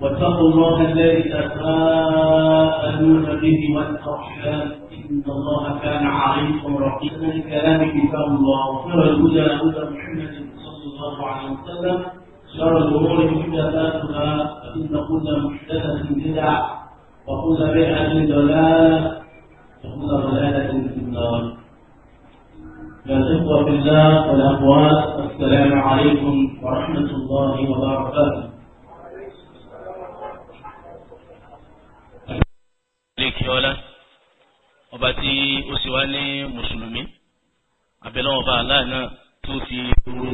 واتقوا الله الذي تساءلون به والارحام ان الله كان عليكم رقيبا الكلام كتاب الله وخير الهدى هدى محمد صلى الله عليه وسلم شر الامور محدثاتها فان كل محدثه بدع وكل بدعه ضلاله وكل ضلاله في النار يا اخوه في الله والاخوات السلام عليكم ورحمه الله وبركاته lẹ́kì ọlá ọba tí ó sì wá ní mùsùlùmí abẹ́lẹ́ ọba aláàánà tó fi ru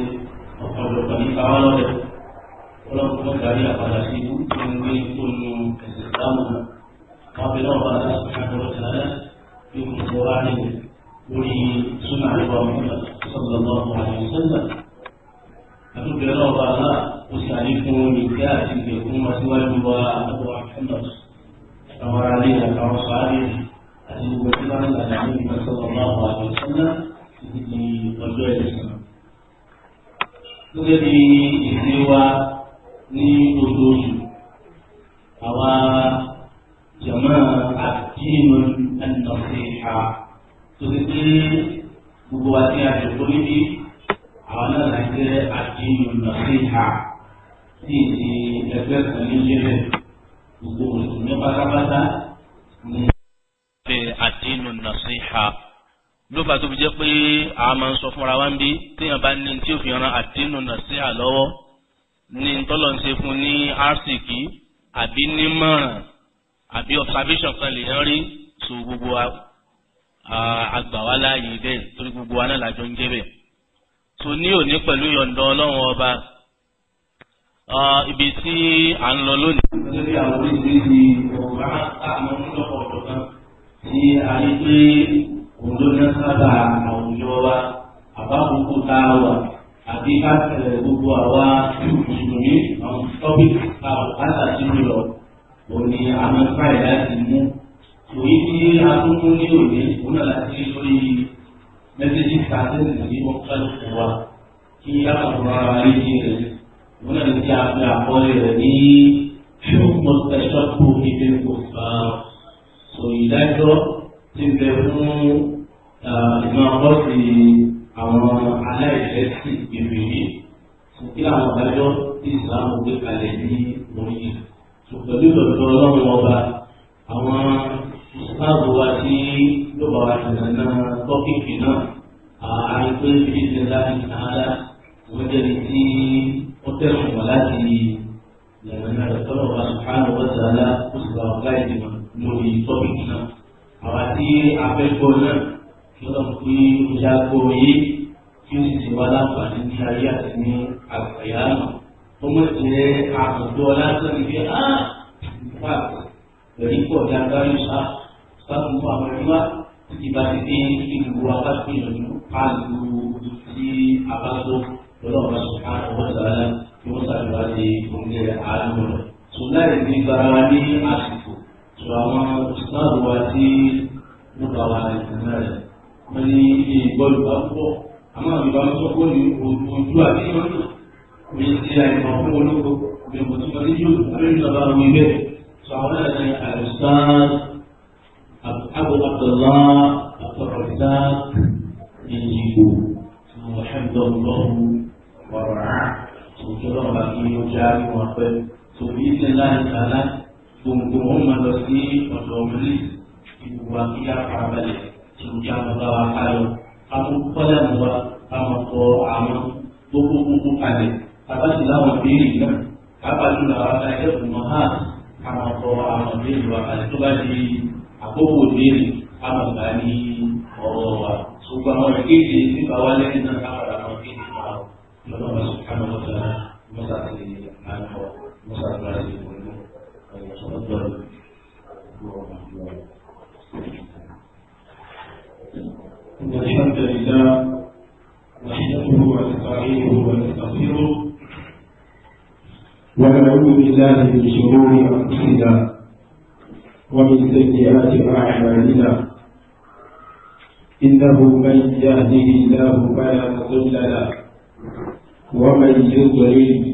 ọ̀pọ̀lọpọ̀ nípa wọn lọ́dẹ̀ ọlọ́pọ̀ darí àpàdà sí ibú tó ń gbé tó nu ẹ̀sẹ̀ dáhùn wọn abẹ́lẹ́ ọba aláàánà yóò kún fún wa nínú lórí súnà àríwá ọmọdé sọ́dọ̀dọ̀ ọmọ àyè sẹ́ńdà àtúbẹ̀rẹ̀ ọba aláà ó sì àlékún ìgbé àti ìgbẹ̀kún wa síwájú wa àtọ́wà àwọn ará lé àtàwọn sáré àti gbogbo tí wọn ń gbàdá ní ìgbàsọ̀rọ̀ náà wà ní sọ́nà títí di ọjọ́ ẹ̀sìn. gẹ́gẹ́ bí ìdílé wa ní oṣooṣù àwa jama àdínú an-nasiha tó ti pé gbogbo wa ti àjọpọ̀ níbi àwọn náà láti jẹ́ àdínú an-nasiha tí ìdí ẹgbẹ́ kan ní jẹ́rẹ̀ẹ́ gbogbo mùsùlùmí pátápátá. ṣe àdínú nàṣíhà ló bá tóbi jẹ́ pé a máa ń sọ fúnra wa ń bí téèyàn bá ní tí ó fi ran àdínú nàṣíhà lọ́wọ́ ní tọ́lọ̀ ń ṣe fún ní arsìkì àbí nímọ̀ràn àbí observation kan lè rí so gbogbo àgbà wa bẹ́ẹ̀ torí gbogbo wa náà lájọ ń jẹ́ bẹ́ẹ̀ so ní òní pẹ̀lú yọ̀ǹda ọlọ́run ọba ibi tí à ń lọ lónìí gẹ́gẹ́ bí àwọn oríṣiríṣi ọ̀gá àwọn onílọ́pọ̀ ọ̀dọ́kan tí a rí pé òun ló ná sábà àwùjọ wa àbákòókò tá a wà àbí ká tẹ̀lé gbogbo àwa mùsùlùmí àwọn tọ́pìkì tá a wà láti rí lọ òun ni àwọn fáì láti mú. Òyí tí a tún mú ní òní òun náà láti lórí mẹ́sẹ̀jì kàtẹ́sì ní wọ́n kálukú wa kí á kàkùrọ̀ ara rí sí rẹ̀ òun náà ní kí a fi rẹ̀ ní ثم التشبه بالكفار سيداجو تنبهون ìmọ̀ọ́sì àwọn aláìlẹ́sì ìbèrè kí àwọn adájọ́ tí ìsìláàmù gbé kalẹ̀ ní orí pẹ̀lú ìdọ̀tọ̀ ọlọ́run ọba àwọn ìsìláàmù wa tí yóò bá wa ṣẹlẹ̀ náà tọ́kìkì náà àárín pé bíi ṣe láti ṣáádá wọ́n jẹ́ ní tí ó tẹ̀sùn wá láti tọ́lọ̀ bá sùpáàlù wọ́sàlá ó sì bá ọ̀gá ìdìbò lórí tọ́pìkì náà. àwa tí a fẹ́ gbọ́ náà kí wọ́n fi oṣù àgbo yé kí ó sì ṣe wá láǹfààní ní ayé àti ní àgbàyà náà. ó mọ̀ jẹ́ àtúntò lásán ní pé á nípa pẹ̀lú pọ̀ dáadáa yóò sá sáfún fún àwọn ẹgbẹ́ títí bá ti dé kí gbogbo abáṣepẹ̀lú pàlù sí abáṣọ lọ́wọ́ bá sùpáàlù wọ́sàlá. 我感觉的，我们的安慰。tó láì ní bara wa ní àsìkò tó àwọn ìsìláàbù wa tí wọ́n bá wa ìsìnkú rẹ̀ wọ́n ní ilé ìbọ́lù bá pọ̀ àmọ́ àmì bá wọn sọ́kọ́ ní ojú àti ìrọ́nà mi ti àìmọ̀ fún olóko mi kò tún lọ sí yóò abu abdullah abdulrahman ìyìnbó tó wọ́n ṣàǹdọ̀ lọ́wọ́ wàrà tó jọlọ́ba kí tòbí ṣe láti sàlá gbogbo wọn máa lọ sí ọ̀dọ̀ ọ̀mọlẹ́ ìwà kí á farabalẹ̀ tí ó já wọn bá wa káyọ̀ àwọn kọ́lá mi wa àwọn kọ àwọn tó kó kókó kalẹ̀ àbáṣe láwọn béèrè náà kábàájú làwọn akáyọ̀ ìmọ̀ hàn àwọn kọ àwọn béèrè wa àti tó bá di àkókò béèrè àwọn ìgbà ní ọ̀rọ̀ wa ṣùgbọ́n àwọn ìkéde nípa wa lẹ́yìn náà kábàárà àwọn ìkéde náà lọ́wọ́ sọ̀kánà lọ́sọ̀rọ̀ mọ́sàkì نسأل عليكم فليتفضل إن الحمد لله نحمده ونستعينه ونستغفره ونعوذ بالله من شرور أنفسنا ومن سيئات أعمالنا إنه من يهده الله فلا مضل له ومن يضلل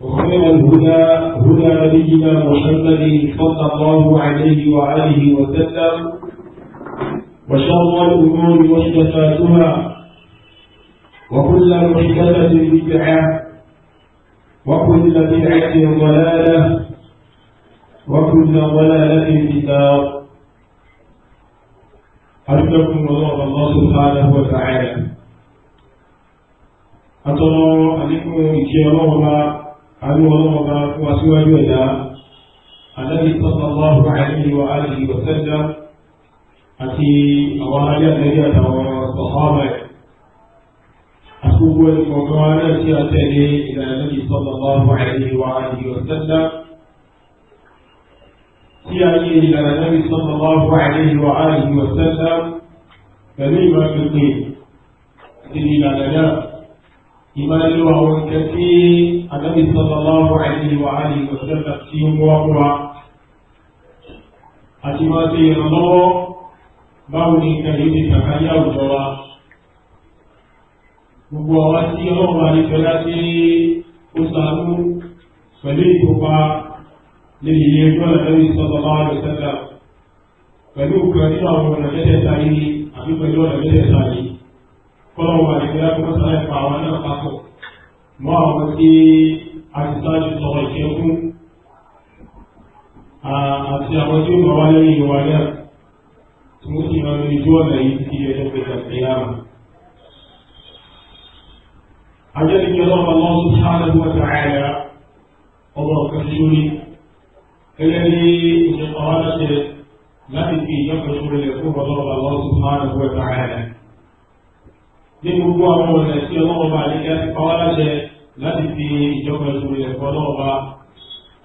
وخير الهدى هدى نبينا محمد صلى الله عليه وآله وسلم وشر الأمور محدثاتها وكل محدثة بدعة وكل بدعة ضلالة وكل ضلالة في النار أرجوكم الله الله سبحانه وتعالى أترى أنكم إن شاء الله àrùn ọlọ́mọba fún aṣíwájú ẹ̀dá alábi sallallahu alaihi wa alihi wa sallam àti àwọn alẹ́ àtẹ́rí àtàwọn sọ̀hábà ẹ̀ àkókò ẹ̀kọ̀ọ̀kan alẹ́ tí a tẹ̀lé ìlànà sallallahu alaihi wa alihi wa sallam tí a yé ìlànà Nabi sallallahu alaihi wa alihi wa sallam pẹ̀lú ìmọ̀ pẹ̀lú ìlànà náà ìmáyé àwọn nǹkan tí anábì sallallahu alaihi wa alihi wa sallam tí ó wọ́ wá àti máa ṣe ìrànlọ́wọ́ báwo ni nǹkan yìí ti kàkà yá òjò wa gbogbo àwọn tí ọlọ́run àdìsọ́lá tí ó sàánú pẹ̀lú ìkópa lórí iye ẹgbẹ́ anábì sallallahu alaihi wa sallam pẹ̀lú ìkànnì àwọn ọ̀nà mẹ́tẹ̀ẹ̀ta yìí àbí pẹ̀lú ọ̀nà mẹ́tẹ̀ẹ̀ta yìí kọ́lọ̀ wà ní ìgbéra kó sáré pa àwọn náà papọ̀ mọ́ àwọn tí a ti sáájú sọ̀rọ̀ ìṣẹ́ fún àti àwọn tí ó mọ̀ wá lẹ́yìn ìwà náà tí wọ́n sì máa ń rí ọ̀nà yìí ti ẹjọ́ pẹ̀lú àtẹ̀yàmà. Ajẹ́ni kí ọlọ́run Allah subhanahu wa ta'ala ọ̀rọ̀ kan ṣúrí gẹ́gẹ́ bí ìṣẹ̀kọ̀ wá láṣẹ láti fi ìjọ́kọ̀ ṣúrí lẹ̀ fún ọlọ́run Allah subhanahu wa ta'ala ní gbogbo àwọn ọ̀nà tí ọlọ́wọ́ bá ní láti pa wá láṣẹ láti fi ìjọba ìṣòro ẹ̀kọ́ náà bá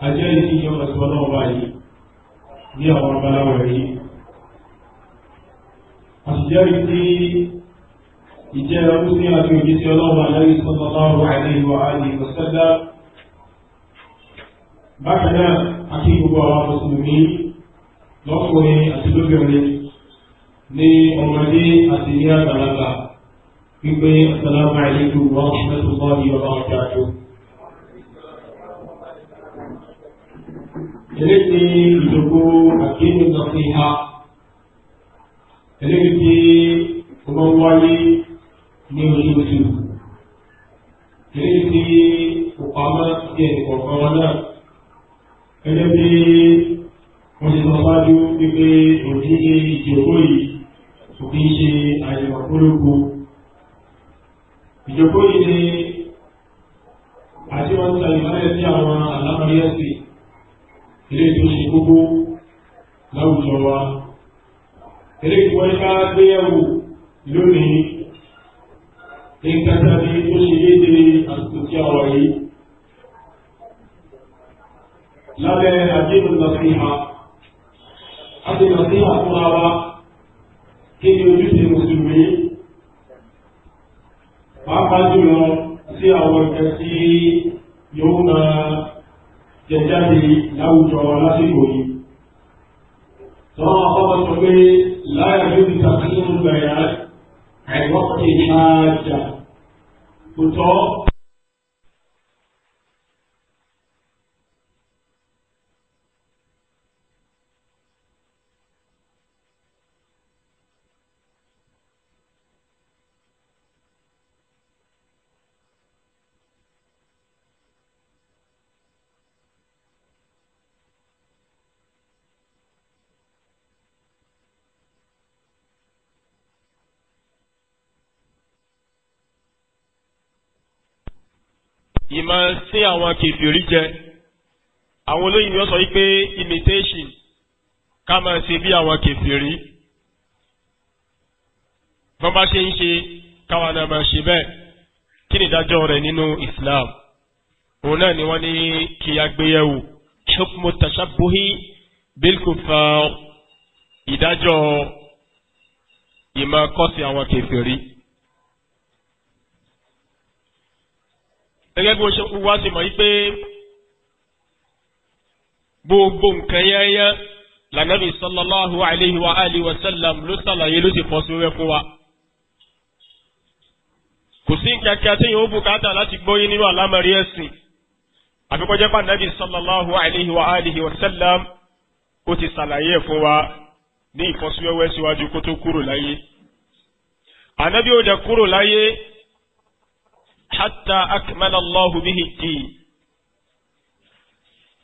ajẹ́ ní ìjọba ìṣòro náà bá yìí ní àwọn abaláwọ̀ yìí. àṣìjẹ́rì tí ìjẹ́ ọdún àti òjì tí ọlọ́wọ́ aláwọ̀ sọ́tọ̀ láwọ̀ àìlèwọ̀ àìlèwọ̀ sẹ́dá bákan náà àti gbogbo àwọn mùsùlùmí lọ́kùnrin àti lóbìnrin ní ọmọdé àti ní àgbàlagbà wípé assalamu alaykum wa rahmatullahi wa barakatuh. eléyìí ìdògbò àkéwì nasiha eléyìí tí ó máa ń wáyé ní oṣooṣù eléyìí tí kò pamọ́ sí ẹnìkọ̀ọ̀kan wọn náà gẹ́gẹ́ bí wọ́n ti sọ ṣáájú wípé òní ìdògbò yìí kò kí ṣe àyẹ̀wò àpólógún ìjókòó yìí ni àti wọn tàbí mọ́lẹ̀ sí àwọn àlámọ̀rí ẹ̀sìn ilé tó ṣe kókó láwùjọ wa ilé ìwọ́n ká gbéyàwó lónìí nǹkan tàbí tó ṣe déédéé àsìkò tí a wà yìí lábẹ́ àdéhùn nàfíhà àti nàfíhà fúnra wa kí ni ojúṣe mùsùlùmí pàápàá jùlọ sí àwọn ẹ̀kẹ́ tí yóò máa jẹjáde láwùjọ lásìkò yìí tọ́wọ́n àkọ́kọ́ sọ pé láyà yóò ti tàbí nínú bẹ̀rẹ̀ àìwọ́pẹ̀ ìṣáájà kò tọ́ ìmọ̀ sí àwọn kèfèrí jẹ àwọn olóyìn yóò sọ wípé imitation ká máa ṣe bí àwọn kèfèrí bọ́n bá ṣe ń ṣe káwọn náà máa ṣe bẹ́ẹ̀ kí ni ìdájọ́ rẹ̀ nínú Islam òun náà ni wọ́n ní kí a gbé yẹ̀wò hukmu tashabbuhi bil kufar ìdájọ́ ìmọ̀ kọ́sí àwọn kèfèrí. gẹ́gẹ́ bí wọ́n wá sí mọ̀ yí pé gbogbo nǹkan yẹ́yẹ́ lànàbì sallallahu alayhi wa alihi wa sallam ló sàlàyé ló sì fọ́sí wẹ́ fún wa. kò sí nǹkan kí atẹ́yìn ó bùkátà láti gbóyé nínú àlámọ̀rí ẹ̀sìn àfikọ́jẹ́ pa nàbì sallallahu alayhi wa alihi wa sallam ó ti sàlàyé fún wa ní ìfọ́síwẹ́wẹ́ síwájú kó tó kúrò láyé. ànábì ó dẹ̀ kúrò láyé. حتى أكمل الله به din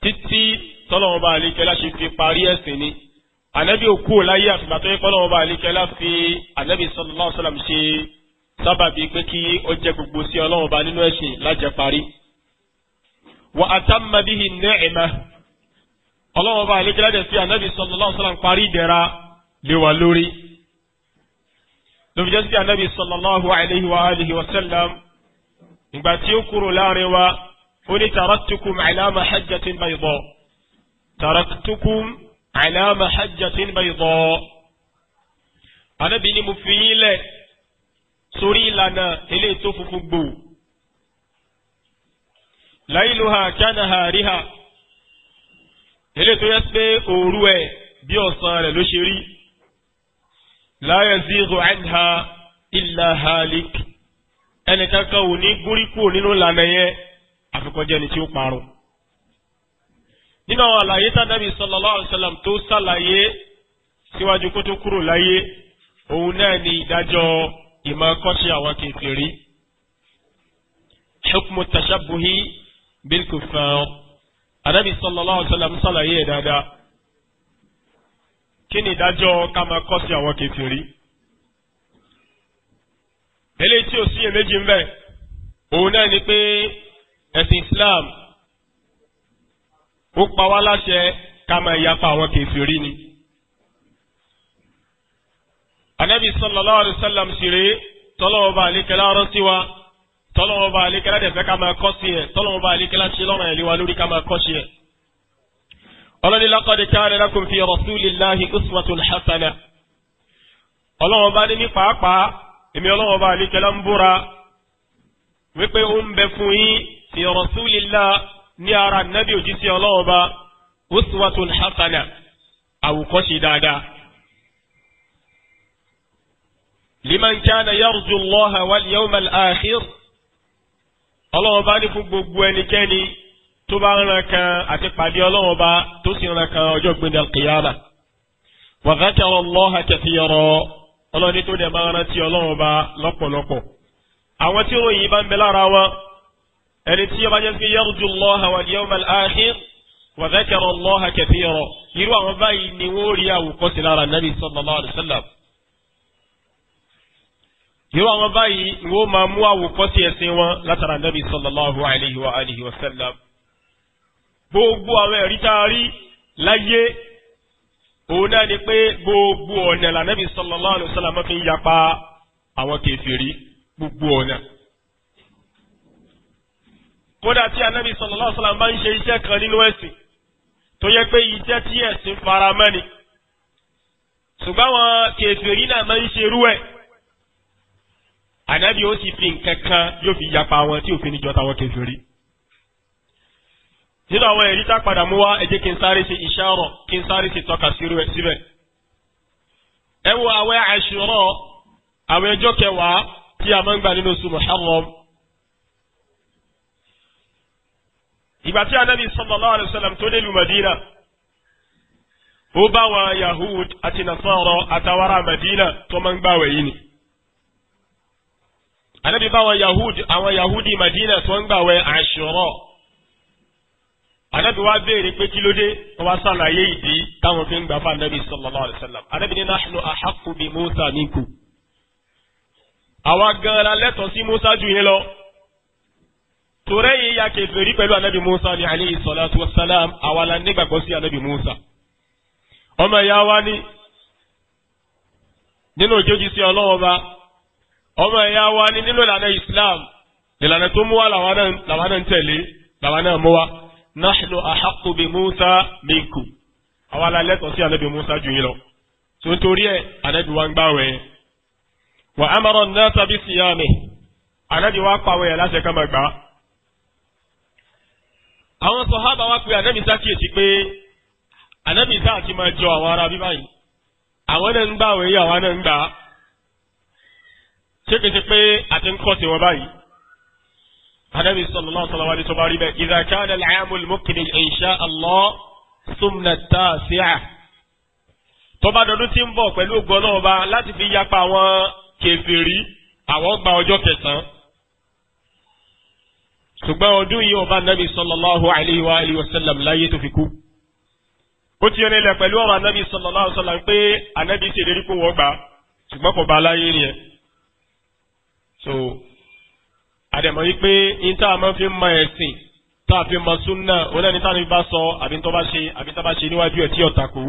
títí tọ́lọ́wọ́n bá àlékẹ́lá ṣe fi parí ẹ̀sìn ni ànábì òkú láyé àfìgbà tó yẹ kọ́lọ́wọ́n bá àlékẹ́lá fi ànábì sallallahu alaihi wasallam ṣe sábàbí pé kí ó jẹ gbogbo sí ọlọ́wọ́n bá nínú ẹ̀sìn lájẹ parí. wa atamma bihi ni'ma ọlọ́wọ́n bá àlékẹ́lá dẹ̀ fi ànábì sallallahu alaihi wasallam parí ìdẹ̀ra lé lórí. lóbi jẹ́ sí ànábì sallallahu alaihi wa alihi wa sallam ìgbà tí ó kúrò láàrin wa ó ní taraktukum ala mahajjatin bayda taraktukum ala mahajjatin bayda anábì ni mo fi yín lẹ̀ sórí ìlànà eléyìí tó funfun gbò láìlúha kánàhà ríha eléyìí tó yẹ pé òru ẹ̀ bí ọ̀sán rẹ̀ ló ṣe rí la yazigu anha illa ẹnìkankan ò ní gúrí kúrò nínú ìlànà yẹn àfikọ́jẹ́ ni tí ó parun. nínú àwọn àlàyé tànàbí sallallahu alaihi wasallam tó ṣàlàyé síwájú kó tó kúrò láyé òun náà ni ìdájọ́ ìmọ̀ọ́kọ́ṣe àwọn kèfèrí. hukmu tashabbuhi bil kuffar ànábì sallallahu alaihi wasallam ṣàlàyé ẹ̀ dáadáa. kí ni ìdájọ́ ká máa kọ́ sí àwọn kèfèrí? eléyìí tí ò sí èméjì ń bẹ òun náà ni pé ẹ̀sìn Islam ó pa wá láṣẹ ká máa yapa àwọn kèfèrí ni. anabi sallallahu alayhi wa sallam ṣeré tọ́lọ́wọ́ bá àlékẹ́lá rán sí wa tọ́lọ́wọ́ bá àlékẹ́lá dẹ̀fẹ́ ká máa kọ́ sí ẹ̀ tọ́lọ́wọ́ bá àlékẹ́lá ṣe lọ́rùn ẹ̀lẹ́wà lórí ká máa kọ́ sí ẹ̀. ọlọ́ni laqad kana lakum rasulillahi uswatun hasana. ọlọ́wọ́ bá ní ní pàápàá èmi ọlọ́wọ́n bá àlékẹ́lá ń búra wípé ó ń bẹ fún yín fi rasulillah ní ara nábì òjíṣẹ́ ọlọ́wọ́n bá uswatun hasana àwòkọ́ṣe dáadáa. liman kana yarju allaha wal yawmal akhir ọlọ́wọ́n bá ní fún gbogbo ẹnikẹ́ni tó bá ń kan àti pàdé ọlọ́wọ́n bá tó sì ń kan ọjọ́ gbẹ̀dẹ̀ al-qiyamah wa dhakara allaha ọlọ́ni tó dẹ̀ máa rántí ọlọ́run ọba lọ́pọ̀lọpọ̀ àwọn tí ròyìn yìí bá ń bẹ lára wọn ẹni tí ó bá jẹ́ pé yarju Allaha wal yawmal akhir wa dhakara Allaha kathira irú àwọn báyìí ni wọ́n rí àwòkọ́sí lára nàbì sallallahu alaihi wasallam irú àwọn báyìí ni wọ́n máa mú àwòkọ́sí ẹ̀sìn wọn látara nàbì sallallahu alaihi gbogbo àwọn ẹ̀rí tá a rí láyé òun náà ni pé gbogbo ọ̀nà lànàbí sallallahu alaihi wasallam fi ń yapa àwọn kèfèrí gbogbo ọ̀nà kódà tí anábì sallallahu alaihi wasallam bá ń ṣe iṣẹ́ kan nínú ẹ̀sìn tó yẹ pé iṣẹ́ tí ẹ̀sìn fara mọ́ ṣùgbọ́n àwọn kèfèrí náà máa ń ṣerú ẹ̀ anábì ó sì fi nǹkan kan yóò fi yapa wọn tí òfin níjọta wọn kèfèrí nínú àwọn ẹ̀rí tá padà mú wá ẹ jẹ́ kí n sáré ṣe ìṣàrọ̀ kí n sáré ṣe tọ́ka síbẹ̀. ẹ wo àwẹ̀ àṣùrọ̀ àwẹ̀ ọjọ́ kẹwàá tí a máa ń gbà nínú oṣù Muharram. ìgbà tí anabi sallallahu alayhi wa sallam tó dé lu Madina ó bá wa Yahud àti Nasara àtàwárà Madina tó máa ń gbà wẹ̀ yìí ni. anabi bá wa Yahud àwọn Yahudi Madina tó ń gbà wẹ̀ àṣùrọ̀ anabi wa béèrè pé kí ló dé wọn wá sàlàyé ìdí táwọn fi ń gbà fún anabi sallallahu alayhi wa sallam anabi ní nahnu ahaqqu bi musa minkum àwa gan la lẹ́tọ̀ọ́ sí musa ju yín lọ torẹ́ yìí ya kèfèrí pẹ̀lú anabi musa ní alayhi salatu wa salam àwa la nígbàgbọ́ sí anabi musa ọmọ ìyá wa ní nínú òjòjì sí ọlọ́wọ́ bá ọmọ ìyá wa ní nínú ìlànà islam ìlànà tó mú wa làwa náà tẹ̀lé làwa náà mú wa nahnu ahaqqu bi Musa minkum àwa la lẹ́tọ̀ọ́ sí anabi Musa jù yín lọ tó torí ẹ̀ anabi wa ń gbààwẹ̀ wa amara an-nasa bi siyami anabi wa pa àwẹ̀ láṣẹ ká máa gbà á. àwọn sọ̀hábà wa pe anabi sákìyèsí pé anabi sáà ti máa jọ àwọn ará bíbá yìí àwọn náà ń gbààwẹ̀ yìí àwọn náà ń gbà á ṣé kìí ṣe pé àti ń kọ́ sí báyìí anabi sọlọlá sọlọwà ní tọba rí bẹ ìdá káàdà làámùl mọkìnì ìṣá àlọ súnmùnà tá a sí à. tọba dọdún tí ń bọ̀ pẹ̀lú ògbọ́n náà bá láti fi yapa àwọn kèfèrí àwọn gba ọjọ́ kẹsàn-án. ṣùgbọ́n ọdún yìí ọba anabi sọlọlá ọhún àìlèyìn wa àìlèyìn wasalam láyé tó fi kú. ó ti rìnlẹ̀ pẹ̀lú ọ̀rọ̀ so àdẹ̀mọ̀ yìí pé ní tá a máa fi mọ ẹ̀sìn tá a fi mọ súnà onáni tá a bá sọ àbí tó bá ṣe àbí tá a bá ṣe níwájú ẹ̀ tí ọ̀tà kú.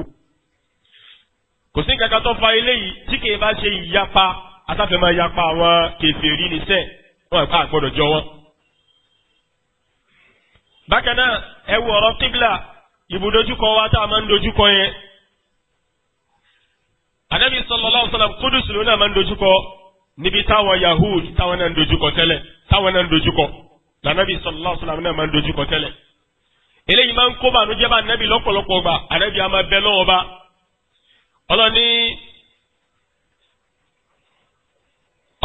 kò sí kankan tó fa eléyìí tí kì í bá ṣe ìyapa atáfẹ́mọ́ ìyapa àwọn kèfèrí níṣẹ́ wọn àgbà àgbọ̀dọ̀ jọ wọn. bákan náà ẹ wo ọ̀rọ̀ kíbla ìbùdójúkọ wa tá a máa ń dojúkọ yẹn anabi sallallahu alaihi táwọn náà ń dojúkọ lànàbí sọlọ́lá sọlọ́lá náà máa ń dojúkọ tẹ́lẹ̀ eléyìí máa ń kó bànújẹ́ bá ànábì lọ́pọ̀lọpọ̀ ba arabi àmà bẹ́ lọ́wọ́ bá ni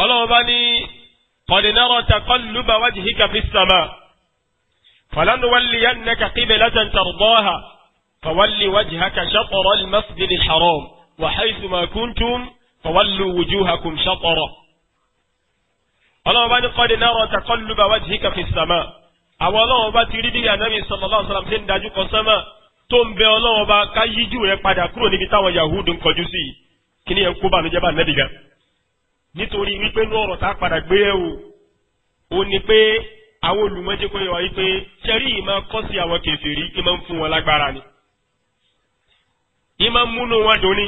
ọlọ́wọ́ bá ní qad nara taqalluba wajhika fis sàmà falan wálé yá nàkà kíbẹ̀ látàn tàrbọ́hà fàwálé wájú hàkà ṣàpọ̀rọ̀ lè masjidil haram wàhálì sùmàkúntùm fàwálù wùjú hàkùm ọlọ́run bá ní kọ́dé náà rọ̀ takọ́lùbà wá jìíkà fi sàmà àwọn ọlọ́run bá ti rí bí ànábì sallallahu alaihi wasallam ṣe ń dájú kọ sánmà tó ń bẹ ọlọ́run bá ká yíjú rẹ padà kúrò níbi táwọn yahudu ń kọjú sí kí ni ẹ̀ ń kó bàmí jẹ́bà nẹ́bì gan. nítorí wípé ní ọ̀rọ̀ tá a padà gbé o ò ní pé àwọn olùmọ̀jẹ́ kò yẹ wípé sẹ́rí ìmọ̀ kọ́ sí àwọn kèfèrí ìmọ̀ ń fún wọn lágbára ni ìmọ̀ múnú wọn dùn ni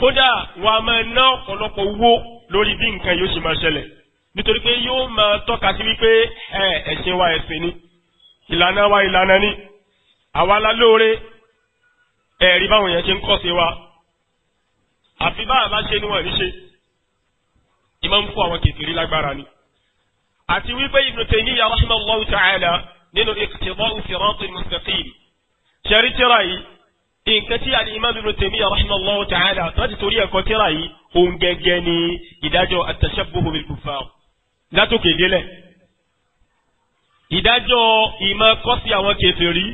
kódà wàá máa ná ọ̀pọ̀lọpọ̀ owó lórí bí nǹkan yóò ṣe máa ṣẹlẹ̀ nítorí pé yóò máa tọ́ka sí wípé ẹ̀sìn wa ẹ̀sìn ni ìlànà wa ìlànà ni àwa la lóore ẹ̀rí báwọn èèyàn ṣe ń kọ́ sí wa àfi bá àbá ṣe ni wọ́n ní ṣe ìmọ̀ ń fún àwọn kèfèrí lágbára ni. àti wípé Ibn Taymiyyah rahimahullahu ta'ala nínú Iqtida'u siratil mustaqim ṣẹ́rí tíra yìí nǹkan tí al-Imam Ibn Taymiyyah rahimahullahu ta'ala tó ti torí ẹ̀kọ́ tíra yìí òun gẹ́gẹ́ ni ìdájọ́ at-tashabbuh bil látòkè délẹ̀ ìdájọ́ ìmọ̀ kọ́sí àwọn kèfèrí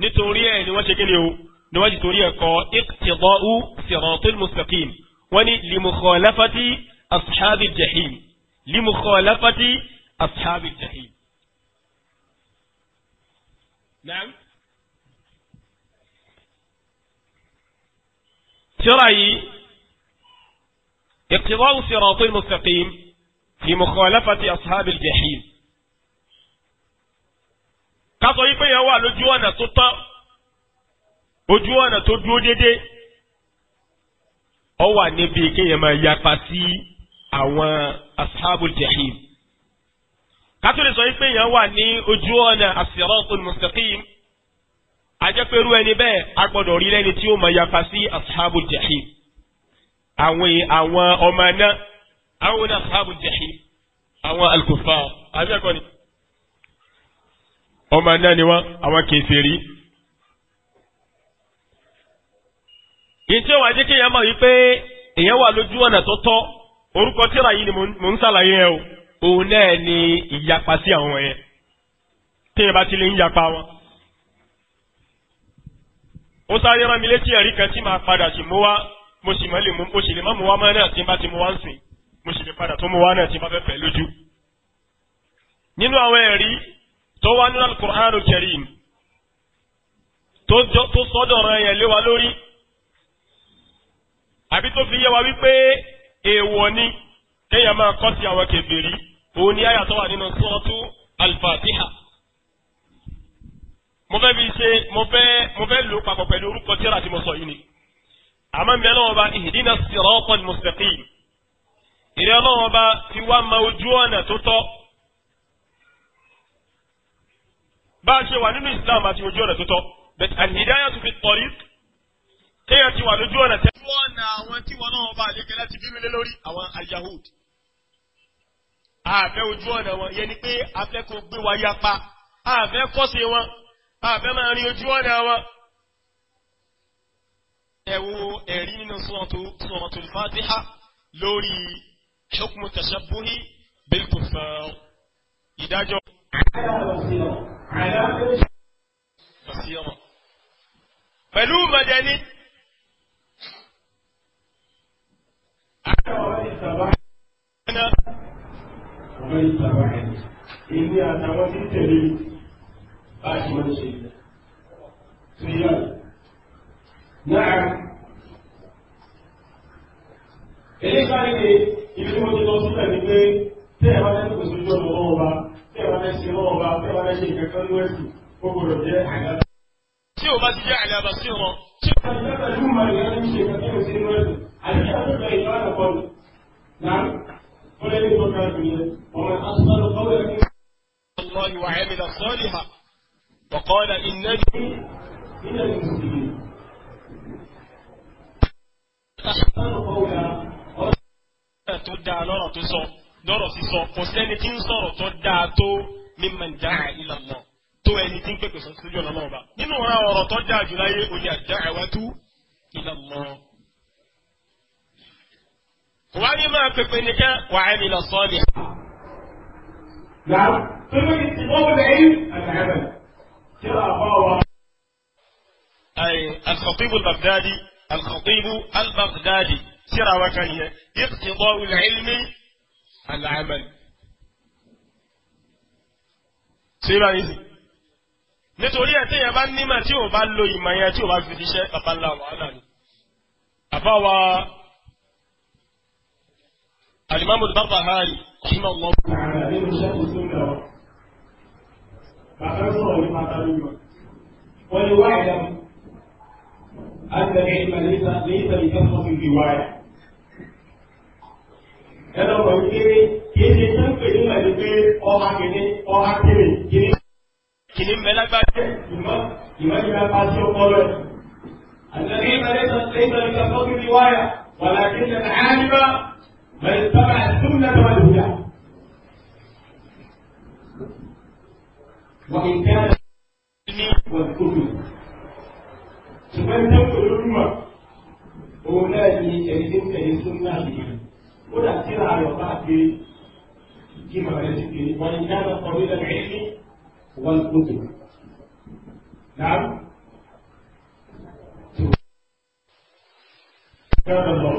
nítorí ẹ̀ ni wọ́n ṣe kíni o ni wọ́n ti torí ẹ̀ kọ́ iqtida'u siratil mustaqim wọ́n ní limukhalafati ashabil jahim limukhalafati ashabil jahim. Naam. Tírà yìí iqtida'u siratil mustaqim. في مخالفة أصحاب الجحيم. ká sọ yìí pé yẹn wà lójú ọ̀nà tó tán ojú ọ̀nà tó dúró déédéé ó wà níbi kéèyàn máa yapa sí àwọn ashabul jahim. ká tó lè sọ yìí pé yẹn wà ní ojú ọ̀nà as mustaqim ajẹ́pẹ̀rú ẹni bẹ́ẹ̀ a rí lẹ́ni tí ó máa yapa sí ashabul jahim. àwọn àwọn ọmọ náà àwọn oní àṣàbù jẹ̀hìn àwọn alùpùpà àbí ẹ̀kọ́ ni. ọmọ náà ni wọ́n àwọn kèfèrí. yìí tí ó wà jẹ́ kí èèyàn mọ̀ wípé èèyàn wà lójú ọ̀nà tó tọ́ orúkọ tíra yìí ni mò ń ṣàlàyé ẹ o òun náà ni ìyapa sí àwọn yẹn téèyàn bá ti lè ń yapa wọn. ó sáré rán mi létí ẹ̀rí kan tí màá padà sí mú wá mo sì mọ̀ lè mú mo sì lè má mú wá mọ́ náà tí n bá ti mú wá ń sìn mo sì lè padà tó mú wá náà tí n bá fẹ́ fẹ́ lójú. nínú àwọn ẹ̀rí tó wá nínú alukur'anu karim tó sọ́dọ̀ ọ̀rọ̀ yẹn lé wa lórí àbí tó fi yé wa wípé èèwọ̀ ni kéèyàn máa kọ́ sí àwọn kèfèrí òun ni àyà tó wà nínú sọ́ọ̀tù al mo fẹ́ fi ṣe mo fẹ́ lò papọ̀ pẹ̀lú orúkọ tíra tí mo sọ yìí ni àmọ́ mẹ́lẹ́ wọn bá ihdina sirata al-mustaqim ìrẹ́ ọlọ́run ọba ti wá ma ojú ọ̀nà tó tọ́ bá a ṣe wà nínú islam àti ojú ọ̀nà tó tọ́ but àlìdáyà tó fi tọ̀rí kéèyàn ti wà lójú ọ̀nà tẹ́. ojú ọ̀nà àwọn tí wọn náà bá àlékẹ́ láti bínú lé lórí àwọn alyahud àfẹ́ ojú ọ̀nà wọn yẹn ni pé afẹ́ kò gbé wa yapa àfẹ́ kọ́sẹ̀ wọn àfẹ́ máa rin ojú ọ̀nà wọn ẹ wo ẹ̀rí nínú sọ́ọ̀tù Fatiha lórí hukmu tashabbuhi bil kuffar ìdájọ́. pẹ̀lú mọ̀dẹ́ni. Ilé àtàwọn tí tẹ̀lé bá ṣe mọ́ ṣe tó yá. Náà, ilé bá ilé ibi tí mo ti lọ sílẹ̀ ni pé tẹ́ ẹ bá fẹ́ pèsè ojú ọ̀nà ọlọ́run bá tẹ́ ẹ bá fẹ́ ṣe ọlọ́run bá tẹ́ ẹ bá fẹ́ ṣe ìkẹ́kọ̀ọ́ ní wẹ́sì ó gbọdọ̀ jẹ́ àyàbá. tí o bá ti jẹ́ àyàbá sí wọn. tí o bá ti jẹ́ àyàbá sí wọn. الله وعمل صالحا وقال إنني من المسلمين أحسن قولا náà tó dáa lọ́rọ̀ tó sọ lọ́rọ̀ sísọ kò sẹ́ni tí ń sọ̀rọ̀ tó dáa tó mímọ̀ dáa ilà lọ tó ẹni tí ń pèpè sọ síjú ọ̀nà náà bá. nínú ọ̀rọ̀ ọ̀rọ̀ tó dáa jù láyé òní àdáhàwátú ilà lọ. wàá ní máa pèpè nìkan wà á nílò sọ́ọ̀lì. Yàrá tó ní ìtìmọ́wò lẹ́yìn àtàwọn tí a al baghdadi al-Khatib al-Baghdadi tíra wa kan yẹn iqtida'u al-ilmi al-amal. síra yìí nítorí ẹ̀ téèyàn bá nímọ̀ tí ò bá lo ìmọ̀ yẹn tí ò bá fi ṣiṣẹ́ bàbá ńlá wàhálà ni. bàbá wa alimami al-Barbahari ọ̀hìnmá wọn. bàbá sọ̀rọ̀ nípa tàbí mọ̀ wọ́n ni wáyà أن العلم ليس ليس لكثرة الرواية ẹlọ pẹ̀lú kiri kìí ṣe tó ń pè ní mẹ́lẹ̀ pé ọha kìíní ọha kìíní kìíní. kìíní mẹ́lágbájẹ́ ìmọ̀ ìmọ̀ ìgbà pàṣẹ ọpọlọ ẹ̀. àlẹ́ ìgbàlẹ́sọ̀ lẹ́sọ̀ ìgbà fọ́kì ní wáyà wàlàkì ní àyànjúbà mẹ́lẹ̀ sábà súnmọ́ náà lóyà. wà ìkẹ́ ní wàlúkọ́kù. ṣùgbọ́n ìjọba olórí wa òun náà ni ẹni tó ń tẹ̀lé súnmọ́ àdìgbò. kódà tíra ayọ̀ káàkiri kí màá rẹ̀ ti kiri wọ́n ní dáná ọ̀rọ̀ ilẹ̀ ẹ̀mí wọ́n tó tó. Nàá. Gbẹ́rẹ̀ lọ.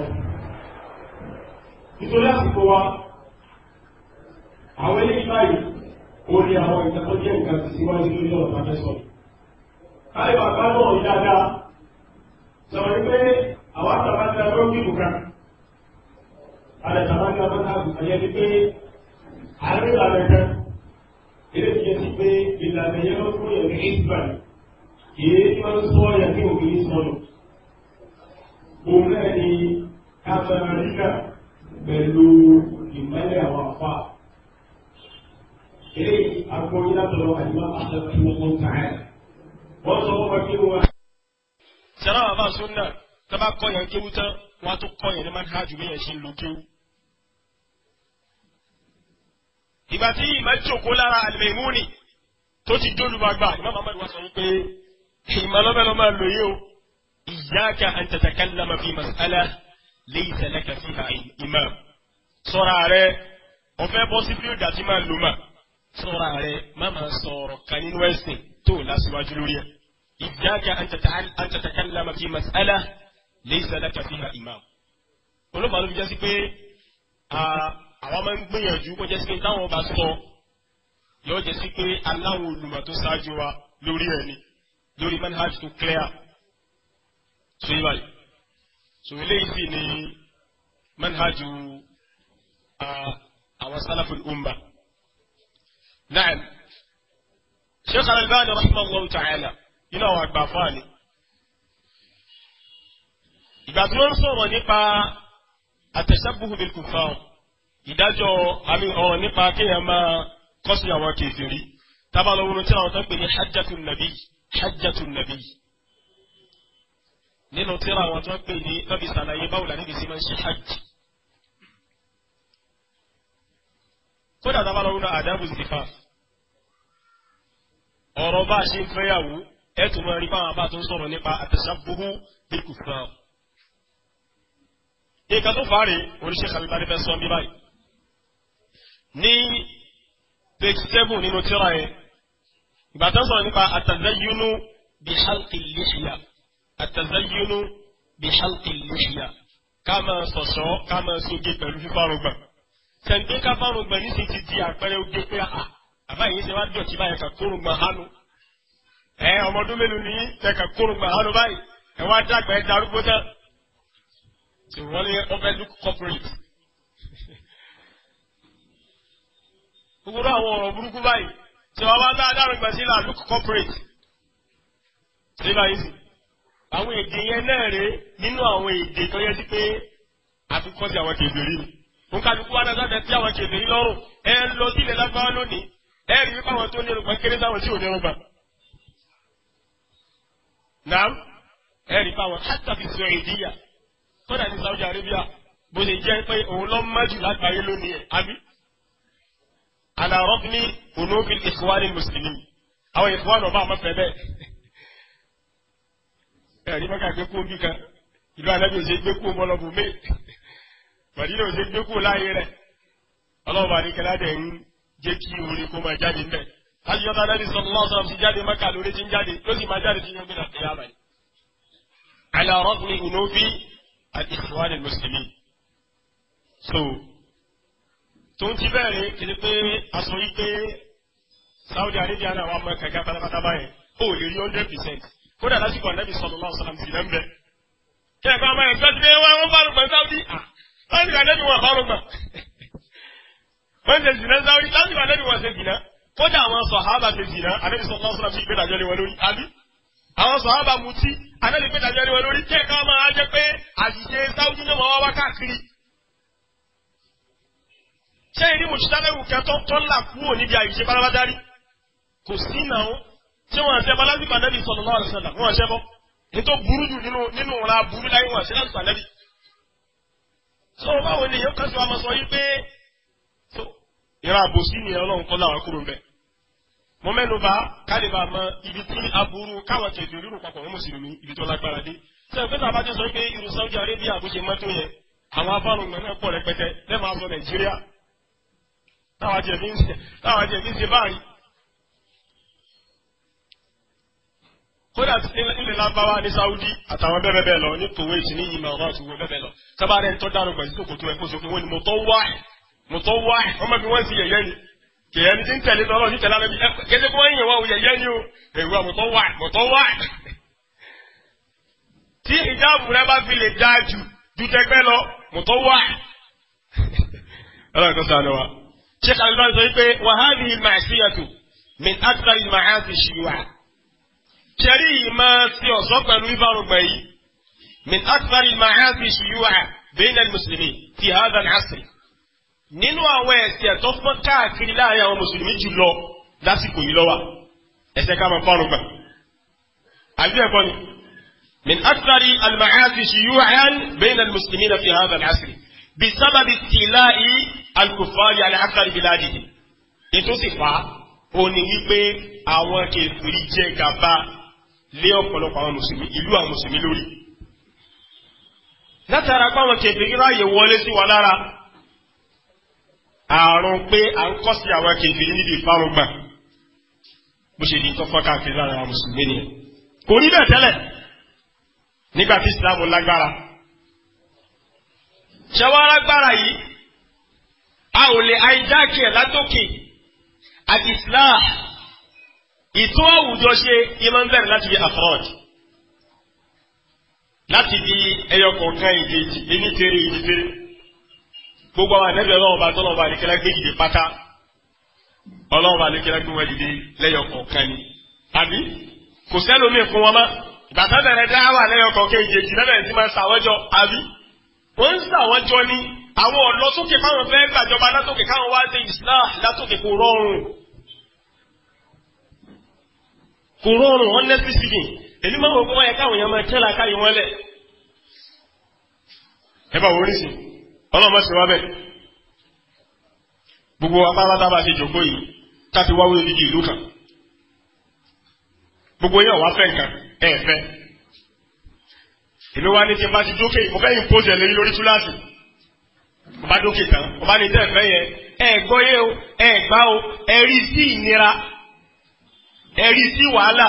Nítorí àsìkò wa, àwọn eléyìí báyìí, ó ní àwọn ìtàkọ́jẹ́ nǹkan ti síwájú lórí ọ̀rọ̀ tá a fẹ́ sọ. Káyọ̀ àgbá náà yí dáadáa. Sọ̀rọ̀ pé àwọn àtàwọn àti àwọn òkè bùkátà alẹ́sàmá ní ọmọ náà ìyẹn ni pé àárín ìlànà kan eré ti yẹ sí pé ìlànà yẹn ló fún yẹn ní ìgbà kìí máa ń sọ yẹn ní òkè ní sọnù òun náà ni ká máa rí kà pẹ̀lú ìmọ̀lẹ̀ àwọn àfa eré agbóyin látọ̀rọ̀ àyíká àṣẹ tí wọ́n mú kàn án wọ́n sọ wọ́n kí wọ́n. sẹ́rà bàbá sunna tábà kọ́ yẹn kéwú tán wọ́n á tún kọ́ yẹn ní manhaj bí yẹn ṣe ń lo kéwú. ìgbà tí ìmọ̀ jòkó lára Al-Maimuni tó ti dólùbàgbà ìmọ̀ Muhammad wá sọ wípé ìmọ̀ lọ́mọlọ́mọ lòye o iyyaka an tatakallama fi mas'ala laysa laka fiha imam sọ́ra rẹ ọ̀fẹ́ bọ́ sí bí ó dàtí máa lò mà sọ́ra rẹ má máa sọ̀rọ̀ kan nínú ẹ̀sìn tó lásìwájú lórí ẹ̀ iyyaka an tatakallama fi àwọn máa ń gbìyànjú kó jẹ́ sí pé táwọn bá sọ yóò jẹ́ sí pé aláwọ̀ olùmọ̀ tó ṣáájú wa lórí ẹni lórí manhaj tó clear tó yí báyìí so eléyìí sì ni manhaj àwọn salafin umma naam sheikh al-albani rahimahullah ta'ala iná àwọn àgbà fáàní ìgbà tí wọ́n ń sọ̀rọ̀ nípa at-tashabbuh bil-kuffar ìdájọ́ ọ̀rọ̀ nípa kéèyàn máa kọ́sí àwọn kèfèrí tábàlọ́wọ́n tí àwọn tó ń pè ní hajjatun nabi hajjatun nabi nínú tíra àwọn tó ń pè ní lọ́bì sàlàyé báwo la níbi sí máa ń ṣe hajj. kódà tábàlọ́wọ́n àdábù zìfà ọ̀rọ̀ bá a ṣe ń fẹ́yàwó ẹ̀ tó máa rí báwọn abá tó ń sọ̀rọ̀ nípa àtẹ̀sábúhú bí kùfà. ìkàtúfà rè oríṣi kàlùbárí ní page seven nínú tíra yẹn ìgbà tó ń sọ̀rọ̀ nípa àtàzáyúnú bí halqi lihya àtàzáyúnú bí halqi lihya ká máa sọ̀sọ́ ká máa sóge pẹ̀lú fífárùngbà sẹ̀ǹdé ká fárùngbà ní sì ti di àpẹẹrẹ oge pé à àbáyé ṣe wá dọ̀tí báyìí kà kórùngbà hánu ẹ ọmọ ọdún mélòó ní kẹkà kórùngbà hánu báyìí ẹ wá dàgbà ẹ darúgbó náà tí wọ́n ní ọbẹ̀ look corporate. gbogbo àwọn ọ̀rọ̀ burúkú báyìí tí wọ́n bá dáa dárò ìgbà sí làlùkù corporate ṣé báyìí sì àwọn èdè yẹn náà rèé nínú àwọn èdè tó yẹ sí pé àfikọ́ sí àwọn kèfèrí ni òun kàdúkú wa náà sábẹ́ tí àwọn kèfèrí lọ́rùn ẹ lọ sí ilẹ̀ lágbára lónìí ẹ rí wípé àwọn tó ní irùngbọ̀n kéré sáwọn tí ò ní nàám ẹ rí hátàfi sọ kọ́dà ní Saudi ala rọ́bìnì onobi ìkúwárì mùsùlùmí àwọn ìkúwárì ọba àmọ́ fẹ́ bẹ́ẹ̀. ẹ̀rí mẹ́ka gbé kó bí kan ìlú anábì òṣèlú gbé kó mọ́lọ́bù mé màdínà òṣèlú gbé kó láàyè rẹ̀ ọlọ́run bá nìkan láti ẹ̀yìn jẹ́ kí orin kó máa jáde ńbẹ̀. àṣìyọ́tà anábì sọ̀rọ̀ lọ́wọ́ sọ̀rọ̀ sí jáde mẹ́ka lórí ti ń jáde ló sì máa jáde sí yóò gbéra kí yára yìí. ala rọ́bìnì onobi ìkúwárì mùsùlùmí. so tó ń ti bẹ́ẹ̀ rí kìí pé aṣọ yìí pé Saudi Arabia náà wà mọ́ kẹ̀kẹ́ pátápátá báyẹn ó lè rí hundred percent kódà lásìkò ànábì sallallahu alaihi wasallam sílẹ̀ ń bẹ̀. kí ẹ̀ka máa ẹ̀ka ti dé wá wọ́n bá lùgbà Saudi lásìkò ànábì wọn bá lùgbà wọ́n ṣe jìnnà Saudi lásìkò ànábì wọn ṣe jìnnà kódà àwọn sọ̀hábà ṣe jìnnà ànábì sallallahu alaihi wasallam sí ìgbédàjọ́ lé wọn lórí àbí àwọn sọ̀hábà mutí ànábì ìgbédàjọ́ lé wọn lórí kí ẹ̀ka máa jẹ́ pé àṣìṣe Saudi náà wọ́n wá káàkiri ṣé ìrí mùsùlùmí kan tó tó là kúrò níbi àyíṣe balabadari kò sí náà tí wọn àti abalazi pàdánù sallallahu alaihi wasallam wọn àṣẹ bọ ètò burú jù nínú nínú ọ̀la burú láyé wọn àṣẹ láti pàdánù. sọ báwo ni èèyàn kan tó wàá sọ yìí pé ìran àbòsí ni ọlọ́run kọ́ làwọn kúrò ń bẹ̀. mo mẹ́nu bá kálíbà mọ ibi tí aburú káwọn tẹ̀lé onírò papọ̀ wọn mùsùlùmí ibi tó lágbára dé. sẹ́yìn pé tàbá ti sọ pé irú Saudi Arabia bó ṣe mọ́tò yẹn àwọn abárùn-ún náà pọ̀ rẹpẹtẹ lẹ́ẹ̀ máa sọ Nàìjíríà táwọn àti ẹ̀fín táwọn àti ẹ̀fín ṣe báyìí. kódà ilẹ̀ lábáwá ní Saudi àtàwọn bẹ́ẹ̀ bẹ́ẹ̀ lọ ní tòwé ìsìn ní ìmọ̀ ọ̀rọ̀ àti ìwé bẹ́ẹ̀ lọ sábàárẹ̀ ń tọ́ dànù pẹ̀lú tó tó ẹ̀kọ́ sókè wọn ni mo tọ́ wá mo tọ́ wá ọmọ mi wọ́n sì yẹ̀yẹ́ ni kèyẹ́ ni tí ń tẹ̀lé lọ́rọ̀ ní tẹ̀lé alẹ́ bí kẹ́sẹ́ kó wọ́n yẹ̀ wọ́n yẹ̀yẹ́ ni o èwúrọ̀ mo tọ́ wá mo tọ́ wá. tí ìjáàbù rẹ bá fi lè dáa jù ju tẹgbẹ́ lọ mo tọ́ wá. ọlọ́run tó sànù wa sheikh alibani sọ wípé wàhálì màṣíyàtù min akitari màhásì ṣìwà ṣẹ̀rí ìmọ̀ sí ọ̀sọ́ pẹ̀lú ìbárùgbà yìí min akitari màhásì ṣìwà bẹ́ẹ̀nà mùsùlùmí ti hàdà àṣírí nínú àwọn ẹ̀ṣẹ̀ tó fọ́n káàkiri láàrin àwọn mùsùlùmí jùlọ lásìkò yìí lọ́wọ́ ẹ̀ṣẹ̀ ká máa fárùgbà àbí ẹ̀kọ́ ni من أكثر المعاصي شيوعا بين المسلمين في هذا العصر بسبب ابتلاء alukufari alakari biladi ètò sì fà á òun ni wípé àwọn kèfèrí jẹ gàba lé ọ̀pọ̀lọpọ̀ àwọn mùsùlùmí ìlú àwọn mùsùlùmí lórí látara pé àwọn kèfèrí ráàyè wọlé sí wa lára àrùn pé à ń kọ́ sí àwọn kèfèrí níbi ìfarùngbà bó ṣe di tọ́fọ́ káàkiri lára àwọn mùsùlùmí nìyẹn kò rí bẹ́ẹ̀ tẹ́lẹ̀ nígbà tí Islam lágbára ṣẹwàá lágbára yìí a ò lè àìjáàkì ẹ̀ látòkè àti islah ìtò àwùjọ ṣe ìmọ̀ ń bẹ̀rẹ̀ láti fi afrod láti fi ẹyọ kọ̀ọ̀kan ìdèjì ẹnìtẹ̀rẹ̀ ìdìtẹ̀rẹ̀ gbogbo àwọn ànábì ọlọ́run bá tọ́lọ́ba àdìkẹ́lá gbé dìde pátá ọlọ́run bá àdìkẹ́lá gbé wọn dìde lẹ́yọ kọ̀ọ̀kan ni àbí kò sẹ́lómi fún wọn mọ́ bàtà bẹ̀rẹ̀ dáhà wà lẹ́yọ kọ̀ọ̀kan ìdèjì lẹ́bẹ̀rẹ̀ tí máa sàwọ́jọ àbí wọ́n ń sàwọ́jọ ní àwọn ọ̀lọ́ sókè fáwọn fẹ́ gbàjọba látòkè káwọn wá dé islam látòkè kò rọrùn kò rọrùn honestly speaking èmi máa ń wọ́n yẹ káwọn èèyàn máa kẹ́lá káyé wọn lẹ̀ ẹ bá wọlé sí ọlọ́mọ sí wa bẹ́ẹ̀ gbogbo apáratá bá ṣe jòkó yìí táfi wáwé odidi ìlú kan gbogbo yẹn wá fẹ́ nǹkan ẹ fẹ́ èmi wá ní tí n bá ti jókè mo fẹ́ impose ẹ̀ ọba dókè tán ọba ní tẹ́ ẹ̀fẹ́ yẹn ẹ gbọ́ yé o ẹ gbá o ẹ rí sí ìnira ẹ rí sí wàhálà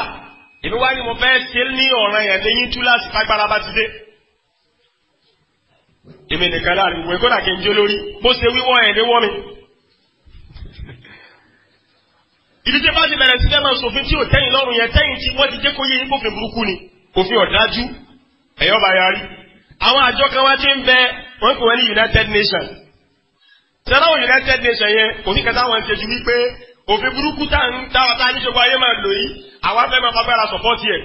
èmi wá ní mo fẹ́ ṣe ní ọ̀ràn yẹn lẹ́yìn túláàsì fagbára bá ti dé èmi nìkan láàrin ìwé kódà kí n jó lórí bó ṣe wíwọ́ ẹ̀ ní wọ́n mi. ibi tí bá ti bẹ̀rẹ̀ sí fẹ́ máa ṣòfin tí ò tẹ́yìn lọ́rùn yẹn tẹ́yìn tí wọ́n ti jẹ́ kó yé yín kófin burúkú ni òfin ọ̀dájú ẹ̀yọ́ bá yarí. àwọn àjọ kan wá ti ń bẹ wọ́n pè wọ́n ní United Nations sẹ́láwọ̀ United Nations yẹn òfin kẹta wọn ṣe ju wípé òfin burúkú tá à ń táwa tá a ní ṣokò ayé máa lò yìí àwa fẹ́ máa fagbára sọ̀pọ́tì ẹ̀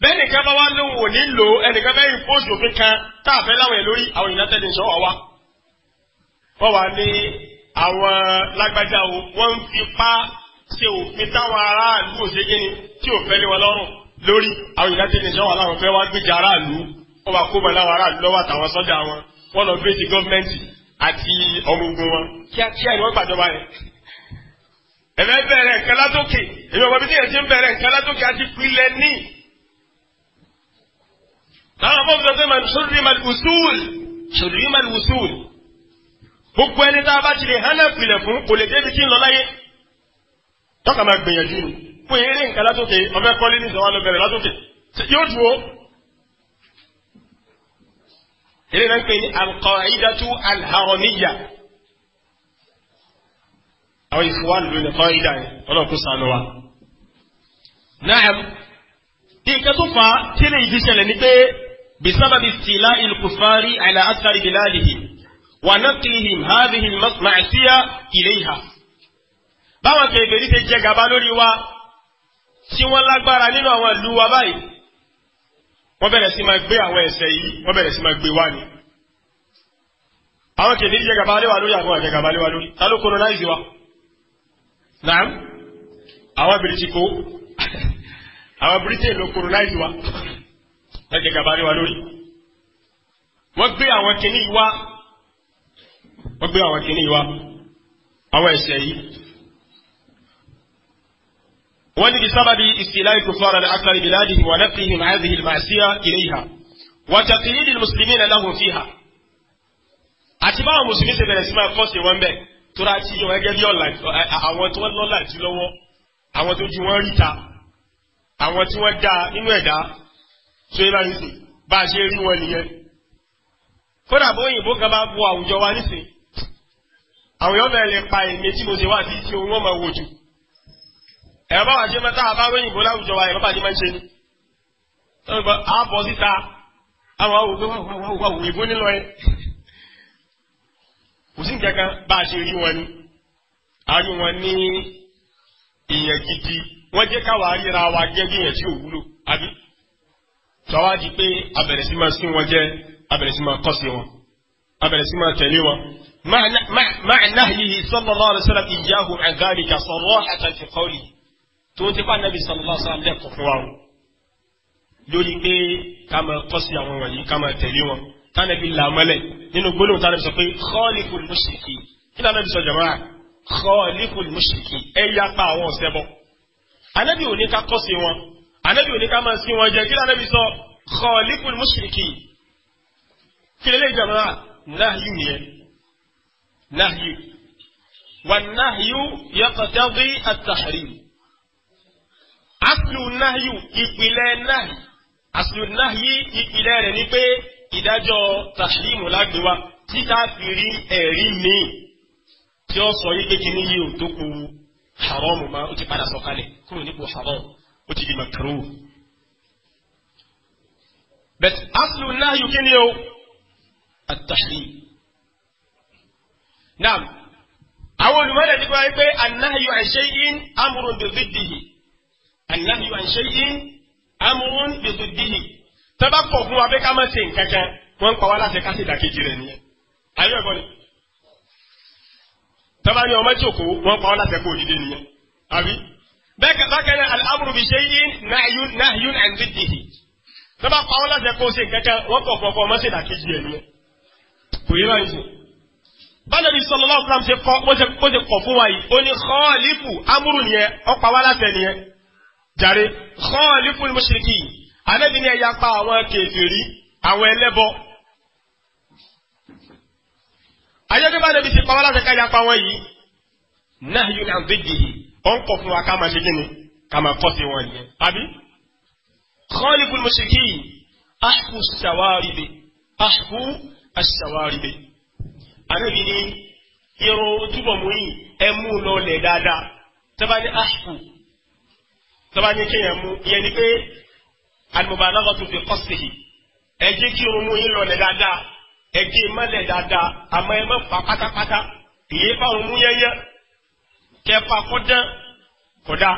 bẹ́ẹ̀ nìkan bá wá lóhùn ò ní lò ẹnìkan fẹ́ ìfóòsì òfin kan tá a fẹ́ láwọn ẹ̀ lórí àwọn United Nations wà wá. wọ́n wà ní àwọn lágbájá o wọ́n ń fipá ṣe òfin táwọn aráàlú òṣèkéni tí ò fẹ́ lé wọn lọ́rùn lórí àwọn United Nations wà láwọn fẹ́ wá gbéjà aráàlú wọ́n wá kó bọ̀ wọ́n lọ bẹ́ẹ̀ ti gọ́ọ̀mẹ́ntì àti ọmọ ogun wọn kíákíá ni wọ́n gbàjọba yẹn. ẹ̀fẹ́ bẹ̀rẹ̀ nǹkan látòkè èmi ọ̀pọ̀ bíi ti ń bẹ̀rẹ̀ nǹkan látòkè àti pilẹ̀ ní. láwọn ọmọ mi sọ pé sori ma wùsùl sori ma wùsùl gbogbo ẹni tá a bá ti lè hánà pilẹ̀ fún kò lè débi tí ń lọ láyé. tọ́ka máa gbìyànjú ni fún eré nǹkan látòkè ọ̀fẹ́ eré náà ń pè ní alqaidatu alharamiya àwọn ìfowópamọ́ lónìí kọ́ ìdá yẹn ọlọ́run kò sànù wa. náà nǹkan tó fa tílé ìfiṣẹ̀lẹ̀ ni pé bisababi tìlá ilkufari àìlà asari biladihi wà nàkìlìhìm hàbìhìm màṣíyà ìléyà. báwọn kèfèrí ti jẹ gàba lórí wa tí wọ́n lágbára nínú àwọn ìlú wa báyìí wọ́n bẹ̀rẹ̀ sí máa gbé àwọn ẹ̀ṣẹ̀ yìí wọ́n bẹ̀rẹ̀ sí máa gbé wá ni. àwọn kèdè jẹ gàba léwa lórí àwọn ẹ̀jẹ̀ gàba léwa lórí ta ló colonize wa naam àwọn bìrìtì kó àwọn britain ló colonize wa ẹ̀jẹ̀ gàba léwa lórí. wọ́n gbé àwọn kìnnì wá wọ́n gbé àwọn kìnnì wá àwọn ẹ̀ṣẹ̀ yìí ولي بسبب استيلاء كفار الأكثر بلادهم ونفيهم هذه المعصية إليها وتقييد المسلمين لهم فيها أتباع المسلمين سبيل اسماء فوسي وانبه ترى أتيجي ويجب يولا àwọn tó lọ́lá jù lọ́wọ́ àwọn tó ju wọn ríta àwọn tí wọ́n dá nínú ẹ̀dá tó yẹ báyìí sìn bá a ṣe rí wọn nìyẹn kódà bó òyìnbó kan bá bu àwùjọ wa nísìn àwọn yọ̀ọ́ bẹ̀rẹ̀ pa èmi tí mo ṣe wá sí tí òun wọn máa wò jù ẹ̀rọ bá wà ṣe mẹ́ta àbá wẹ́yìnbó láwùjọ wa ẹ̀rọ bá ṣe máa ń ṣe ni. àbọ̀ síta àwọn awògbé wà wò ìbò nílọ ẹ. kò sí nǹkan kan bá a ṣe rí wọn ni a rí wọn ní ìyẹn gidi wọ́n jẹ́ káwa ríra wa jẹ́ ìyẹn tí ò wúlò àbí. tọ́wá di pé abẹ̀rẹ̀ sí máa sún wọn jẹ́ abẹ̀rẹ̀ sí máa kọ́ sí wọn abẹ̀rẹ̀ sí máa tẹ̀lé wọn. مع نهيه صلى الله عليه وسلم إياهم عن ذلك صراحة في قوله tó ti pa nàbì sallallahu alaihi wasallam lẹ́kọ̀ọ́ fún wa o lórí pé ká máa kọ́ sí àwọn wọ̀nyí ká máa tẹ̀lé wọn tánàbì là mọ́lẹ̀ nínú gbólóhùn tánàbì sọ pé khaliqul mushrikin kí tánàbì sọ jàmáà khaliqul mushrikin ẹ yá pa àwọn ọ̀sẹ̀ bọ̀ anábì ò ká kọ́ wọn anábì ò ká máa sí wọn jẹ kí tánàbì sọ khaliqul mushrikin kí lélẹ́yìn jàmáà nahyu nìyẹn nahyu wà nahyu yaqtadi at-tahrim aslu nahyu ìpìlẹ̀ nahyu aslu nahyi ìpìlẹ̀ rẹ̀ ni pé ìdájọ́ tàṣíìmù lágbèwá títà fi rí ẹ̀rí míì tí ó sọ yí pé kí ní yí ò tó kú haram ma ó ti padà sọ̀kalẹ̀ kúrò nípò haram ó ti di makruh. but aslu nahyu kí ni o at-tahrim. naam àwọn olùmọ̀lẹ̀ nípa wípé an-nahyu an shay'in amrun bi ziddihi ànábì wa ń ṣe yín amúhún bìtìdìhì tẹ́bá kọ̀ fún wa pé ká má ṣe nǹkan kan wọ́n ń pa wá láti ká sì dàkejì rẹ̀ nìyẹn ayé ẹ̀kọ́ ni tẹ́bá ní ọmọ jòkó wọ́n ń pa wá láti ẹ̀kọ́ òdìdé nìyẹn àbí bẹ́ẹ̀ bákan náà alámúrú bìí ṣe yín náhìún àǹdìdìhì tẹ́bá pa wá láti ẹ̀kọ́ ṣe nǹkan kan wọ́n kọ̀ fún ọkọ̀ ọmọ sì dàkejì rẹ̀ nìyẹn kò yé báyìí sùn bájọ́ ní sọlọ́lá ọ̀sán ṣe kọ́ bó ṣe kọ̀ fún wa yìí ó ní kọ́ọ̀lífù amúrú nìyẹn ọ̀pá wá jàre khaliful mushrikin anábì ní ẹ̀yà pa àwọn kèfèrí àwọn ẹlẹ́bọ. ayọ́dún bá dẹ̀bi ti pa wọ́n láti ká yapa wọn yìí nahyu an diddihi ó ń kọ̀ fún wa ká máa ṣe kíni ká máa kọ́ sí wọn yẹn àbí. khaliful mushrikin ahfu ṣàwárí ahfu aṣàwárí anábì ní irun túbọ̀ mú yìí ẹ mú lọ lẹ̀ dáadáa tẹ́bá tọ́ba ní kéèyàn mú ìyẹn ni pé al-mubalaghatu fi qasdihi ẹ jẹ́ kí irun mú yín lọlẹ̀ dáadáa ẹ gé e mọ́lẹ̀ dáadáa àmọ́ ẹ má fà pátápátá ìyẹn fáwọn mú yẹ́yẹ́ kẹfà kọ́dán kọ́dá.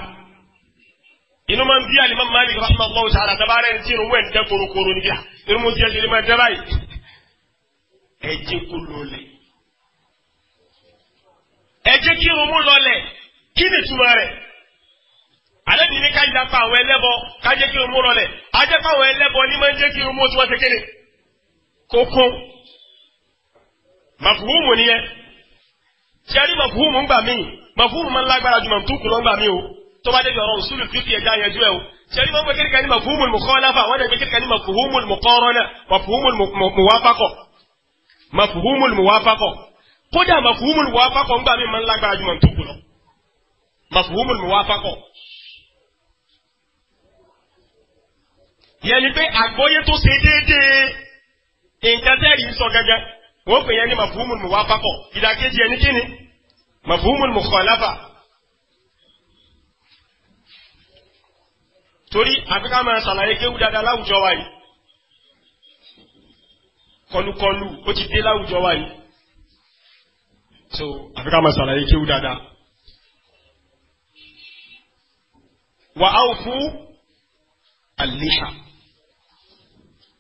inú máa ń bí alimami Malik rahmatullahi ta'ala dábàárà ẹni tí irun wẹ̀ ń dẹ́ korokoro níbi à irun mú tiẹ̀ ṣe ni máa dẹ́ báyìí ẹ jẹ́ kó lọlẹ̀ ẹ jẹ́ kí irun mú lọlẹ̀ kí ni ìtumọ̀ rẹ̀? àlẹ́bí ní ká ìjàpá àwọn ẹlẹ́bọ ká jẹ́ kí irun mú rọlẹ̀ ajẹ́pá àwọn ẹlẹ́bọ ní máa ń jẹ́ kí irun mú tí wọ́n ṣe kéde kókó màfúhùmù nìyẹn tí a rí màfúhùmù ń gbà mí màfúhùmù máa ń lágbára ju màmtúkù lọ ń gbà mí o tó bá débi ọ̀rọ̀ òṣùlù fífi ẹja yẹn jú ẹ o tí a rí màmú kékeré kan ní màfúhùmù mùkọ́láfà wọ́n dẹ̀ kékeré kan ní màfúhùmù mùkọ́rọ́nà màfúhùmù mùwáfákọ̀ màfúhùmù mùwáfákọ̀ kódà màfúhùmù mùwáfákọ̀ ń gbà mí máa ń lágbára ju màmtúkù lọ màfúhùmù mùwáfákọ̀ yẹn ni pé àgbọ́yé tó ṣe déédéé nǹkan tẹ́rì ń sọ gẹ́gẹ́ wọ́n pè yẹn ní mafhumul muwafaqa ìdàkejì ẹni kíni mafhumul mukhalafa. torí àfikà máa ṣàlàyé kéwù dáadáa láwùjọ wa yìí kọlùkọlù ó ti dé láwùjọ wa yìí so àfikà máa ṣàlàyé kéwù dáadáa. wà á fún àlìhà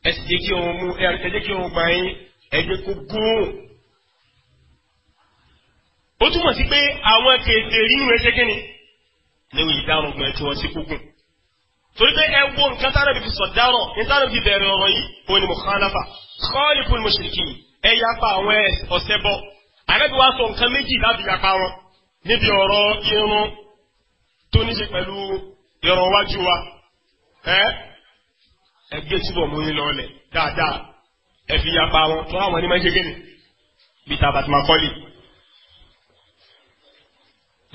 ẹ sì jẹ́ kí òun mú ẹ jẹ́ kí òun gbà yín ẹ jẹ́ kó gún. ó túmọ̀ sí pé àwọn kèké rínú ẹ ṣe kíni léwu ìdárògùn ẹ tí wọ́n ti kú gùn. torí pé ẹ wo nǹkan táwọn ibi fi sọ dáràn ní táwọn ibi bẹ̀rẹ̀ ọ̀rọ̀ yìí ó ní mukhalafa khaliful mushrikin ẹ yapa àwọn ọ̀sẹ̀ bọ̀ àrẹ́bí wa sọ nǹkan méjì láti yapa wọn níbi ọ̀rọ̀ irun tó ní ṣe pẹ̀lú ìrọ̀wájú wa ẹgbẹ́ túbọ̀ mú yín lọ́lẹ̀ dáadáa ẹ fi ya pa wọn tó àwọn ní máa ń ṣe kéde bí tàbá tí máa kọ́lì.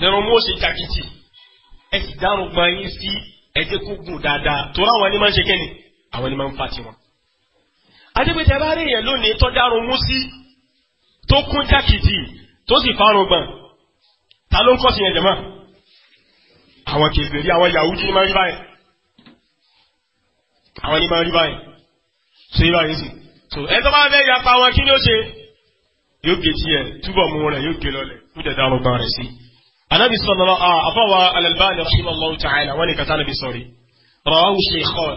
lẹ́nu mú òṣè jàkìtì ẹ sì dárun gbọ́n yín sí ẹjẹ́ kó gùn dáadáa tó àwọn ní máa ń ṣe kéde àwọn ní máa ń fa tiwọn. adébẹ̀tẹ̀ bá rí èèyàn lónìí tó dárun mú sí tó kún jàkìtì tó sì fárun gbọ̀n ta ló ń kọ́ sí yẹn jẹ̀mọ́ àwọn kèfèrí àwọn yahoo àwọn ẹni máa rí báyìí ṣe rí báyìí sì so ẹ tó bá fẹ́ yapa wọn kí ni ó ṣe yóò gé tiẹ̀ túbọ̀ mú rẹ̀ yóò gé lọlẹ̀ ó dẹ̀ dárò gbọ́n rẹ̀ sí. anabi sallallahu ah, àfọwà al-Albani rahimahullahu ta'ala wọn ni kàtà anabi sọrí rawahu shaykhan.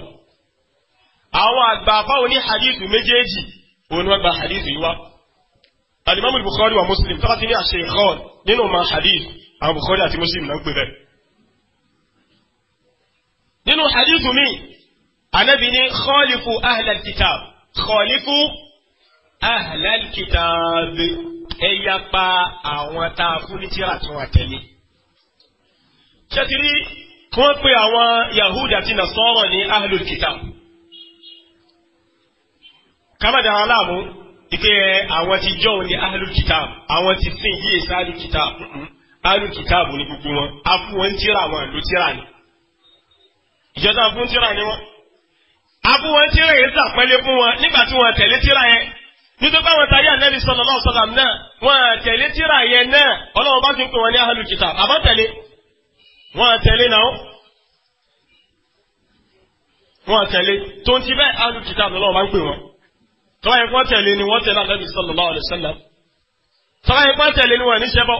àwọn àgbà àfọwọ́ ní hadith méjèèjì òun ni wọ́n gba hadith yìí wá. alimami bukhari wa muslim tọ́ka ti ní shaykhan nínú ma hadith àwọn bukhari àti muslim náà gbé bẹ́ẹ̀. nínú hadith mi anabi ni khalifu ahlal kitab khalifu ahlal kitab ẹ yapa àwọn tá a fún ní tíra tí wọ́n tẹ̀lé. ṣètìrí kí wọ́n pe àwọn yahudi àti nasara ní ahlul kitab. kámẹ́dà aláàmú ìpè ẹ àwọn ti jọ́hún ní ahlul kitab àwọn ti sìn yíyé sí ahlul ahlul kitab ní gbogbo wọn a fún wọn tíra wọn ló tíra ni. ìjọba fún tíra ni wọn abú wọn tíra yẹn sàpẹ́lẹ́ fún wọn nígbà tí wọn tẹ̀lé tíra yẹn nítorí pé àwọn táyà nẹ́bí sallallahu alaihi wasallam náà wọn tẹ̀lé tíra yẹn náà ọlọ́wọ́n bá fi ń pè wọn ní ahlul kitab àbọ̀ tẹ̀lé wọn tẹ̀lé náà wọn tẹ̀lé tó ń ti bẹ́ẹ̀ ahlul kitab lọ́wọ́ bá ń pè wọn tọ́wọ́ yẹn kọ́ tẹ̀lé ni wọ́n tẹ̀lé nẹ́bí sallallahu alaihi wasallam tọ́wọ́ yẹn kọ́ tẹ̀lé ni wọ́n ní ṣẹbọ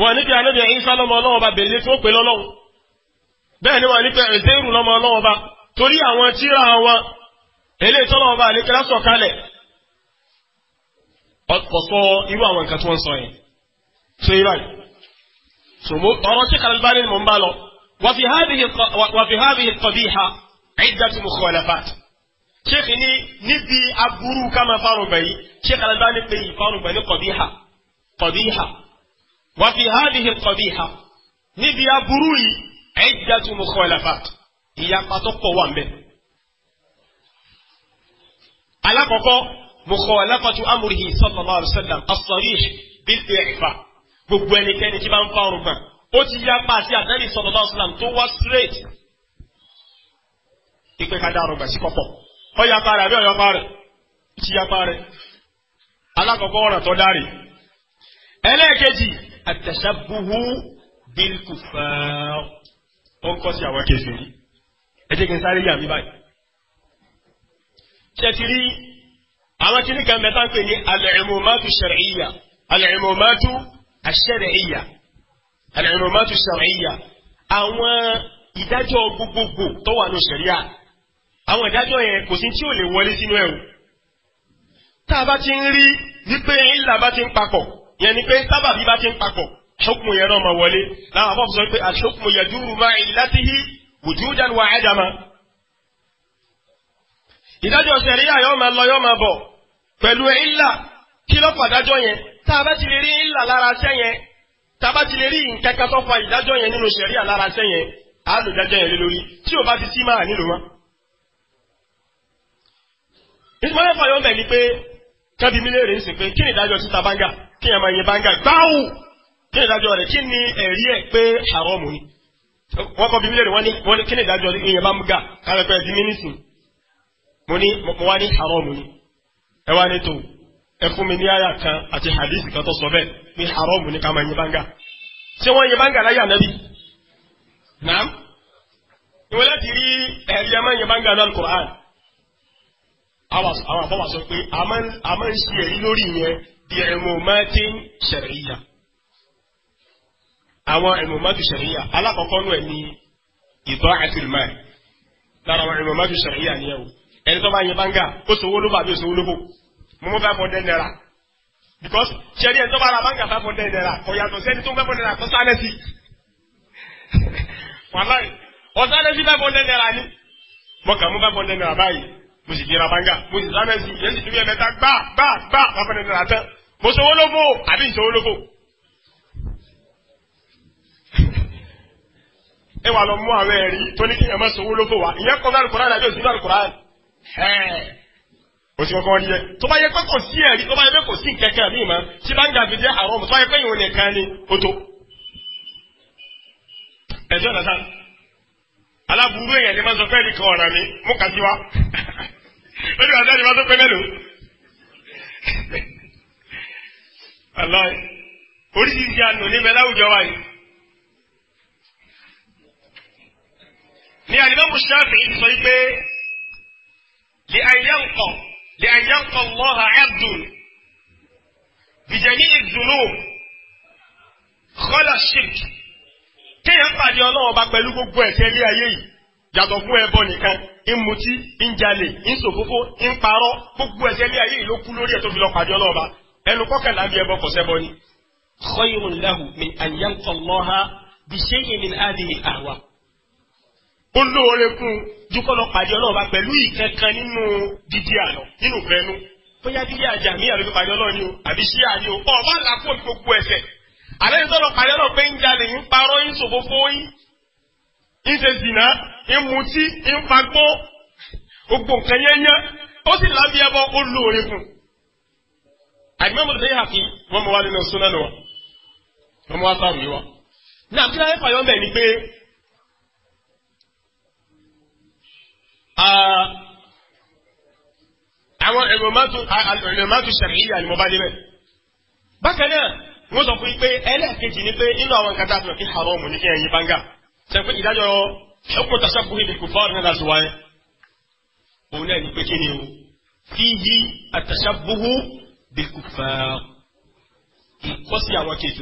wọn níbi ànábì ẹ̀yìn sálọ́mọ ọlọ́wọ́ bá bèlè tó pè lọ́lọ́wọ́ bẹ́ẹ̀ ni wọ́n ní torí àwọn tíra wọn eléyìí tọ́lọ̀ ọba àlékẹ́lá sọ̀kalẹ̀ ọ̀sọ̀ irú àwọn nǹkan tí wọ́n sọ yẹn so irú àyè so mo ọ̀rọ̀ tí Al-Albani ni mò ń bá lọ wa fi hadhihi al-qabiha iddatu mukhalafat sheikh ni níbi aburú kama farugbà yìí sheikh Al-Albani pé yìí farugbà ní qabiha qabiha wa fi hadhihi al-qabiha níbi aburú yìí iddatu mukhalafat ìyapa tó pọ̀ wà ń bẹ̀. alákọ̀ọ́kọ́ mukhalafatu amrihi sallallahu alayhi wa sallam as-sarih bil i'fa gbogbo ẹnikẹ́ni tí bá ń fa ọrùngbọ̀n ó ti yapa àti ànábì sallallahu alayhi wa sallam tó wá straight ìpè ká dá ọrùngbọ̀n sí kọ́pọ̀ ó yapa rẹ̀ àbí ọ̀yọ́pa rẹ̀ ó ti yapa rẹ̀ alákọ̀ọ́kọ́ ọ̀ràn tó dárì ẹlẹ́ẹ̀kejì at-tashabbuhu bil ó ń kọ́ sí àwọn kejì rí ẹ jẹ́ kí n sáré yà mí báyìí. ṣé ti rí àwọn kìíní kan mẹ́ta ń pè ní al-umumatu ash-shar'iyya al-umumatu ash-shar'iyya al-umumatu ash-shar'iyya àwọn ìdájọ́ gbogbogbò tó wà ní ṣẹ̀ríà àwọn ìdájọ́ yẹn kò sí tí ò lè wọlé sínú ẹ̀ tá a bá ti ń rí wípé ìlà bá ti ń papọ̀ yẹn ni pé sábàbí bá ti ń papọ̀ ṣókùn yẹn náà máa wọlé láwọn àbọ̀ sọ pé àṣókùn yẹn dúró máa ìlà tí yìí wujudan wa adama ìdájọ́ sẹ̀ríyà yóò máa lọ yóò máa bọ̀ pẹ̀lú ìlà kí ló fàdájọ́ yẹn tá a bá ti lè rí ìlà lára sẹ́ yẹn tá a bá ti lè rí nǹkan kan tó fa ìdájọ́ yẹn nínú sẹ̀ríyà lára sẹ́ yẹn á lò dájọ́ yẹn lé lórí tí ò bá ti sí máa nílò wọn. ìtumọ̀ mẹ́fà yóò mẹ́ ni pé kábí mi léèrè ń sìn pé kí ni ìdájọ́ títa báńgà kí ni àmọ́ iye báńgà gbáwù kí ni ìdájọ́ rẹ̀ kí ni ẹ̀rí ẹ̀ pé haramu ni wọ́n kọ́ bíbélì rẹ̀ wọ́n ní wọ́n ní kí ni ìdájọ́ ìyẹn bá ń gà kálẹ̀pẹ́ ẹ̀dí mínísì mo ní mo wá ní haram ni ẹ wá ní tó ẹ fún mi ní àyà kan àti hadith kan tó sọ bẹ́ẹ̀ ní haram ni ká máa yẹ bá ń gà ṣé wọ́n yẹ bá ń gà láyé ànábì naam ìwọ láti rí ẹ̀rí ẹ máa yẹ bá ń gà ní alukur'an àwọn àbọ̀wà sọ pé a máa ń ṣe ẹ̀rí lórí yẹn bí ẹ̀rùn mọ́tí ṣẹ̀ríyà àwọn ẹ̀mọ̀mọ́tò ṣẹ̀ríyà alákọ̀ọ́kọ́ nù ẹ̀ ní ìtọ́ àtìrìmá ẹ̀ lára àwọn ẹ̀mọ̀mọ́tò ṣẹ̀ríyà ni ẹ̀ o ẹni tó bá yẹn báńgà ó sọ owó ló ó sọ owó bò mo mú five hundred naira because ṣẹ̀rí ẹni tó bá ra báńgà five hundred naira kò yàtọ̀ sẹ́ni tó five hundred naira tó sáré sí wàláì ọ̀sáré sí five hundred naira ni mo kà mú five hundred naira báyìí mo sì jẹra báńgà mo sì sáré sí yẹn sì tún yẹ mẹ́ta gbá gbá gbá five hundred naira tán mo sọ owó bò àbí ìṣòwò ló bò. ẹ wà lọ mú àwọn ẹ̀rí tó ní kí ẹ má sọ owó ló fò ìyẹn kọ́ lálùkọ́ rárá yóò sí lálùkọ́ rárá ẹ̀ o sì kọ́kọ́ rí ẹ tó bá yẹ pé kò sí ẹ̀rí tó bá yẹ pé kò sí kẹ̀kẹ́ mi mọ́ tí bá ń ga fi jẹ́ àrọ́ mọ́ tó bá yẹ pé ìwọ̀n nìkan ni ó tó. ẹjọ́ nàá sàn aláburú èèyàn ni máa sọ fẹ́ẹ́ nìkan ọ̀ràn mi mú kà sí wa ó ní wàá sẹ́ni máa sọ pé mélòó. oríṣiríṣi àná níbẹ̀ láwùjọ wa ní alimami Shafi'i sọ yìí pé lè àyànkọ lè àyànkọ lọ́ha abdul bìjẹ̀ni ìdùnnú kọ́lá shirk kéèyàn pàdé ọlọ́wọ́ bá pẹ̀lú gbogbo ẹ̀ṣẹ̀ ilé ayé yìí yàtọ̀ fún ẹbọ nìkan ń mutí ń jalè ń ṣòfófó ń parọ́ gbogbo ẹ̀ṣẹ̀ ilé ayé yìí ló kú lórí ẹ̀ tó fi lọ pàdé ọlọ́wọ́ ẹnu kọ́kànlá bí ẹbọ kọ̀ sẹ́bọ ni. khayrun lahu min an yalqa Allaha bi shay'in min hadhihi al-ahwa ó lóore fún dúkọ́ lọ pàdé ọlọ́run bá pẹ̀lú ìkankan nínú dídí àná nínú fẹ́nu bóyá dídí àjà mí àlọ́ pàdé ọlọ́run ni o àbí ṣíà ni o ọ̀ bá làákò gbogbo ẹ̀sẹ̀ àlẹ́ ń sọ̀rọ̀ pàdé ọlọ́run pé ń jalè ń parọ́ ń ṣòfófó yín ń ṣe zìnà ń mutí ń fagbó gbogbo nǹkan yẹn yẹn ó sì lábí ẹbọ ó lóore fún. àgbẹ̀mọ̀ Ah, àwọn ìrìnàmátù ṣàríyà ni mo bá débẹ̀. bákan náà wọ́n sọ fún pé ẹlẹ́ẹ̀kejì ni pé inú àwọn nǹkan dáàbò kí haramu ní kí ẹ̀yin bánga ṣe pé ìdájọ́ ṣẹ́kùn tashabuhi bil kufar náà láti wáyé. òun náà ni pé kí ni o fihi at-tashabuhu bil kufar kọ́ sí àwọn kejì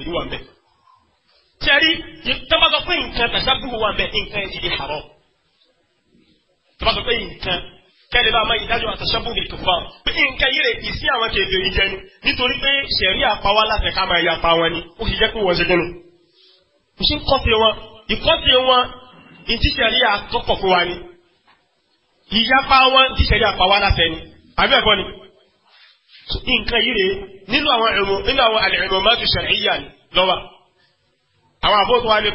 tó bá sọ pé nǹkan kẹ́lẹ́ bá máa ìdájọ́ àtàṣẹ́bù lè tó fa pé nǹkan yìí rè ìsí àwọn kèfè yìí jẹ ni nítorí pé ṣẹ̀rí àpáwá láti ká máa yapa wọn ni ó sì jẹ́ pé wọ́n ṣe kínú. kò sí kọ́sẹ̀ wọn ìkọ́sẹ̀ wọn ìdí ṣẹ̀rí àtọ́kọ̀ fún wa ni ìyapa wọn ìdí ṣẹ̀rí àpáwá láti ẹni àbí ẹ̀kọ́ ni. nǹkan yìí rè nínú àwọn ẹ̀rọ nínú àwọn àlẹ̀rọ máa ti ṣẹ̀rí yà lọ́wọ́ àwọn àbótó wa lè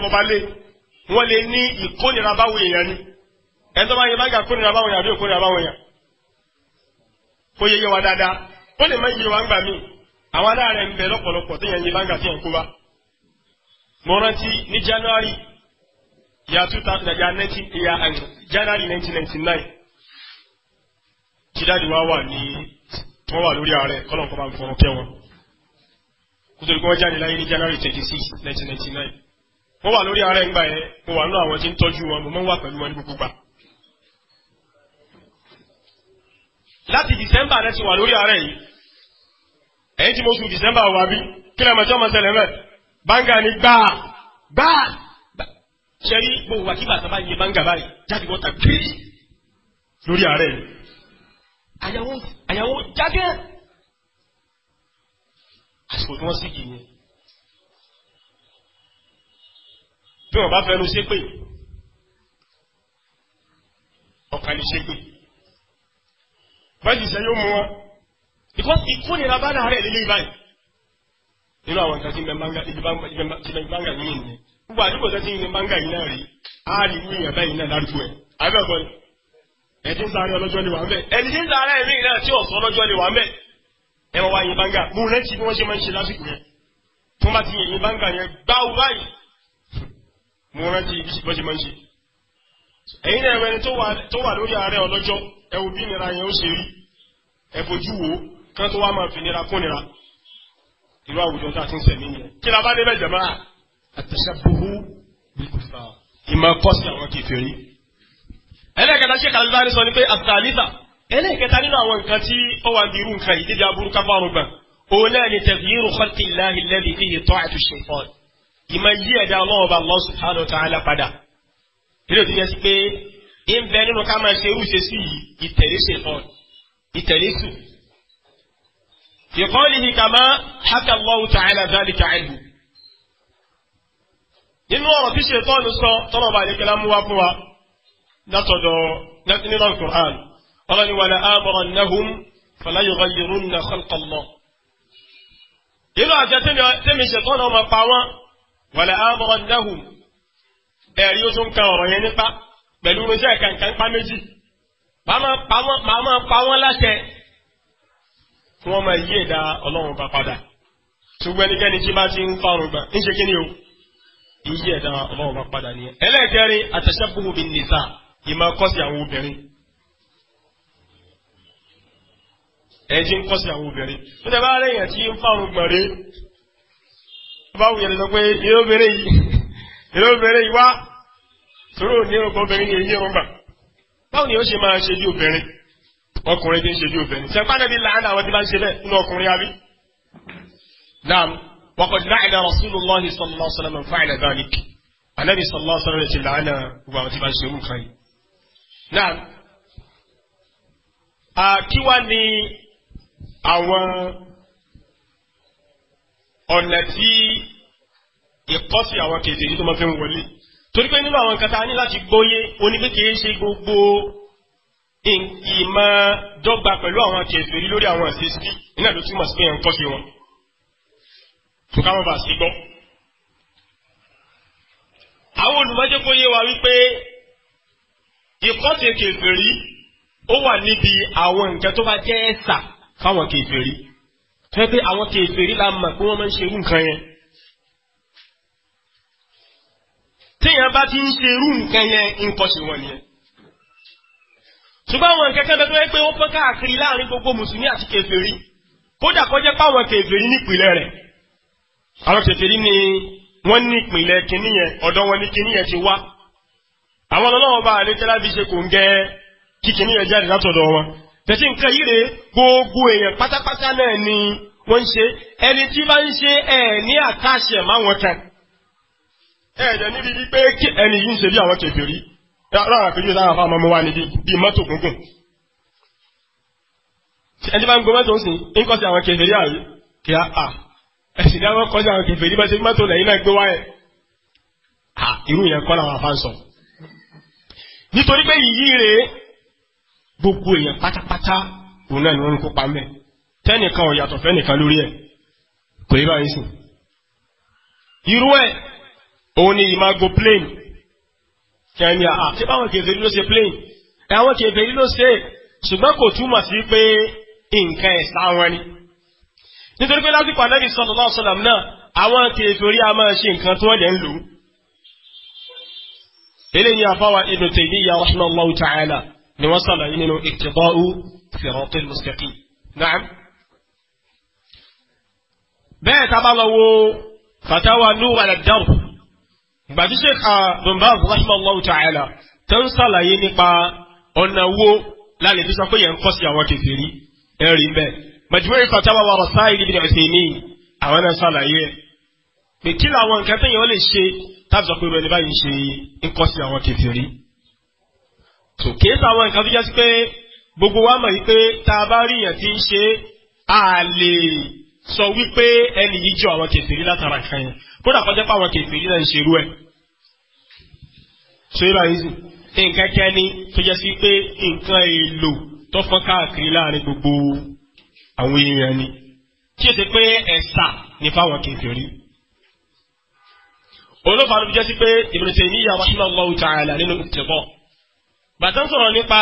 kọ́ ẹni tó bá yẹ báńgà kórìíra báwọn yàrá yóò kórìíra báwọn yà kó yẹ yé wa dáadáa ó lè má yé wa ńgbà míì àwọn aláàrẹ ń bẹ lọ́pọ̀lọpọ̀ tó yẹn yé báńgà tó yẹn kó bá. mo rántí ní January yà two thousand yà nineteen yà um, January nineteen ninety nine jíjáde wa wà ní wọ́n wà lórí ààrẹ kọ́lọ́n kọ́ bá ń fọ̀rọ̀ kẹ́ wọ́n jáde láyé ní January twenty six nineteen ninety nine wọ́n wà lórí ààrẹ ńgbà yẹn mo wà nínú àwọn tí ń tọ́jú wọn mo mọ́ wà pẹ̀lú wọn ní gbogbo gbà. láti December rẹ ti wà lórí ààrẹ yìí ẹ̀yìn tí mo sùn December wà bí kí lè mọ̀tí ọmọ sẹlẹ̀ mẹ́ báńgà ni gbáà gbáà ṣẹ́rí gbogbo wà kí bàtà bá yẹ báńgà báyìí jáde wọ́n ta kiri lórí ààrẹ yìí àyàwó àyàwó jágẹ́ àsìkò tí wọ́n sì kì í yẹn bí wọ́n bá fẹnu ṣépè ọkàn ní ṣépè bájìṣẹ́ yóò mú wọn because ìkórìíra bá dà rẹ̀ lílé ìbáyìí nínú àwọn nǹkan tí ibẹ̀ bánga yìí nìyẹn gbogbo àdúgbò tó ti ń bánga yìí náà rí àárín ìlú ìyàbá yìí náà lárúkú ẹ̀ abẹ́ẹ̀kọ́ ni ẹ̀dí ń sáré ọlọ́jọ́ lè wà ń bẹ̀ ẹni tí ń sáré ẹ̀mí náà tí ọ̀sán ọlọ́jọ́ lè wà ń bẹ̀ ẹ wọ́n wá yin bánga mo rántí bí wọ́n ṣe máa ń ṣe lásìkò yẹn tó bá ti yin yin bánga yẹn gbáwó báyìí mo rántí bí wọ́n ṣe máa ń ṣe ẹ̀yin náà ẹni tó wà lórí ààrẹ ọlọ́jọ́ ẹ wo bí nira yẹn ó ṣe rí ẹ fojú wo kán tó wá máa fi nira kún nira irú àwùjọ tá a ti ń sẹ̀mí yẹn kí la bá dé bẹ́ẹ̀ jẹ̀mọ́ àtẹ̀sẹ̀bùhù bìkùfà ìmọ̀ kọ́sì àwọn kèfèrí. ẹlẹ́kẹta ṣe kàlífàárí sọ ni pé àtàlítà ẹlẹ́kẹta nínú àwọn nǹkan tí ó wà ní irú nǹkan yìí dídí aburú káfárùn gbà òun náà ni tagyiru khalqillahi alladhi fihi ta'atu shaytan ìmọ̀ yí ẹ̀dá ọlọ́run bá Allah subhanahu wa ta'ala padà. ilé òtún yẹn sí pé ń bẹ nínú ká máa ṣe irúṣe sí yìí ìtẹ̀lé ṣètọ́n ìtẹ̀lé sùn. ìkọ́lìhì kàmá haka Allahu ta'ala dhalika anhu. nínú ọ̀rọ̀ tí ṣètọ́n sọ tọ́lọ̀ bá àdékẹ́lá mú wá fún wa látọ̀dọ̀ nínú Al-Qur'an ọlọ́ni wala amurannahum fala yughayyirunna khalqa Allah. nínú àjẹ tẹ́mi ṣètọ́n ọmọ pa wọn wala amurannahum ẹ̀rí ó tún kan ọ̀rọ̀ yẹn nípa pẹ̀lú irunṣẹ́ kankan pa méjì màá máa pa wọ́n láṣẹ kí wọ́n máa yí ẹ̀dá ọlọ́run bá padà ṣùgbọ́n ẹnikẹ́ni tí bá ti ń fárun gbà ń ṣe kí ni o yíyí ẹ̀dá ọlọ́run bá padà nìyẹn. ẹlẹ́ẹ̀kẹrin àtẹ̀sẹ́bùhù bin nisa ìmọ̀ kọ́sí àwọn obìnrin. ẹ̀ ti ń kọ́sí àwọn obìnrin. tó tẹ bá rẹ̀ yẹn tí ń fárun gbọ̀n rè é bá wù yẹn lọ pé ìrẹ́ obìnrin yìí wá tóró ní irúgbọ́n obìnrin ní èyí irúgbà báwo ni ó ṣe máa ṣe bí obìnrin ọkùnrin tí ń ṣe bí obìnrin ṣe pàdé bí láàánú àwọn tí bá ń ṣe bẹ́ẹ̀ nínú ọkùnrin àbí. naam waqad la'ana rasulullahi sallallahu alaihi wasallam fa'ala dhalik anabi sallallahu alaihi wasallam ti láàánú gbogbo àwọn tí bá ń ṣe irú nǹkan yìí. naam kí wá ní àwọn ọ̀nà tí ìkọ́sí àwọn kèfèrí tó máa fi ń wọlé torí pé nínú àwọn nǹkan tá a ní láti gbóyé oní pé kìí ṣe gbogbo ìmọ̀ dọ́gba pẹ̀lú àwọn kèfèrí lórí àwọn àṣeṣí iná ló túmọ̀ sí pé ẹ̀ǹkọ́ sí wọn fún káwọn bá sí gbọ́. àwọn olùmọ́jẹ́ kó yé wa wípé ìkọ́sẹ̀ kèfèrí ó wà níbi àwọn nǹkan tó bá jẹ́ ẹ̀sà fáwọn kèfèrí tó pé àwọn kèfèrí la mọ̀ pé wọ́n máa ń ṣerú nǹkan yẹn téèyàn bá ti ń ṣe irú nǹkan yẹn nǹkan ṣe wọ̀n yẹn. ṣùgbọ́n àwọn nǹkan kan bẹ tó yẹ pé ó pẹ́ káàkiri láàrin gbogbo mùsùlùmí àti kèfèrí kódà kó páwọn kèfèrí nípìnlẹ̀ rẹ̀. àwọn kèfèrí ni wọ́n ní ìpìnlẹ̀ kínní yẹn ọ̀dọ̀ wọn ni kínní yẹn ti wá. àwọn ọlọ́wọ́ bá àlẹ́ tẹ́lá fi ṣe kò ń gẹ́ kí kínní yẹn jáde látọ̀dọ̀ wọn. tẹ̀sí nǹkan yìí rèé gbogbo èèyàn pátápátá náà ni wọ́n ń ṣe ẹni tí bá ń ṣe ẹ̀ ní àkáṣẹ̀ máwọn kan ẹ̀ẹ́dẹ̀ níbi wípé ẹni yìí ń ṣe bí àwọn kèfèrí láwọn àpèjúwe táwọn afá ọmọ wa níbi bí mọ́tò gúngùn ẹni bá ń gbọ́ mọ́tò ń sìn ń kọ́ sí àwọn kèfèrí àrí kí á à ẹ̀sìn dáwọ́ kọ́ sí àwọn kèfèrí bá ṣe mọ́tò lẹ́yìn náà gbé wáyẹ̀ à irú yẹn kọ́ làwọn afá ń sọ nítorí pé yìí rè gbogbo èèyàn pátápátá òun náà ni wọ́n ń kópa mẹ́ tẹ́nìkan ò yàtọ̀ fẹ́nìkan lórí ẹ̀ kò yí báyìí irú ẹ̀ òun ni ìmágo plane kẹ́ni àá ah, ṣé báwọn kèfèrí ló ṣe plane àwọn kèfèrí ló ṣe ṣùgbọ́n kò túmọ̀ sí pé nǹkan ẹ̀sà wọn ni. nítorí pé lásìkò ànábì sallallahu alaihi wasallam náà àwọn kèfèrí a máa ṣe nǹkan tí wọ́n lè ń lò. eléyìí àfáwà Ibn Taymiyyah rahimahullahu ta'ala ni wọ́n sàlàyé nínú iqtida'u siratil mustaqim. Na'am. bẹ́ẹ̀ tá bá lọ wo fatawa Nuur ala Darb ìgbà tí sheikh abdulbaz ah, rahimahullah ta'ala tó ń sàlàyé nípa ọ̀nà wo lálẹ́ fi sọ pé yẹn ń kọ́ sí àwọn kèfèrí ẹ̀rí bẹ́ẹ̀ majmu'i fatawa wa rasail ibn Uthaymeen àwọn náà sàlàyé ẹ̀ pé kí làwọn nǹkan tó yẹn ó lè ṣe tábìsọ pé ìrọ̀ ẹni báyìí ṣe ń kọ́ sí àwọn kèfèrí. tò kìí sàwọn nǹkan tó jẹ́ sí pé gbogbo wa mọ̀ yìí pé tá a bá rí yẹn ti ń ṣe é lè sọ wípé ẹni yìí jọ àwọn kèfèrí látara kan yẹn kódà kọjá pé àwọn kèfèrí náà ń ṣerú ẹ̀ ṣé báyìí sì nǹkan kẹ́ni tó jẹ́ sí pé nǹkan èlò tó fọ́n káàkiri láàrin gbogbo àwọn èèyàn ni kí o ti pé ẹ̀sà ní fáwọn kèfèrí olófàá ló jẹ́ sí pé Ibn Taymiyyah rahimahullahu ta'ala nínú ìtẹ̀bọ̀ bàtà ń sọ̀rọ̀ nípa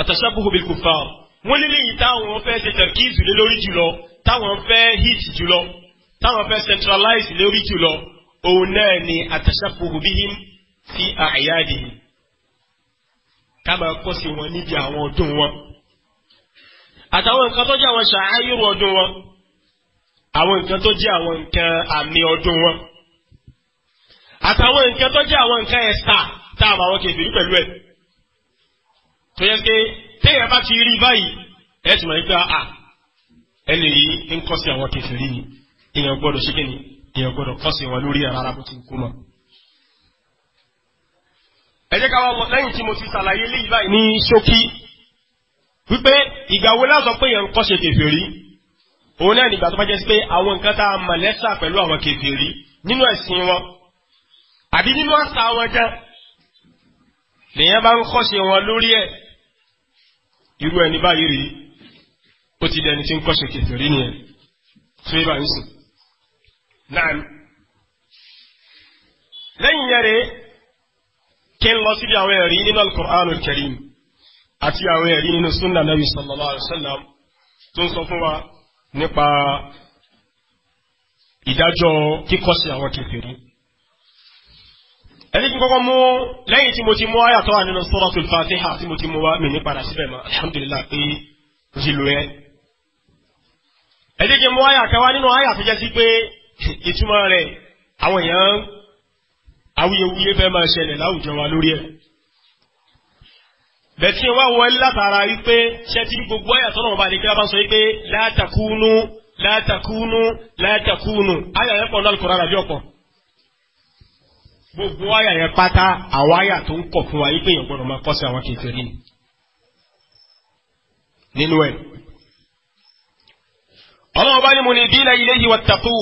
at táwọn fẹ́ hit jùlọ táwọn fẹ́ centralize lórí jùlọ òun náà ni àtàṣàpòhù bíhìm fi àyáàdì ká máa kọ́ sí wọn níbi àwọn ọdún wọn àtàwọn nǹkan tó jẹ́ àwọn ṣàáyúrò ọdún wọn àwọn nǹkan tó jẹ́ àwọn nǹkan àmì ọdún wọn àtàwọn nǹkan tó jẹ́ àwọn nǹkan ẹ̀sà tá a máa wọ́n kejì pẹ̀lú ẹ̀ tó yẹ pé téèyàn bá ti rí báyìí ẹ̀ tún máa ń gbà á ẹni yìí ń kọ́ sí àwọn kẹfìrí ni èèyàn gbọ́dọ̀ ṣe kíni èèyàn gbọ́dọ̀ kọ́ sí wọn lórí ẹ̀ rárá bó ti kú mọ́. ẹ jẹ́ ká wá mọ̀ lẹ́yìn tí mo ti ṣàlàyé léyìí báyìí ní ṣókí wípé ìgbà wo la sọ pé èèyàn ń kọ́ ṣe kẹfìrí òun náà nígbà tó bá jẹ́ sí pé àwọn nǹkan tá a mọ̀ lẹ́sà pẹ̀lú àwọn kẹfìrí nínú ẹ̀sìn wọn àbí nínú àṣà wọn jẹ́ lèèyàn bá ń kọ́ wọn lórí ẹ̀ irú ẹni báyìí rèé ó ti dẹni tí ń kọ́ṣe kèfèrí nìyẹn tó yẹ bá ń sìn. Naam. Lẹ́yìn yẹn rèé, kí n lọ síbi àwọn ẹ̀rí nínú Al-Qur'an Al-Karim àti àwọn ẹ̀rí nínú Sunna Nabi sallallahu alayhi sallam tó ń sọ fún wa nípa ìdájọ́ kíkọ́ṣe àwọn kèfèrí. Ẹni kí n kọ́kọ́ mú lẹ́yìn tí mo ti mú àyàtọ̀ nínú Suratul Fatiha tí mo ti mú wa mi ní síbẹ̀ mọ́ alhamdulillah pé jìlù yẹn ẹ jẹ́ kí n mú àyà kan wá nínú àyà tó jẹ́ sí pé ìtumọ̀ rẹ̀ àwọn èèyàn awuyewuye fẹ́ máa ṣẹlẹ̀ láwùjọ wa lórí ẹ̀. bẹ̀tí wá wọlé látara wípé ṣe ti rí gbogbo àyà tọ́nà ọba àdékẹ́lá bá sọ wípé látàkúnú látàkúnú látàkúnú àyà yẹn pọ̀ ní Al-Qur'an àbí ọ̀pọ̀. gbogbo àyà yẹn pátá àwọn àyà tó ń kọ̀ fún wa wípé èèyàn gbọ́dọ̀ máa kọ́ sí àwọn kèfèrí ọlọ́run bá ní mo ní bílẹ̀ ilé yìí wà tàkù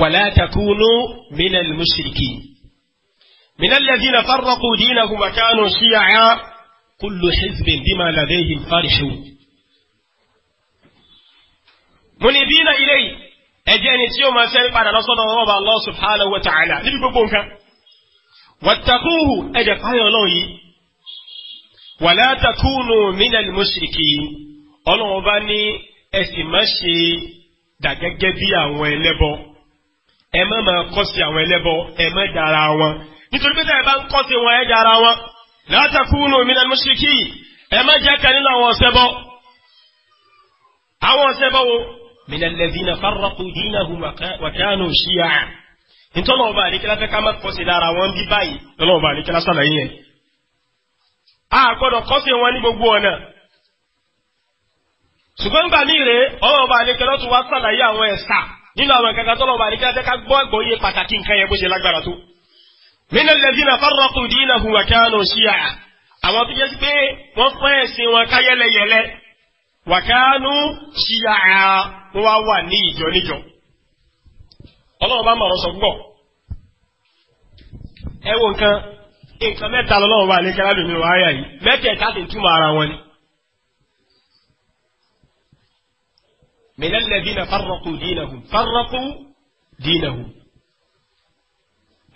wàlá takunu minal mushriki minal ladhina farraqu dinahum wa kanu shi'a kullu hizbin bima ladayhim farihun. mo ní bílẹ̀ ilé yìí ẹ̀jẹ̀ ni tí ó máa ṣe padà lọ́sọ̀dọ̀ ọba Allah subhanahu wa ta'ala níbi gbogbo nǹkan wàtàkùhù ẹ̀jẹ̀ fáyọ̀ ọlọ́run yìí wàlá takunu minal ọlọ́run bá ní ẹ sì má ṣe dà gẹ́gẹ́ bí àwọn ẹlẹ́bọ ẹ má máa kọ́ sí àwọn ẹlẹ́bọ ẹ má dára wọn nítorí pé táyà bá ń kọ́ sí wọn ẹ dára wọn la takunu minal mushrikin ẹ má jẹ́ kan nínú àwọn ọ̀sẹ̀ bọ́ àwọn ọ̀sẹ̀ bọ́ wo minal ladhina farraqu dinahum wa kanu shi'a nítorí ọba àdékẹ́lá fẹ́ ká má kọ́ sí lára wọn bí báyìí ọba àdékẹ́lá sàlàyé yẹn. a gbọ́dọ̀ kọ́ sí wọn ní gbogbo ọ̀nà ṣùgbọ́n mba niile rèé ọmọ ọba àlekẹ́ lọ́tún wá sàlàyé àwọn ẹ̀sà nínú àwọn kankan tọ́lọ̀ ọba àlekẹ́ jẹ́ ká gbọ́ ẹ̀gbọ́ yé pàtàkì nǹkan yẹn bó ṣe lágbára tó. min alladhina farraqu dinahum wa kanu shi'a àwọn tó sí pé wọ́n fẹ́ ẹ̀sìn wọn ká yẹ́lẹyẹ̀lẹ wa kanu shi'a wọn wá wà ní ìjọ níjọ. ọlọ́run bá من الذين فرقوا دينهم فرقوا دينهم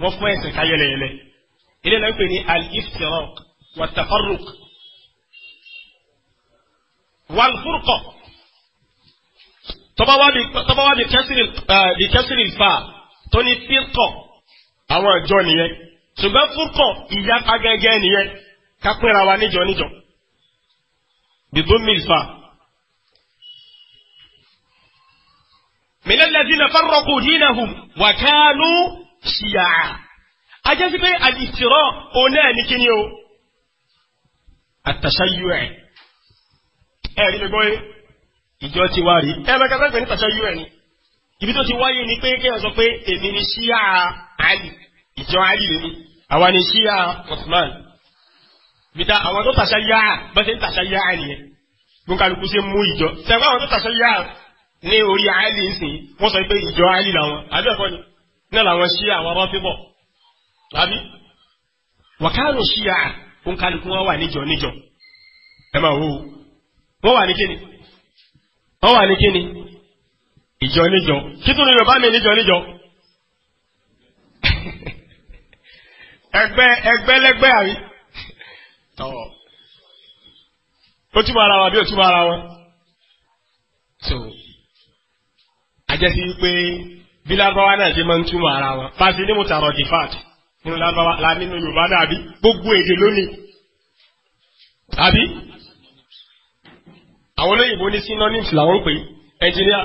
wọ́n fún ẹ̀sìn ká yẹlẹyẹlẹ ilé náà ń pè ní al-iftiraq wa tafarruq wal furqa tọ́ba wá bí kẹ́sìrì fà tó ní fírkọ̀ àwọn ìjọ nìyẹn ṣùgbọ́n fúrkọ̀ ìyapa gẹ́gẹ́ nìyẹn ká pínra wa níjọ níjọ bidun milfa. minal ladhina farraqu dinahum wa kanu shiya'a ajẹ́ sí pé àdìsírọ̀ òun náà ní kíni o àtàṣáyú ẹ̀ ẹ̀ rí mi gbọ́ yé ìjọ ti wá rí ẹ bẹ kẹfẹ́ pé ní ẹ̀ ni ibi tó ti wáyé ni pé kéèyàn sọ pé èmi ni ṣíà Àlì ìjọ Àlì lèmi àwa ni ṣíà Osman bìtà àwọn tó tàṣáyá bá ṣe ń tàṣáyá nìyẹn gbọ́n kálukú ṣe mú ìjọ sẹ́wọ́n àwọn tó tàṣáyá ní orí àálì ń wọ́n sọ pé ìjọ àálì làwọn àbí ni náà làwọn ṣí àwọn rọ́bíbọ̀ àbí wàkánù ṣí à òǹkàlùkù wọn wà níjọ níjọ ẹ máa wò ó wọ́n wà ní kíni wọ́n wà ní kíni ìjọ níjọ kí tó yorùbá mi níjọ níjọ Ẹgbẹ àrí ó ara wọn bí ó ara wọn. àjẹsí wípé bí lárúbáwá náà ṣe máa ń túmọ̀ ara wọn fásitì ní mùtàrọ̀ dìfáàtì nínú lárúbáwá la nínú yorùbá náà àbí gbogbo èdè lónìí àbí àwọn olóyìnbó ní synonyms làwọn ń pè ẹnjìníà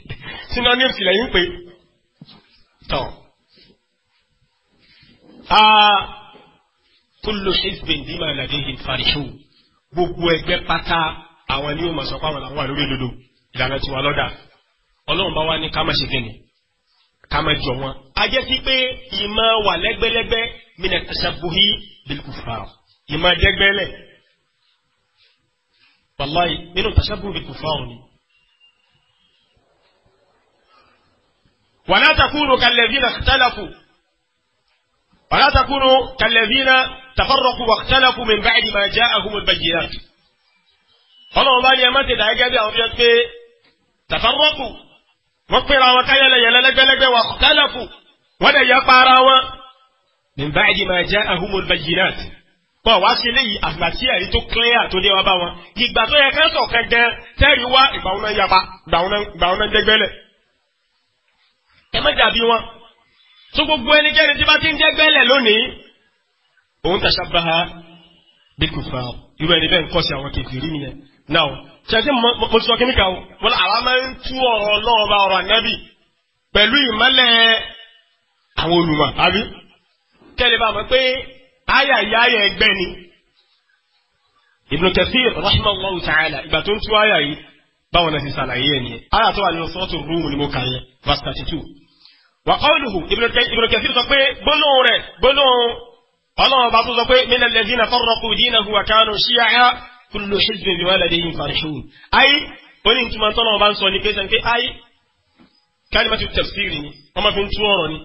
synonyms lẹ́yìn ń pè tán. kullu hizbin bima ladayhim farihun gbogbo ẹgbẹ́ pátá àwọn ni ó mọ̀ sọ àwọn làwọn wà lórí ìlànà tiwa lọ́dà ọlọ́run bá wá ní ká má ṣe kíni ká má jọ wọn. a jẹ́ sí pé ìmọ̀ wà lẹ́gbẹ́lẹ́gbẹ́ mina tasabuhi bilkufar ìmọ̀ dẹ́gbẹ́lẹ̀ wàláyé nínú tasabuhi bilkufar ni. ولا تكونوا كالذين اختلفوا ولا تكونوا كالذين تفرقوا واختلفوا من بعد ما جاءهم البينات. ọlọ́run bá ní ẹ má ti dàgẹ́ bí àwọn fi ń pé tafarraku wọ́n pèrè àwọn káyọ̀lẹ̀yẹ̀ lẹ́lẹ́gbẹ́lẹ́gbẹ́ wà kọ́kálẹ̀kù wọ́n dẹ̀ yẹ para wọn. min ba'di ma ja'ahumul bayyinat. bọ́ọ̀ wá sí eléyìí àgbà tí ẹ̀rí tó clear tó dé wá bá wọn. ìgbà tó yẹ ká sọ̀ kẹ́gẹ́ tẹ́rì wá ìgbà wọn náà yapa ìgbà wọn náà dẹ́gbẹ́lẹ̀. ẹ má dàbí wọn. tó gbogbo ẹnikẹ́ni tí bá ti ń dẹ́gbẹ́lẹ̀ lónìí. òun tashabbaha bil kufar irú ẹni bẹ́ẹ̀ ń kọ́ sí àwọn kèfèrí nìyẹn. náà ṣẹ́kí mo ti sọ kí nìkan wọn àwa máa ń tú ọ̀rọ̀ náà bá ọ̀rọ̀ ànábì pẹ̀lú ìmọ́lẹ̀ àwọn olùmọ̀ àbí kẹ́lẹ́ bá mọ̀ pé àyà ìyá ayà ẹgbẹ́ ni Ibn Kathir rahimahullahu ta'ala ìgbà tó ń tú àyà yìí báwọn náà ti ṣàlàyé ẹ̀ nìyẹn àyà tó wà nínú sọ́ọ̀tù rúùmù ni mo kà yẹn verse thirty two wa qawluhu Ibn Kathir sọ pé gbólóhùn rẹ̀ gbólóhùn ọlọ́run bá tó sọ pé min alladhina farraqu dinahum wa kanu shi'a kullu hizbin bima ladayhim farihun ayé wọ́n ní ìtumọ̀ tọ́lọ́ ọba ń sọ ní pé sẹ́ni pé ayé kalimatu tafsiri ni wọ́n máa fi ń tú ọ̀rọ̀ ni.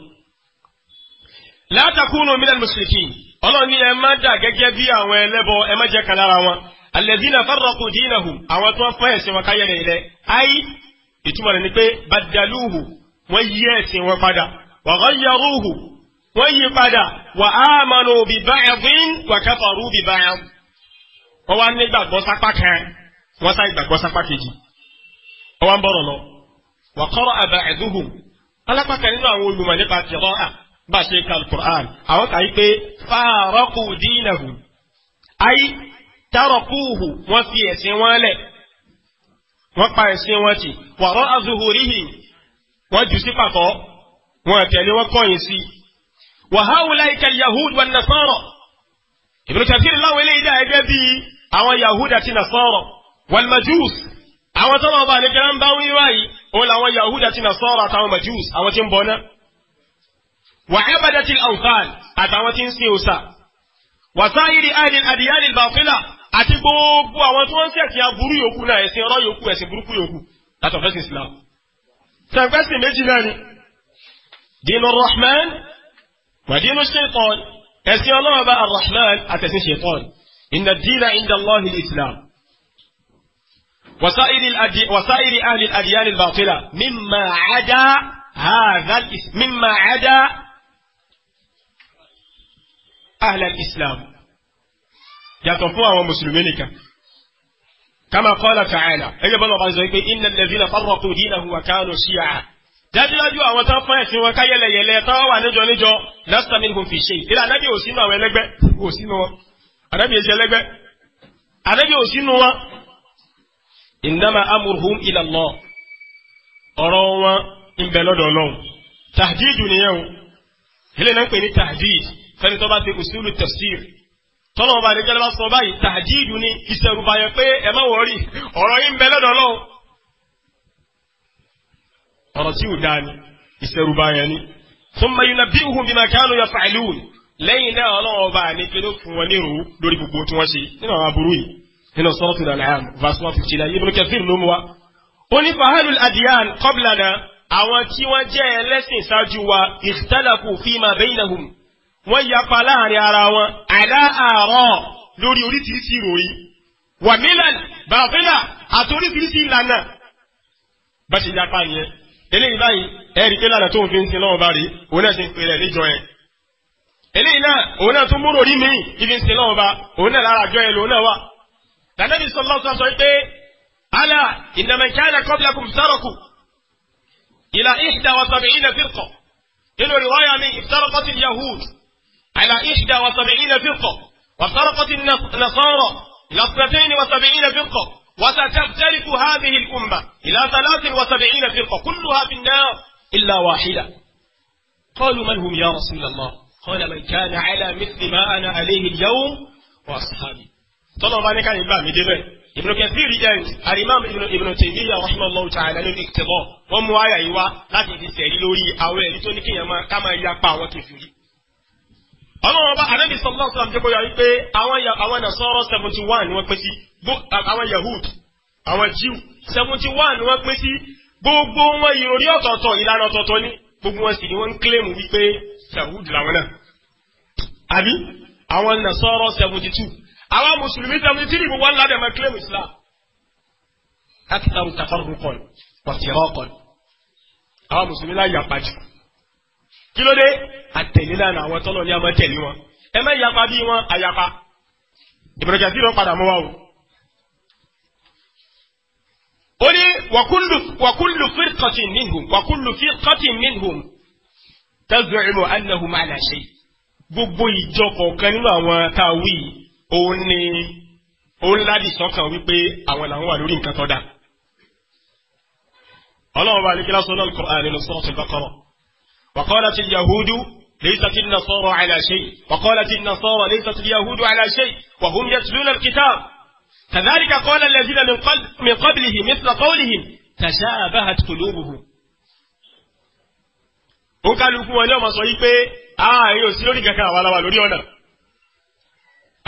la takunu minal mushrikin ọlọ́run ní ẹ má dà gẹ́gẹ́ bí àwọn ẹlẹ́bọ ẹ má jẹ́ kan lára wọn alladhina farraqu dinahum àwọn tó ń fọ́ ẹ̀sìn wọn káyẹ̀ nìyẹn ayé ìtumọ̀ rẹ̀ ni pé badaluhu wọ́n yí ẹ̀sìn wọn padà wa ghayyaruhu wọ́n yí padà wa amanu bi ba'dhin wa kafaru bi ba'd wọ́n wá nígbàgbọ́ sápá kan wọ́n sá ìgbàgbọ́ sápá kejì wọ́n wá ń bọ̀rọ̀ lọ. wa qara'a ba'duhum alápákan nínú àwọn olùmọ̀ nípa tìrọ́ à bá ṣe ka alukur'an àwọn kà yí pé fàárọ̀kù dínàhù ayé tàrọ̀kùhù wọ́n fi ẹ̀sìn wọn lẹ̀ wọ́n pa ẹ̀sìn wọn tì wàrọ̀ azuhurihim wọ́n jù sí pàtọ́ wọ́n tẹ̀lé wọn kọ́yìn sí. wa haulaika al-yahud wan-nasara Ibn Kathir láwọn eléyìí dá ẹgbẹ́ bíi àwọn yahuda ti nasara wal majus àwọn tọ́lọ̀ ọba àlejò ń bá wí báyìí òun làwọn yahuda ti nasara àtàwọn majus àwọn tí ń bọ̀ náà wà abadati al-awthan àtàwọn tí ń sin òòṣà wà sáyiri ahli al-adyan àti gbogbo àwọn tí wọ́n ń ṣẹ̀sìn aburú yòókù náà ẹ̀sìn ọ̀rọ̀ yòókù ẹ̀sìn burúkú yòókù látọ̀ fẹ́sìn Islam sẹ̀ǹfẹ́sìn méjì náà ni dinu rahman wà dinu shaitan ẹ̀sìn ọlọ́wọ́ bá àtẹ̀sìn shaitan إن الدين عند الله الإسلام وسائر الأدي... وسائر أهل الأديان الباطلة مما عدا هذا الاس... مما عدا أهل الإسلام يتفوى ومسلمينك كما قال تعالى أي بلغ إن الذين فرقوا دينه وكانوا شيعا dájúdájú àwọn tán fún ẹ̀sìn wọn káyẹlẹyẹlẹ tán wà níjọ níjọ lásìtàmínú fi ṣe ìlànà bí òsínú àwọn ẹlẹgbẹ́ òsínú wọn ànábì èsì ẹlẹ́gbẹ́ ànábì ò sínú wọn ìnáma amúrhùn ila Allah ọ̀rọ̀ wọn ń bẹ lọ́dọ̀ ọlọ́run tàdíjù nìyẹn o ilé náà ń pè ní tàdíj fẹ́ni tó bá ti usulu tafsir tọ́lọ̀ ọba àdéjọ́lá bá sọ báyìí tàdíjù ni ìṣẹ̀rùbàyàn pé ẹ má wọrí ọ̀rọ̀ yìí ń bẹ lọ́dọ̀ ọlọ́run ọ̀rọ̀ tí ò dáa ni ìṣẹ̀rùbàyàn ni thumma yunabbi'uhum bima kanu yaf'alun lẹ́yìn náà ọlọ́run ọba àníkè ló fún wọn ní ìrò lórí gbogbo tí wọ́n ṣe nínú àwọn aburú yìí nínú Suratul An'am verse one fifty nine Ibn Kathir ló mú wa. ó ní fahalul adiyan qablana àwọn tí wọ́n jẹ́ ẹlẹ́sìn ṣáájú wa ikhtalafu fima bainahum wọ́n yapa láàrin ara wọn àlá àárọ̀ lórí oríṣiríṣi ìròyìn wàmílàn bàbílà àti oríṣiríṣi ìlànà bá ṣe yapa nìyẹn eléyìí báyìí ẹ̀rí pé lànà tó ń fi ń sin náà bá rí òun eléyìí náà òun náà tún múrò rí mi ibi ń sin lọ́wọ́ ba òun náà lára àjọ ẹlò náà wà. tànàbí sọlá sọ sọ pé ala ìdàmẹ̀kánà kọ́bílákùn sárọ̀kù ìlà ìṣdà wa sab'ina firqa nínú rìwáyà mi ìsárọ̀kọ́tì yahud ìlà ìṣdà wa sab'ina firqa وسرقت النصارى إلى اثنتين وسبعين فرقة وستفترق هذه الأمة إلى ثلاث وسبعين فرقة كلها في النار إلا واحدة قالوا من هم يا رسول الله قال من كان على مثل ما أنا عليه اليوم وأصحابي طلب عليك عن الإمام دبي ابن كثير جاء الإمام ابن ابن تيمية رحمه الله تعالى له اقتضاء wọ́n mú àyà yìí wá láti fi sẹ̀rí lórí àwọn ẹ̀rí tó ní kéèyàn máa ká máa ya pa àwọn kẹfìrí. ọlọ́run ọba anábì sọ́lá ọ̀sán jẹ́ bóyá wípé àwọn nasọ́rọ̀ seventy one ni wọ́n pín sí àwọn yahood àwọn jew seventy one ni wọ́n pín sí gbogbo wọn ìròrí ọ̀tọ̀ọ̀tọ̀ ìlànà ọ̀tọ̀ọ̀tọ̀ ni gbogbo wọn sì ni wọ́n ń kílèmù wípé yahood làwọn náà àbí àwọn nasọ́rọ̀ seventy two àwọn mùsùlùmí seventy three gbogbo ńlá dẹ̀ máa claim islam akitaru tafaru kọ́ni pàṣẹwọ́ kọ́ni àwọn mùsùlùmí láyé àpàjù kí ló dé àtẹ̀lélànà àwọn tọ́lọ̀ ní àmọ́ tẹ̀lé wọn ẹ má yapa bí wọn àyapa ìbùrọ̀kẹ́ sí ló padà mọ́ wa o. ó ní wàkúlù fírkọ̀tì minhum wàkúlù fírkọ̀tì minhum tazu'imu annahum ala shay'. gbogbo ìjọ kọ̀ọ̀kan nínú àwọn táwí ò ni ó ń ládì sọ́kàn wípé àwọn làwọn wà lórí nǹkan tó dà. ọlọ́run bá nìkí lásán náà kọ̀ọ̀án nínú sọ́ọ̀tì bákọ́rọ̀. wàkọ́lá ti yahudu lẹ́yìnsá ti nà sọ́rọ̀ àlàṣe wàkọ́lá ti nà sọ́rọ̀ lẹ́yìnsá ti yahudu àlàṣe wàhùn yẹ tìlúnà kìtà. كذلك قال الذين من قبلهم مثل قولهم تشابهت قلوبهم ó kálukú wọn ní ọmọ sọ yìí pé ààyè ah, ò sí lórí kankan àwa la wà lórí ọ̀nà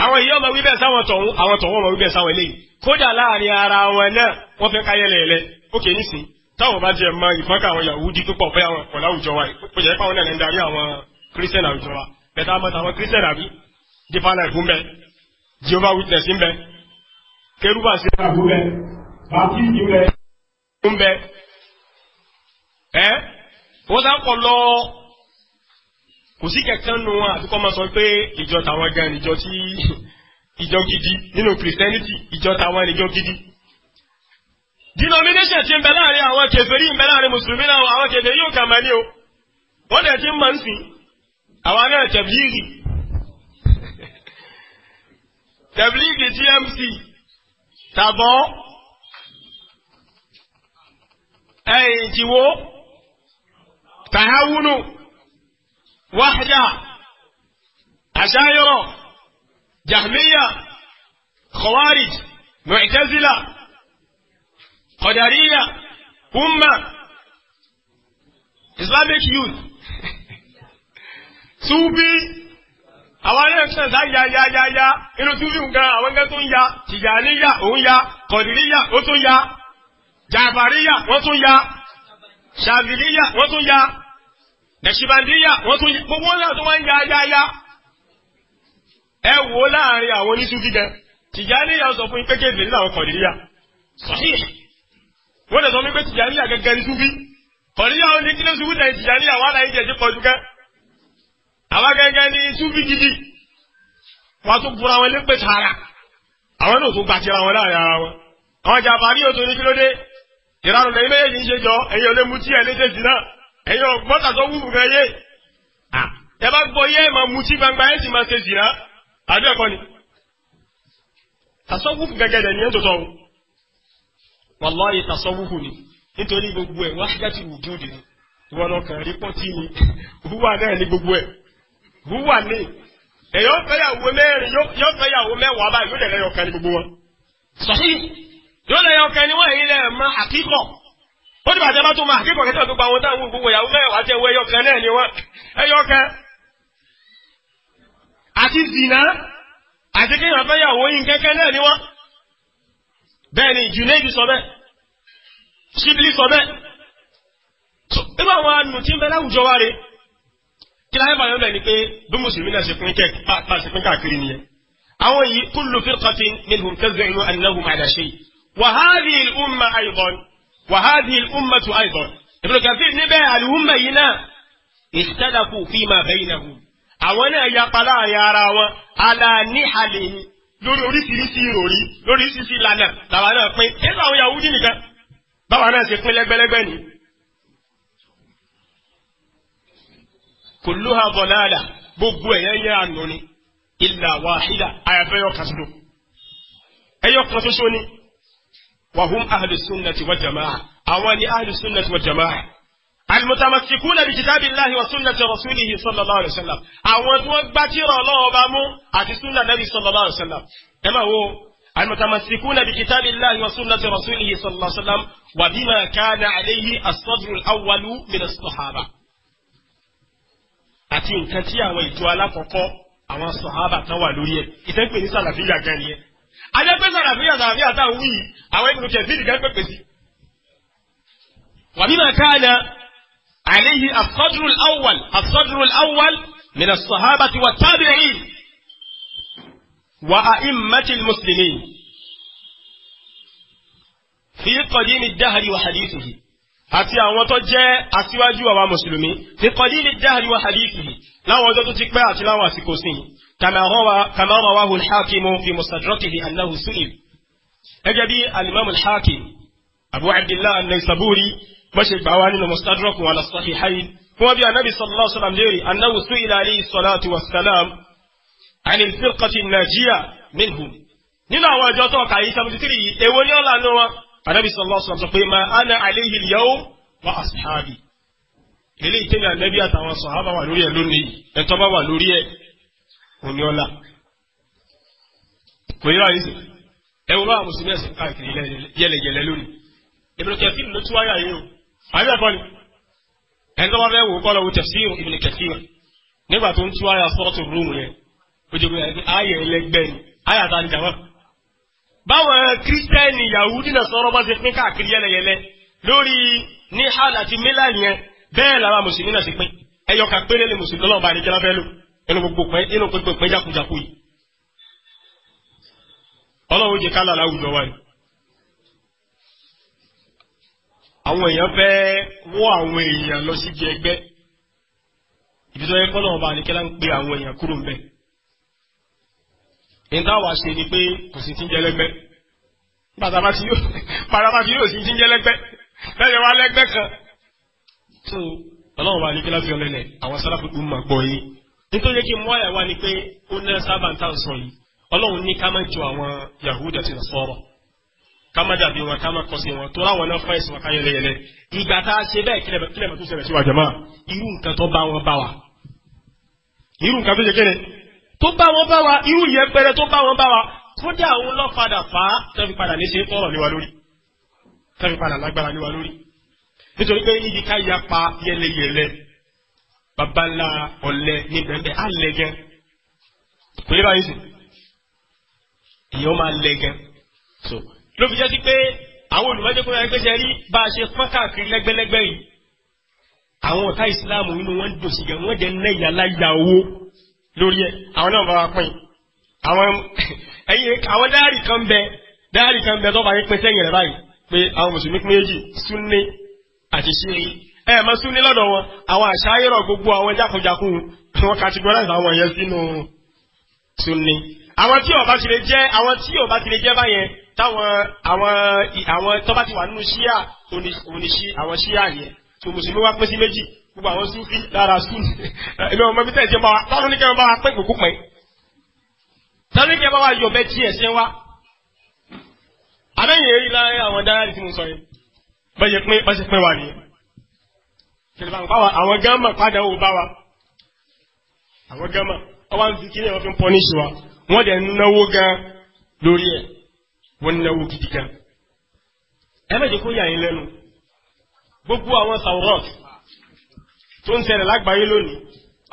àwọn èyí ọmọ wíbẹ̀ sáwọn tọ̀hún àwọn tọ̀hún ọmọ wíbẹ̀ sáwọn eléyìí kódà láàrin ara wọn náà wọ́n fẹ́ káyẹ̀ lẹ̀lẹ́ ókè nísìn táwọn bá jẹ mọ ìfọ́nká àwọn Yahudi púpọ̀ bẹ́ẹ̀ àwọn ọ̀pọ̀ láwùjọ wa ó jẹ́ pàwọn náà ń darí àwọn Christian àwùjọ wa bẹ̀tà Christian wọ́n sá ń kọ lọ kò sí kẹ̀kẹ́ nù wọn àti kọ́ máa sọ pé ìjọ tàwọn gan ìjọ tí ìjọ gidi nínú Christianity ìjọ tàwọn ìjọ gidi denomination ti ń bẹ láàrin àwọn kèfèrí ń bẹ láàrin mùsùlùmí náà àwọn kèfèrí yóò kà máa ní o wọ́n dẹ̀ ti ń máa ń sìn àwọn náà tẹ̀blíìgì tẹ̀blíìgì GMC tàbọ̀ ẹ̀yìn tìwó. تعاونوا وحدة عشائر جهمية خوارج معتزلة قدرية أمة Islamic youth Sufi àwọn ilé ẹ̀sìn ṣá ya ya ya ya inú Sufi nǹkan àwọn nǹkan tó ń ya Tìjàníyà òun ya Kọ̀dìríyà ó tún ya Jàbàríyà wọ́n tún ya ṣàbìlíyà wọ́n tún ya ẹ̀ṣìbàdíyà wọ́n tún ya gbogbo náà tó wọ́n ya ya ya ẹ wo láàrin àwọn oníṣúfì gan tìjáníyà sọ fún pé kéèké nílò àwọn kọ̀dìríyà sọ́hìn wọ́n lè sọ fún pé tìjáníyà gẹ́gẹ́ ní súfì kọ̀dìríyà ó ní kílẹ̀ súfì tẹ̀ tìjáníyà wà láyé jẹ́ pọ̀jù gan àwọn gẹ́gẹ́ ní súfì gidi wọ́n tún bura wọn lépè tààrà àwọn náà tún gbàtìra wọn láàrin ara wọn àwọn jàǹfààní ìranù lẹ́yìn méjèèjì ń ṣe jọ ẹ̀yin e mutí ẹ̀ léjèèjì náà ẹ̀yin ọ̀gbọ́ta tó wúwú gan yé ẹ bá gbọ́ yé ẹ̀ máa mutí gbangba ẹ̀ sì máa ṣe zìrá àdó ẹ̀kọ́ ni tasọ́wúfù gẹ́gẹ́ dẹ̀ ní ẹ̀ tòótọ́ wàlọ́ọ̀yì tasọ́wúfù ni gbogbo ni ni gbogbo kan gbogbo yóò lẹ́yìn ọkàn ni wọ́n èyí lẹ́ mọ àkíkọ̀ ó ti bàjẹ́ bá tó mọ àkíkọ̀ kẹ́tẹ́ gbogbo àwọn táwọn gbogbo ìyàwó mẹ́wàá tẹ́ wọ ẹyọ kan náà ni wọ́n ẹyọ kan àti zina àti kéèyàn fẹ́ yàwó yín kẹ́kẹ́ náà ni wọ́n bẹ́ẹ̀ ni Junaid sọ bẹ́ẹ̀ Shibli sọ bẹ́ẹ̀ nígbà àwọn ànú tí ń bẹ láwùjọ wa rè kí láyé bàyọ̀ bẹ́ẹ̀ ni pé bí mùsùlùmí náà ṣe pín kẹ́ pàṣẹ pín káàkiri nìyẹn àwọn yìí kullu firqatin minhum taz'umu annahum ala shay' وهذه الأمة أيضا وهذه الأمة أيضا ابن كثير نبه الأمة هنا اختلفوا فيما بينهم أولا يقلا يا راوا على نحل lórí oríṣiríṣi ìròrí lórí ṣíṣí ìlànà làwọn náà pín ẹgbẹ́ àwọn Yahudi nìkan báwọn náà ṣe pín lẹ́gbẹ́lẹ́gbẹ́ ni. kulluha dalala gbogbo ẹ̀yẹ yẹ àná ni illa wahida àyàfẹ́ yọ kan ṣoṣo ẹ̀yọ kan ṣoṣo ni wàhùn ahlùsúnnàtì wà jama'a àwọn ni ahlùsúnnàtì wà jama'a almutamasikuna bi kitabillahi wa sunnati rasulihi sallallahu alaihi wasallam àwọn tí wọ́n gbá tírà Ọlọ́run bá mú àti sunna nabi sallallahu alaihi wasallam ẹ máa wo almutamasikuna bi kitabillahi wa sunnati rasulihi sallallahu alaihi wasallam wa bima kana alayhi as-sadru al-awwalu min as-sahaba àti nǹkan tí àwọn ìjọ alákọ̀ọ́kọ́ àwọn sahaba kan wà lórí ẹ̀ ìtẹ́pẹ́ ní sàlàfíà gan ni ẹ̀ ajẹ́pẹ́ sàràfíà sàràfíà tá a wí yìí àwọn ìbùdó tẹ̀ sídìí kan pèpè sí. wàbí màá káàna àléhi as-sadru al-awwal as-sadru al-awwal min as-sahabati wa tabi'in wa a'immati al-muslimin fi qadimi ad-dahri wa hadithihi. àti àwọn tó jẹ́ aṣíwájú àwa mùsùlùmí fi qadimi dahri wa hadithi láwọn ọjọ́ tó ti pẹ́ àti láwọn àsìkò sí kama rawahu al-hakimu fi mustadrakihi annahu su'il gẹ́gẹ́ bí alimami al-hakim abu abdillah an-naysaburi bó ṣe gbà wá nínú mustadrak wa al-sahihayn kuma bí anabi sallallahu alaihi wasallam léèrè annahu su'ila alayhi salatu wassalam an al-firqati an-najiya nínú àwọn ọjọ́ tó kà yìí 73 èwo anabi sallallahu alaihi wasallam sọ pé ma ana alayhi al-yawm wa ashabi eléyìí tẹ́lẹ̀ anabi àtàwọn sọ̀hábà wà lórí ẹ̀ lónìí ẹ̀tọ́ bá wà lórí ẹ̀ òní ọ̀la kò yíra yìí sè ẹ wọ́n àwọn mùsùlùmí ẹ̀sìn káàkiri yẹlẹyẹlẹ lónìí Ibn Kathir ló tún wáyà yìí o àbí ẹ̀kọ́ ni ẹni bá fẹ́ wò ó kọ́ lọ wo tafsir Ibn Kathir nígbà tó ń tún wáyà sọ́ọ̀tù rúùmù yẹn ó jẹ́ ayẹ̀ ẹlẹgbẹ́ ni ayẹ̀ àtàlìjàmọ́ báwọn kírísítẹ́nì yahudi náà sọ̀rọ̀ bá ṣe pín káàkiri yẹlẹyẹlẹ lórí ní hàn àti mílà yẹn bẹ́ẹ̀ làwọn mùsùlùmí náà ṣe pín ẹyọ kan péré lè mùsùlùmí lọ́wọ́ bá nìjọba bẹ́ẹ̀ lò inú gbogbo pẹ́ inú gbogbo pẹ́ jákujàku yìí ọlọ́run jẹ ká lára àwùjọ wa ni. lọ sí náà bá ń pe ìdáwà ṣe ni pé kò sí ti ń jẹ lẹ́gbẹ́ bàtàbà tí yóò bàtàbà tí yóò sí ti ń jẹ lẹ́gbẹ́ lẹ́yìn wa lẹ́gbẹ́ kan tó ọlọ́run wa ní kí láfi ọlẹ́lẹ̀ àwọn sáláfù kú mà gbọ́ yìí nítorí kí mú àyàwá ni pé ó ná sábà ń tà ń sọ yìí ọlọ́run ní ká má jọ àwọn Yahudi àti Nasara ká má dàbí wọn ká má kọ́ sí wọn tó ráwọn náà fọ́ ẹ̀sìn wọn yẹlẹyẹlẹ ìgbà tá a ṣe bẹ́ẹ̀ kílẹ̀ tó ṣẹlẹ̀ sí wa jàmáà irú nǹkan tó bá wọn bá wa irú nǹkan tó ṣe kéde tó bá wọn bá wa irú yẹpẹrẹ tó bá wọn bá wa kódà òun lọ padà fà á tẹ́fi padà ní ṣe tọrọ níwa lórí tẹ́fi padà lágbára níwa lórí nítorí pé níbi ká yapa yẹlẹyẹlẹ baba ńlá ní bẹ̀rẹ̀ á lẹ báyìí sùn èèyàn máa lẹ so ló fi jẹ́ sí pé àwọn olùmọ́jọ́ kó yẹ pé ṣe rí bá a ṣe fọ́n káàkiri lẹ́gbẹ́lẹ́gbẹ́ yìí àwọn ọ̀tá ìsìláàmù inú wọn dùn gẹ̀ wọ́n jẹ́ nẹ́yà láyà owó lórí ẹ̀ àwọn náà bá wa pín àwọn ẹ̀yìn àwọn dáàrì kan bẹ dáàrì kan bẹ tó bá yín pín sẹ́yìn rẹ̀ báyìí pé àwọn mùsùlùmí pín méjì súnni àti ṣíri ẹ ẹ̀ mọ súnni lọ́dọ̀ wọn àwọn àṣàyẹ̀rọ̀ gbogbo àwọn jákujàkun wọn categorize àwọn yẹn sínú súnni àwọn tí ó bá ti lè jẹ́ àwọn tí ó ti lè jẹ́ báyẹn táwọn àwọn àwọn ti wà nínú ṣíà oníṣí àwọn ṣíà yẹn tó mùsùlùmí wá pín sí méjì gbogbo àwọn súfì lára súfì ẹ̀mí ọmọ ibi tẹ̀sí ọba wa táwọn oníkẹ́ ọba wa pẹ́ kókó pẹ́ táwọn oníkẹ́ ọba wa yọ bẹ́ẹ̀ tí ẹ̀sẹ̀ wa àbẹ́yìn èyí lára àwọn dáhàrí tí mo sọ yìí bẹ́ẹ̀ pín bá ṣe pín wa nìyẹn kìlì bá ń báwa àwọn gánmà padà ó bá wa àwọn gánmà ọba ń fi kí ni wọ́n fi ń pọ́níṣì wa wọ́n dẹ̀ náwó gan lórí ẹ̀ wọ́n náwó gidi gan ẹ méje kó yà yín lẹ́nu gbogbo àwọn sàwọ́rọ̀tì tó ń ṣẹlẹ̀ lágbàáyé lónìí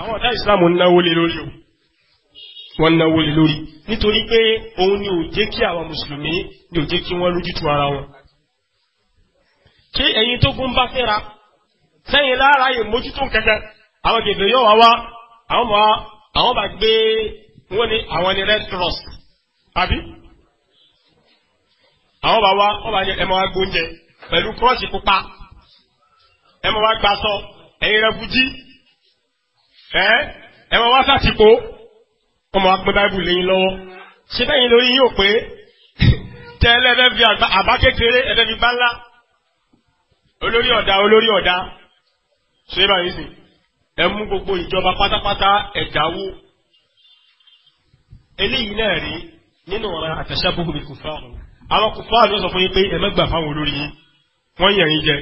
àwọn ọ̀tá islam náwó lé lórí o wọ́n náwó lé lórí nítorí pé òun ni ò jẹ́ kí àwọn mùsùlùmí ni ò jẹ́ kí wọ́n lójútu ara wọn. ṣé ẹ̀yin tó gún bá fẹ́ra sẹ́yìn lára yìí mójútó kẹ̀kẹ́ àwọn gèdè yóò wá wá àwọn bá àwọn bá gbé wọ́n ní àwọn ní red cross àbí àwọn bá wá wọ́n bá ní ẹ̀mọ́ wa gbóúnjẹ pẹ̀lú cross pupa ẹ̀mọ́ wa ẹ̀yin rẹ̀ fújì ẹ ẹ wọ́n wá sàtìpó ọmọ apẹ́ báìbù lẹ́yìn lọ́wọ́ ṣé bẹ́yìn lórí yóò pé tẹ́lẹ̀ ẹ̀fẹ́ fi àbá kékeré ẹ̀fẹ́ fi bá ńlá olórí ọ̀dà olórí ọ̀dà ṣé báyìí sìn ẹ mú gbogbo ìjọba pátápátá ẹ̀dáwó eléyìí náà rí nínú ọ̀rọ̀ àtẹ̀ṣẹ́bùkù bí kùfáàrù àwọn kùfáàrù ló sọ fún yín pé ẹ fáwọn olórí yín wọ́n yẹ̀yìn jẹ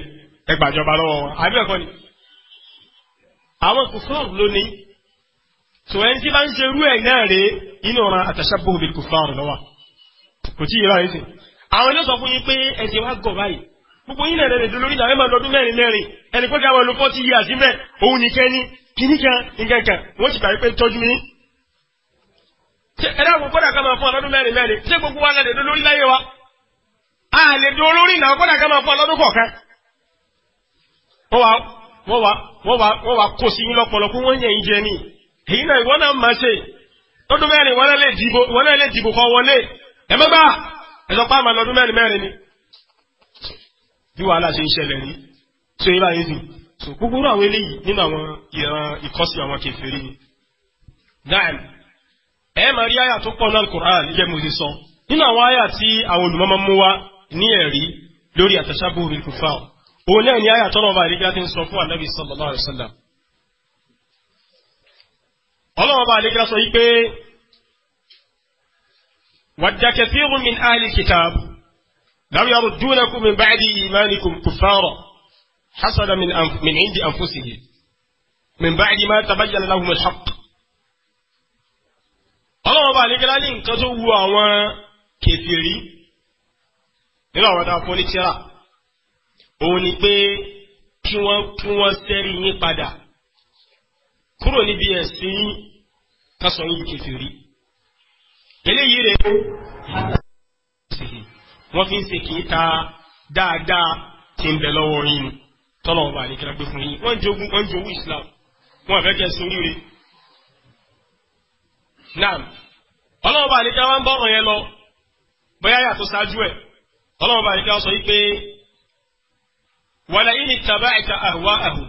ẹ lọ́wọ́ àbí ẹ̀kọ́ ni àwọn kùfàr lónìí tó ẹni tí bá ń ṣerú ẹ̀ náà rèé inú ọ̀ràn àtàṣàbò bil kùfàr lọ́wọ́ kò tí ì rà ẹ̀sìn àwọn ilé sọ fún yín pé ẹ̀sìn wa gọ̀ báyìí gbogbo yín lẹ̀rẹ̀ lẹ̀dọ̀ lórí ìdàmẹ́mà lọ́dún mẹ́rin mẹ́rin ẹni pé káwọn olùkọ́ ti yí àsìmẹ́ òun nìkẹ́ ní kíní kan nǹkan kan wọ́n ti bàrí pé tọ́jú mi. ẹ̀rọ àwọn kọ́dà kan máa fún ọlọ́dún mẹ́rin mẹ́rin ṣé gbogbo wa lẹ̀dọ̀ lórí láyé wa a lè dọ̀ lórí ìnáwó kọ́dà kan máa fún ọlọ́dún kọ̀ọ̀kan. ó wà wọ́n wá wọ́n wá wọ́n wá kó sí yín lọ́pọ̀lọpọ̀ wọ́n yẹ̀ ń jẹ ni èyí náà ìwọ náà máa ṣe lọ́dún mẹ́rin wọ́n lè lè dìbò kan wọlé ẹ mọ́gbà àmà lọ́dún mẹ́rin mẹ́rin ni bí wàhálà ṣe ń ṣẹlẹ̀ ní tó yẹ báyìí sìn so gbogbo àwọn eléyìí nínú àwọn ìran ìkọ́sí àwọn kèfèrí ni. dáàmì ẹ máa rí àyà tó pọ̀ náà Kùránì yẹ mo ti sọ nínú àwọn àyà tí àwọn olùmọ́mọ́ mú wa ní ẹ̀rí lórí àtàṣàbò rẹ̀ òun náà ni àyà tọ́lọ́ba àdígá ti ń sọ fún ànábì sallallahu alaihi wasallam ọlọ́ọ̀ba àdígá sọ yí pé wadda kathirun min ahli kitab law yaruddunakum min ba'di imanikum kuffara hasada min indi anfusihim min ba'di ma tabayyana lahum al-haqq ọlọ́ọ̀ba àdígá ní nǹkan tó wu àwọn kèfèrí nínú àwọn dáa fọ́nìtìrà òun ni pé kí wọ́n kí wọ́n sẹ́rí yín padà kúrò níbi ẹ̀sìn kásán yín kèfèrí eléyìí rẹ̀ wọ́n fi ń ṣe kìí ta dáadáa tí ń bẹ lọ́wọ́ yín ni tọ́lọ̀ ọba àlekèrè gbé fún yín wọ́n jogún wọ́n jowú Islam wọ́n fẹ́ kẹ́ sórí rẹ̀ naam ọlọ́wọ́ ọba àlekèrè wọn bọ̀ ọ̀rọ̀ yẹn lọ bóyá yàtọ̀ ṣáájú ẹ̀ ọlọ́wọ́ ọba àlekèrè sọ yìí pé wàlà ìní tàbá ìta àhùwá àhù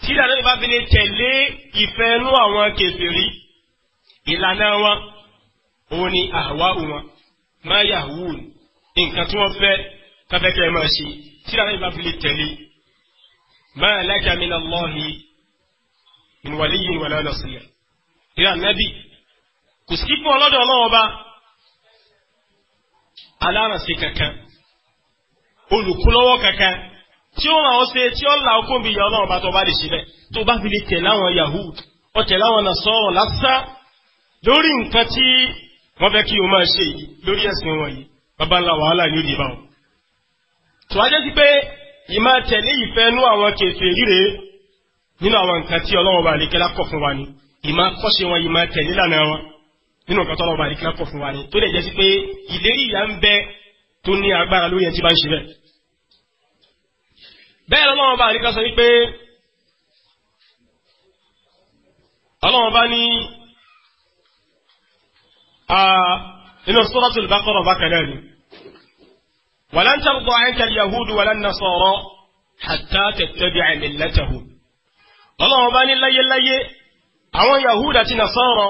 tí ìlànà ìbá fi lè tẹ̀lé ìfẹ́ inú àwọn kèfèrí ìlànà wọn òun ni àhùwá wọn máa yà hù nǹkan tí wọ́n fẹ́ káfẹ́kẹ́ máa ṣe tí ìlànà ìbá fi lè tẹ̀lé máa laka min Allahi min waliyyin wala nasir ìlànà nábì kò sí fún ọlọ́dọ̀ ọlọ́wọ́ bá olùkúlọ́wọ́ kankan tí ó ràn ọ́ ṣe tí ó là ó kóbi ìyá ọlọ́run bá tó bá lè ṣe bẹ́ẹ̀ tó bá fi lè tẹ̀ láwọn Yahud ó tẹ̀ láwọn Nasara lásán lórí nǹkan tí wọ́n fẹ́ kí o máa ṣe yìí lórí ẹ̀sìn wọn yìí bàbá ńlá wàhálà ni ó di bá wọn. tó wá jẹ́ sí pé ìmọ̀ tẹ̀lé ìfẹ́ nú àwọn kèfèrí ríre nínú àwọn nǹkan tí ọlọ́run bá lè kẹ́lá kọ̀ fún wa ni ìmọ̀ kọ́ṣe wọn ìmọ̀ tẹ̀lé lánàá wọn nínú nǹkan tó bá lè kẹ́lá kọ̀ fún wa ni tó lè jẹ́ sí pé ìlérí ìyá ń bẹ tó ní agbára lórí ẹ̀ tí bá ń ṣe bẹ́ẹ̀. bẹ́ẹ̀ lọ́wọ́ bá àríkà sọ wípé ọlọ́wọ́ bá ní inú Suratul Baqara bákan náà ni walan tarda anka al-yahudu walan nasara hatta tattabi'a millatahum ọlọ́wọ́ bá ní láyéláyé àwọn yahudu àti nasara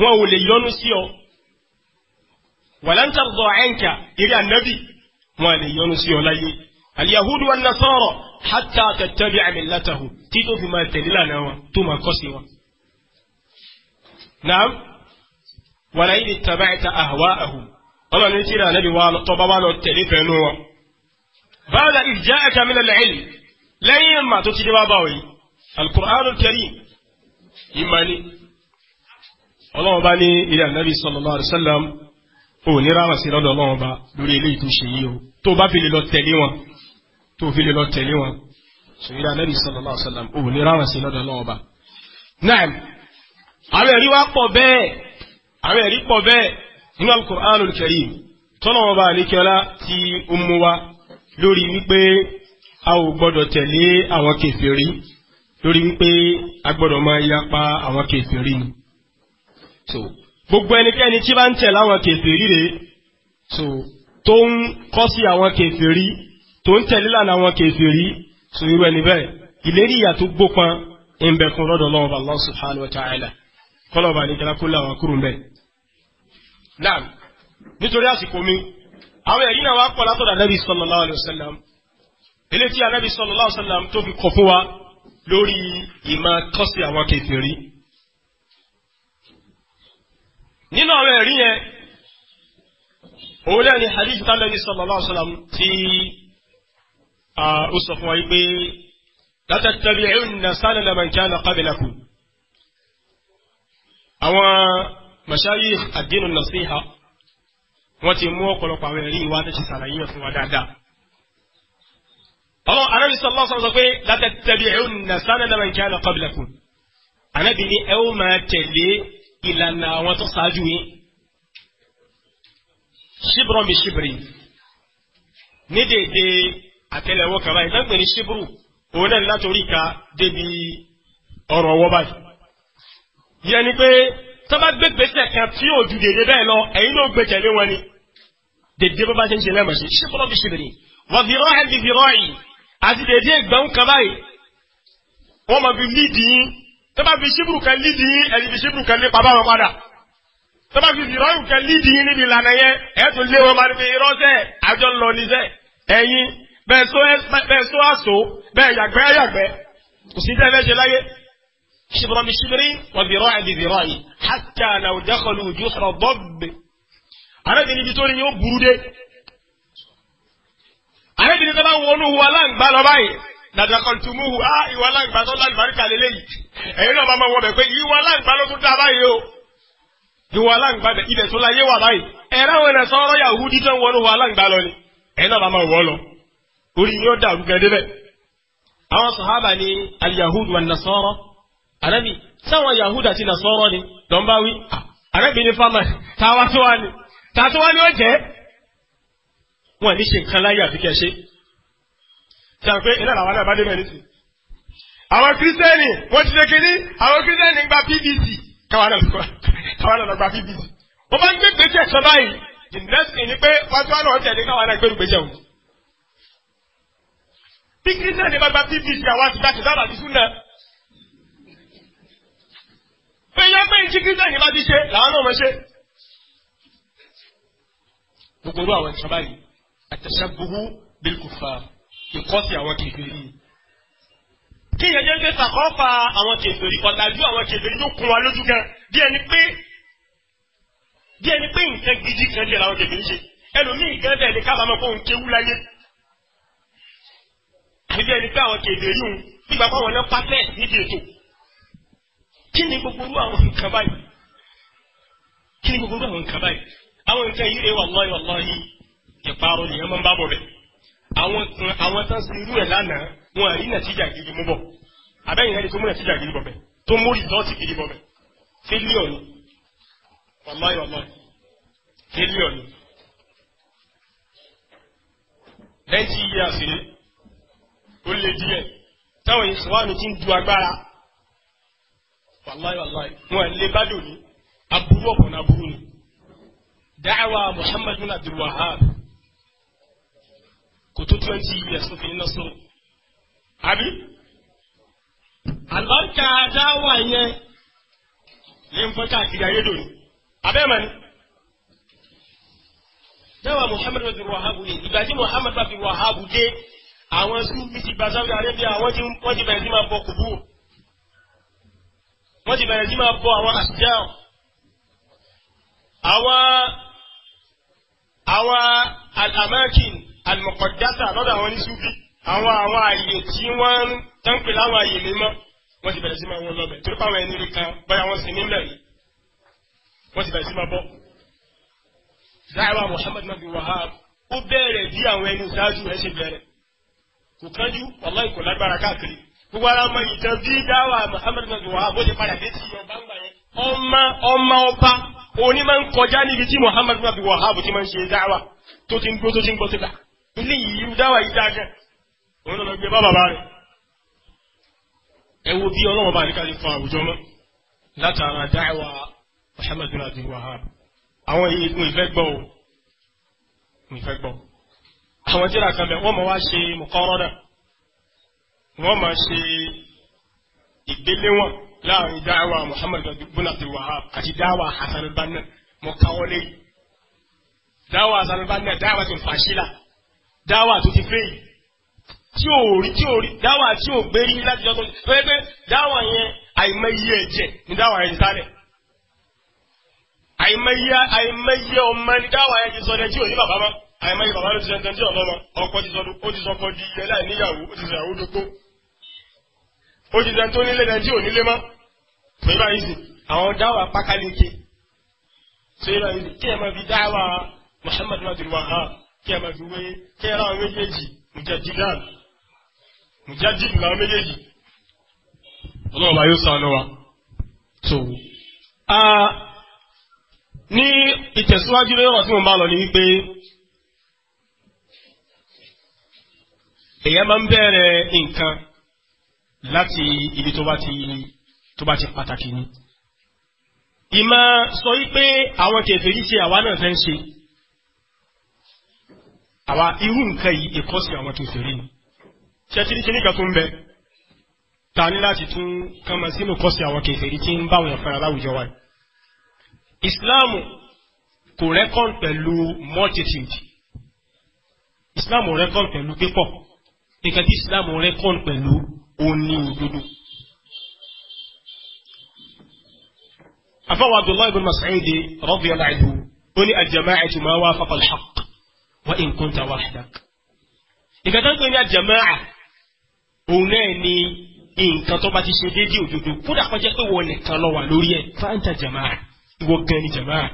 wọn ò lè yọ́nú sí ọ wàlántà rọ̀ ẹ̀ǹkà eré ànábì wọn lè yọnu sí ọ láyé aliyahudu wa nasara hatta tattabi amilatahu tí tó fi máa tẹ̀lé lànà wọn tó máa kọ́ sí wọn. naam wàlá yìí tàbá ẹ̀ta àhàwá àhù ọlọ́run ní tíra ànábì wa tọ́ba wa lọ tẹ̀lé fẹ́nu wọn. báyọ̀ ìjà ẹ̀ka mi lọ́lẹ̀ ẹ̀lì lẹ́yìn mà tó ti dé wá báwọ̀ yìí alukur'anul karim ìmọ̀ ni ọlọ́run bá ní ilé ànábì sallallahu alaihi wasallam o ní rámà sí lọ́dọ̀ ọlọ́run ọba lórí eléyìí tó ṣe yìí o tó bá fi lè lọ tẹ̀lé wọn tó fi lè lọ tẹ̀lé wọn sèyí dá nẹ́bí sallallahu alaihi wasallam o ní rámà sí lọ́dọ̀ ọlọ́run ọba. náà àwọn ẹ̀rí wa pọ̀ bẹ́ẹ̀ àwọn ẹ̀rí pọ̀ bẹ́ẹ̀ nínú al-Qur'anul Karim tọ́lọ́ ọba àlékẹ́lá ti mú wa lórí wípé a ò gbọ́dọ̀ tẹ̀lé àwọn kèfèrí lórí wípé a gbọ́dọ̀ máa yapa àwọn kèfèrí so gbogbo ẹnikẹ́ni tí bá ń tẹ̀ láwọn kèfèrí rè so tó ń kọ́ sí àwọn kèfèrí tó ń tẹ̀lé lànà àwọn kèfèrí so irú ẹni bẹ́ẹ̀ ìlérí ìyà gbópọn ń bẹ fún lọ́dọ̀ lọ́wọ́ Allah subhanahu wa ta'ala kọ́lọ́ba ní kílákó làwọn kúrò ń bẹ̀. naam nítorí àsìkò mi àwọn ẹ̀rí náà wá pọ̀ látọ̀dọ̀ anábì sallallahu alayhi wa sallam eléyìí tí sallallahu alayhi wa sallam tó fi kọ̀ fún wa nínú àwọn ẹ̀rí yẹn òun náà ni hadith tánàbí sallallahu alaihi wasallam tí ó sọ fún wa yìí pé la tattabi'unna sanana man kana qablakum àwọn mashayikh ad-din an-nasiha wọ́n ti mú ọ̀pọ̀lọpọ̀ àwọn ẹ̀rí ìwà tó ti sàlàyé fún wa dáadáa. ọlọ́ anábì sallallahu alaihi wasallam pé la tattabi'unna sanana man kana qablakum anábì ni ẹ ó máa tẹ̀lé ìlànà àwọn tó ṣáájú yín ṣíbrọ̀n bí ṣíbrì ní dèdè àtẹ́lẹwọ́ kaba yìí dáńgbé ní ṣíbrù òun náà látòrí ka débi ọ̀rọ̀ ọwọ́ báyìí yẹn ni pé tó bá gbé gbèsè kan tí yóò ju dèdè bẹ́ẹ̀ lọ ẹ̀yin ló gbé tẹ̀lé wọn ni dèdè bá bá ṣe ń ṣe lẹ́mọ̀ sí ṣíbrọ̀n bí ṣíbrì wọ́n fi rọ́ọ̀hẹ́ bí fi rọ́ọ̀yì àti dèdè ìgbọ̀n kaba yìí wọ́n máa fi lídìí tó bá fi ṣíbùrù kan lídìí ẹni fi ṣíbùrù kan nípa bá wọn padà tó bá fi ìrọ́rùn kan lídìí níbi ìlànà yẹn ẹ tún lé wọn máa fi irọ́sẹ̀ àjọ lọ ẹ̀yin bẹ́ẹ̀ sọ àṣọ bẹ́ẹ̀ yàgbẹ́ yàgbẹ́ kò sí tẹ́lẹ̀ ṣe láyé ṣibra bi ṣibiri wà bìrọ̀ àbí bìrọ̀ yìí hàtà àlàó dákọlù ojú ọ̀rọ̀ bọ́ọ̀bì arábìnrin ibi tó ní yóò burú dé arábìnrin tó bá wọnú wa láǹgbá lọ báyìí dàdàkọ̀tùmùhù á ah, ìwà láǹgbá tó láǹgbá rí kàlélẹ́yìí ẹ̀yin náà bá máa wọ bẹ̀ pé ìwà aláǹgbá ló tún dá báyìí o ìwà aláǹgbá bẹ̀ ibẹ̀ tó la yé wà báyìí ẹ̀rọ àwọn ẹ̀rẹ̀ sọ́rọ́ Yahudi tó ń wọnú wà aláǹgbá lọ ni ẹ̀yin náà bá máa wọ̀ lọ orí yóò dàrú gẹ́gẹ́ bẹ́ẹ̀. àwọn sàhábà ni aliyahudu wa nasọ́rọ́ ànábì sáwọn Yahudi àti nasọ́rọ́ ni lọ́nbáwí ànábì ní fámà táwa tó wá ni tàtó wá ni ó jẹ́ wọn ní ṣe nǹkan láyé àfikẹ́ ṣe. sàpé ìlànà àwọn náà bá dé bẹ́ẹ̀ nísìnyí àwọn kírísítẹ́nì wọ́n ti ṣe kínní àwọn kírísítẹ́nì gba pvc káwọn náà gba pvc wọ́n bá ń gbé gbèsè ẹ̀sọ́ báyìí the next thing ni pé fatuwa náà tẹ̀lé káwọn náà gbẹ́rù gbèsè òun. bí kírísítẹ́nì bá gba pvc àwọn àti gbàtí sábà ti sún náà. pé yá pé ìjì kírísítẹ́nì bá ti ṣe làwọn náà mọ̀ ṣe. gbogbo àwọn ìṣọ́ báyìí àtẹ̀sẹ̀ gbogbo bí kò fa ìkọ́sí àwọn kìkìrì kí ìyẹn jẹ́ pé sàkọ́fà àwọn kèfèrí ọ̀làjú àwọn kèfèrí tó kún wa lójú gan bí ẹni pé bí ẹni pé nǹkan gidi kan jẹ́ làwọn kèfèrí ṣe ẹlòmíì gan bẹ́ẹ̀ ni kábàámọ̀ kó ń kéwú láyé àbí bí ẹni pé àwọn kèfèrí ń gbígbà pé àwọn náà pàtẹ́ níbi ètò kí ni gbogbo irú àwọn nǹkan báyìí kí ni gbogbo irú àwọn nǹkan báyìí àwọn nǹkan yìí rè eh, wàlláhì wàlláhì ìparun nìyẹn máa ń bá bọ̀ bẹ̀ àwọn àwọn tán sí irú ẹ̀ lánàá wọn àrí nàtíjà gidi mú bọ̀ abẹ́yìn ẹni tó mú nàtíjà gidi bọ̀ bẹ̀ tó mú rìsọ́ọ̀tì gidi bọ̀ bẹ̀ fílíọ̀ ni wàláyé wàláyé fílíọ̀ ni ninety years ni ó lé díẹ̀ táwọn ìsìláàmù ti ń du agbára wàláyé wàláyé wọn lè bá dò ní aburú ọ̀pọ̀ náà burú ni dáhàwá muhammadu abdulwahab kò tó twenty years ló fi ní náà sọ̀rọ̀ àbí àlùbáríkà dáwà yẹn ní ń fọ́ káàkiri ayédòní abẹ́ mọ̀ ni. dáwà Muhammad bàbí wàhábù yìí ìgbà tí Muhammad bàbí wàhábù dé àwọn súnbí ti gba Saudi Arabia wọ́n ti bẹ̀rẹ̀ sí máa bọ kùbú wọ́n ti bẹ̀rẹ̀ sí máa bọ àwọn àṣìṣẹ́ àwọn àwọn al-amakin al-muqaddasa lọ́dọ̀ àwọn ní súnbí. àwọn àwọn àyè tí wọ́n ń tánpẹ̀ láwọn àyè mímọ́ wọ́n ti bẹ̀rẹ̀ sí máa wọ́n lọ́bẹ̀ torí pàwọn ẹni rí kan báyà wọ́n sì nílẹ̀ nabi Wahab ó bẹ̀rẹ̀ bí àwọn ẹni ìsáájú ṣe bẹ̀rẹ̀ kò kánjú lágbára káàkiri gbogbo ara mọ ìtàn bí dáwà nabi Wahab ó ti padà dé sí ọba ńgbà ọmọ ọmọ ọba òní máa ń kọjá níbi tí ti máa òun náà lọ gbé bá bàbá rẹ̀ ẹ wo bí ọlọ́wọ́ bá àdékàlẹ̀ fa àwùjọ mọ́ látara dáìwà Muhammad bin Abdul Wahab àwọn egun ìfẹ́ gbọ́ o ìfẹ́ gbọ́ àwọn tíra kan bẹ̀ wọ́n mọ̀ wá ṣe mọ̀kọ́rọ́dà wọ́n mọ̀ ṣe ìgbéléwọ̀n láàrin dáìwà Muhammad bin Abdul Wahab àti dáìwà Hasan al-Banna mọ̀káwọlé dáìwà Hasan al-Banna dáìwà tó fàṣílà dáìwà tó ti fẹ́yìí. tí ò rí tí ò rí dáwà tí ò gbé rí láti jọ tó pé dáwà yẹn àìmọye ẹ̀jẹ̀ ní dáwà yẹn ti àìmọye àìmọye ọmọ ní dáwà yẹn ti sọdẹ tí ò ní bàbá mọ́ àìmọye bàbá ló ti sọdẹ tí ò lọ́mọ ọkọ ti ó ti sọkọ di láì níyàwó ó ti sọ ìyàwó ó ti dẹ tí nílé báyìí sì àwọn dáwà pákáleke ṣé báyìí sì kí ẹ mùjájìbù làwọn méjèèjì ọlọ́run bá yóò sànú wa tó ní ìtẹ̀síwájú lórí ọ̀rọ̀ tí mo bá lọ ní wípé èèyàn máa ń bẹ̀rẹ̀ nǹkan láti ibi tó bá ti tó bá ti pàtàkì ni. ìmọ̀ sọ wípé àwọn kèfèrí ṣe àwa náà fẹ́ ń ṣe àwa irú nǹkan yìí èkó àwọn kèfèrí ni ṣẹ́tìrí kí nìkan tó ń bẹ ta ní láti tún kánmọ sínú kọ́sì àwọn kèfèrí tí ń báwọn yẹn fara wa ìsìláàmù kò rẹ́kọ̀n pẹ̀lú multitude ìsìláàmù rẹ́kọ̀n pẹ̀lú pípọ̀ nǹkan tí ìsìláàmù rẹ́kọ̀n pẹ̀lú òní òdodo. أفوى عبد الله بن مسعود رضي الله عنه قل الجماعة ما وافق الحق وإن كنت وحدك إذا كنت الجماعة òun náà ni nǹkan tó bá ti ṣe déédé òdodo kódà kó jẹ́ pé wọ́n nìkan lọ wà lórí ẹ̀ fáńtà jamaa ìwọ gan ni jamaa.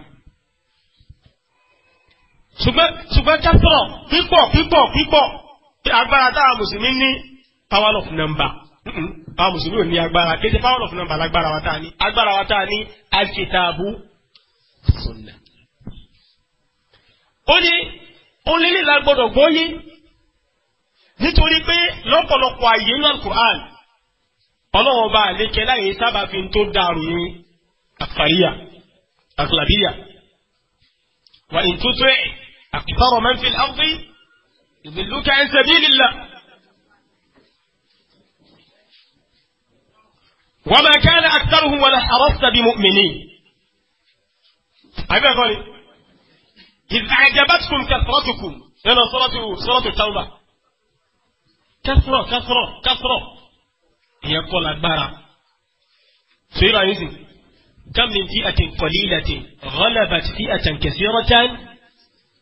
ṣùgbọ́n ṣùgbọ́n kásọ̀rọ̀ pípọ̀ pípọ̀ pípọ̀ agbára táwa mùsùlùmí ní power of number àwọn mùsùlùmí ò ní agbára kéde power of number lágbára wa tá ní agbára wa tá ní alkitabu sunna. ó ní ó lé lè la gbọ́dọ̀ gbọ́ nítorí pé lọ́pọ̀lọpọ̀ àyè ní alukur'an ọlọ́wọ́n bá àlékẹ́ láyé sábà fi ń tó dàrú ní ní àkàlàbíyà wà in tuti' akthara man fil ardi yudilluka an sabilillah. وما كان أكثرهم ولا حرصت بمؤمنين أبي أقول إذ أعجبتكم كثرتكم هنا صورة صورة التوبة kásọ̀rọ̀ kásọ̀rọ̀ kásọ̀rọ̀ ìyẹn kọ́ lágbára. sèyí báyìí sìn kam min fi'atin qalilatin ghalabat fi'atan kaseeratan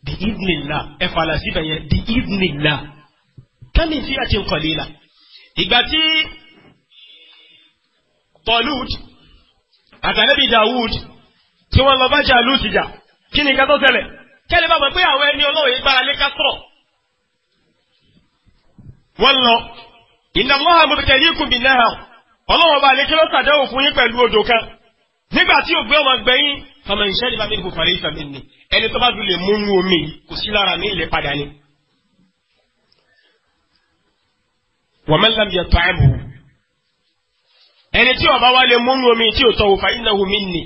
bi idhnillah ẹ fàlà síbẹ̀ yẹn bi idhnillah kam min fi'atin qalila. ìgbà tí Talut àtàlẹ́bí Dawud tí wọ́n lọ bá jà lùtìjà kí ni nǹkan tó ṣẹlẹ̀ kẹ́lẹ́ bá mọ̀ pé àwọn ẹni ọlọ́run yìí gbára lé kásọ̀rọ̀ wọ́n lọ inna Allaha mubtalikum bin nahar ọlọ́wọ́n bá lè kí ló sàdéhùn fún yín pẹ̀lú odò kan nígbà tí ògbé ọmọ gbẹ̀yìn faman shariba minhu falaysa minni ẹni tó bá dùn lè múnú omi kò sí lára mi ilẹ̀ padà ni. wa man lam yat'amhu ẹni tí ó bá wá lè múnú omi tí ò tọ̀wò fa innahu minni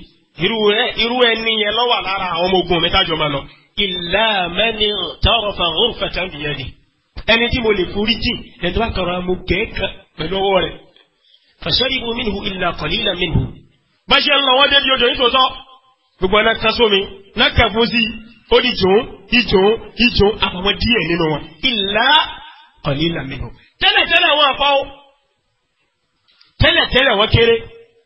irú ẹni yẹn ló lára àwọn ọmọ ogun mi tájọ máa ẹni tí mo lè forí jì ẹni tó bá kọ̀ọ̀rọ̀ mo gẹ̀ kan pẹ̀lú ọwọ́ rẹ̀ fasharibu minhu illa qalila minhu. bá ṣe ń lọ wọ́n débi odò nítòótọ́ gbogbo ẹ̀ná kan sómi náka fún sí ó di jòun ìjòun ìjòun àfọwọ́ díẹ̀ nínú wọn illa qalila minhu. tẹ́lẹ̀tẹ́lẹ̀ wọn àfa ó tẹ́lẹ̀tẹ́lẹ̀ wọn kéré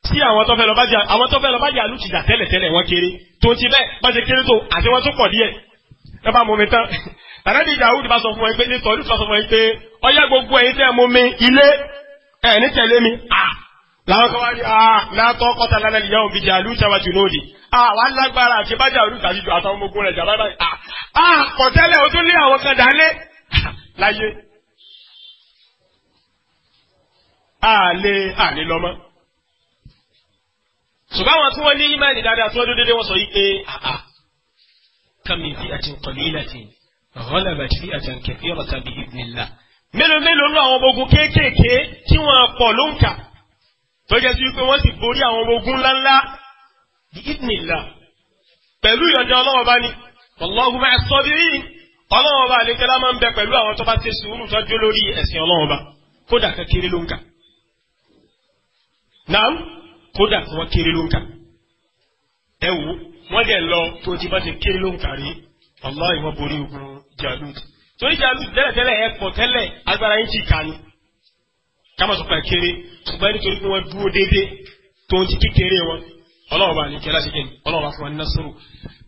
sí àwọn tó fẹ́ lọ bájà àwọn tó fẹ́ lọ bájà lùtìjà tẹ́lẹ̀tẹ́lẹ̀ wọn kéré tó ti bẹ́ẹ̀ bá ṣe kéré tó àti wọn tó pọ̀ díẹ̀ ẹ bá mọ̀ mi tán ànábì dàwùd bá sọ fún wọn pé nítorí sọ fún e pé ọyá gbogbo ẹ̀yin tẹ́ mú mi ilé ẹ̀ ní tẹ̀lé mi làwọn kan wá cha látọ́ kọ́ta lálẹ́ ìyá òbí jà lùtà wà jùlọ́ọ̀dì àwa lágbára àti bájà olùkà àti àtàwọn ọmọ ogun rẹ̀ jà báyìí àkọ̀tẹ́lẹ̀ o tún lé àwọn kan dálé láyé àlè àlè lọ́mọ́ ṣùgbọ́n àwọn tí wọ́n ní ìmáìlì dáadáa tí wọ́n dúdú dé wọ́n sọ pé kàmí fi àti ghalabat fi'atan kathiratan bi idhnillah. mélòó mélòó nínú àwọn ọmọ ogun kéékèèké tí wọ́n pọ̀ ló ń kà tó jẹ́ sí pé wọ́n sì borí àwọn ọmọ ogun ńláńlá bi idhnillah pẹ̀lú ìyọ̀ǹda ọlọ́wọ́ bá ní wallahu ma'as sabirin ọlọ́wọ́ bá àlékẹ́lá máa ń bẹ pẹ̀lú àwọn tó bá ti sùúrù tọ́jú lórí ẹ̀sìn ọlọ́wọ́ bá kódà kan kéré ló ń kà naam kódà wọn kéré ló ń kà ẹ wò wọn dẹ̀ lọ tó ti bá ti kéré ló ń kà rí. Allah wọ́n borí mm-hmm. ogun Jalut torí Jalut tẹ́lẹ̀tẹ́lẹ̀ ẹ̀ pọ̀ tẹ́lẹ̀ agbára yín ti kà ní kámọ̀ sọ̀pá kéré ṣùgbọ́n nítorí pé wọ́n dúró déédéé tó ń ti kékeré wọn ọlọ́run bá ní kí ẹ láti kéde ọlọ́run bá fún wa ní násòrò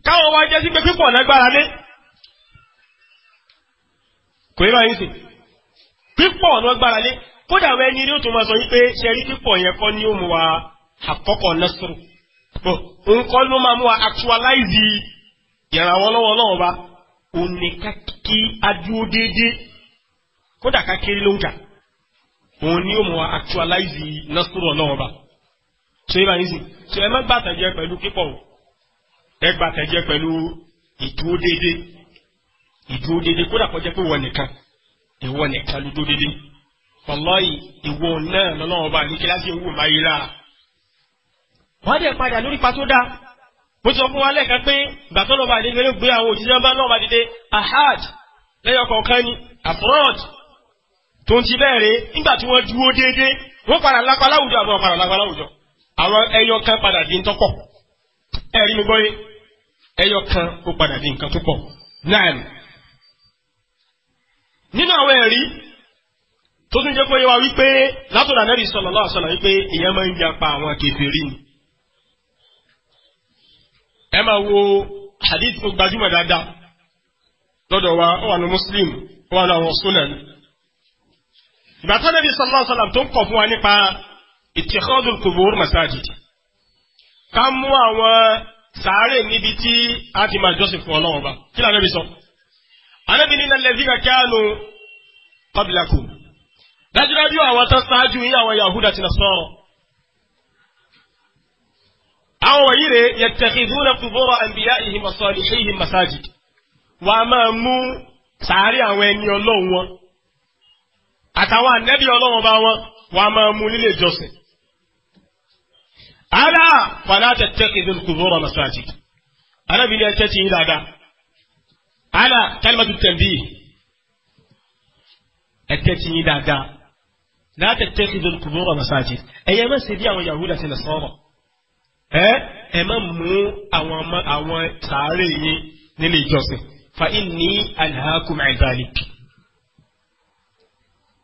káwọn wá jẹ́ sí pé pípọ̀ nágbára dé kò ní báyìí sè pípọ̀ dé kódà ní tó máa sọ ìrànwọ́ lọ́wọ́ ọlọ́run ba òun ní kí adúró déédéé kódà ká kéré lóńkà òun ni ó mọ actualize nọ́sùrù ọlọ́run ba tó yẹ bá yín sìn tó ẹ má gbàtẹ̀jẹ pẹ̀lú kíkọ̀ ẹ gbàtẹ̀jẹ pẹ̀lú ìdúró déédéé ìdúró déédéé kódà kọjá pé wọ nìkan ìwọ nìkan ló dúró déédéé wàlọ́ọ̀yì ìwọ náà lọ́lọ́run ba ní kíláàsì owó máa yí wọ́n á dẹ̀ padà lórí pa tó dáa. bó ti sọ fún wa lẹ́ẹ̀kan pé ìgbà tó lọ́ba àdéhùn eré gbé àwọn òṣìṣẹ́ bá dìde ahad lẹ́yọkọ̀ọ̀kan ni afrod tó ń ti bẹ́ẹ̀rẹ̀ nígbà tí wọ́n dúró déédéé wọ́n padà lápá láwùjọ àbúrò padà lápá láwùjọ àwọn ẹyọ kan padà di ntọ́pọ̀ ẹ̀rí mi gbọ́ yé ẹyọ kan ó padà di nǹkan tó pọ̀ náà nínú àwọn ẹ̀rí tó tún jẹ́ pé wá ẹ máa wo hadith tó gbajúmọ̀ dáadáa lọ́dọ̀ wa ó wà ní muslim ó wà ní àwọn sunan. ìgbà tó nàbí sallallahu alayhi wa sallam tó ń kọ̀ fún wa nípa ìtìkọ́dù kubur masajid ká mú àwọn sàárè níbi tí a ti máa jọ́sìn fún ọlọ́wọ́ bá kí lóò nàbí sọ. anábì ní alladhina kanu qablakum dájúdájú àwọn tó ṣáájú yín àwọn yahuda ti nasara àwọn wọ̀nyí rè yattakhidhuna qubura anbiya'ihim wa salihihim masajid wọ́n a máa mú sàárè àwọn ẹni ọlọ́run wọn àtàwọn ànẹ́bí ọlọ́run bá wọn wọ́n a máa mú nílé ìjọsìn. ala fala tattakhidhul qubura masajid arábìnrin ẹ̀ṣẹ́ ti yín dáadáa ala kalimatu tanbih ẹ̀ṣẹ́ ti yín dáadaa la tattakhidhul qubura masajid ẹ̀yẹ́ mẹ́sẹ̀ bí àwọn yahuda ti nasara. ẹ ẹ má mú àwọn ọmọ àwọn sàárè yín nílé ìjọsìn fa inni alhaakum ibalik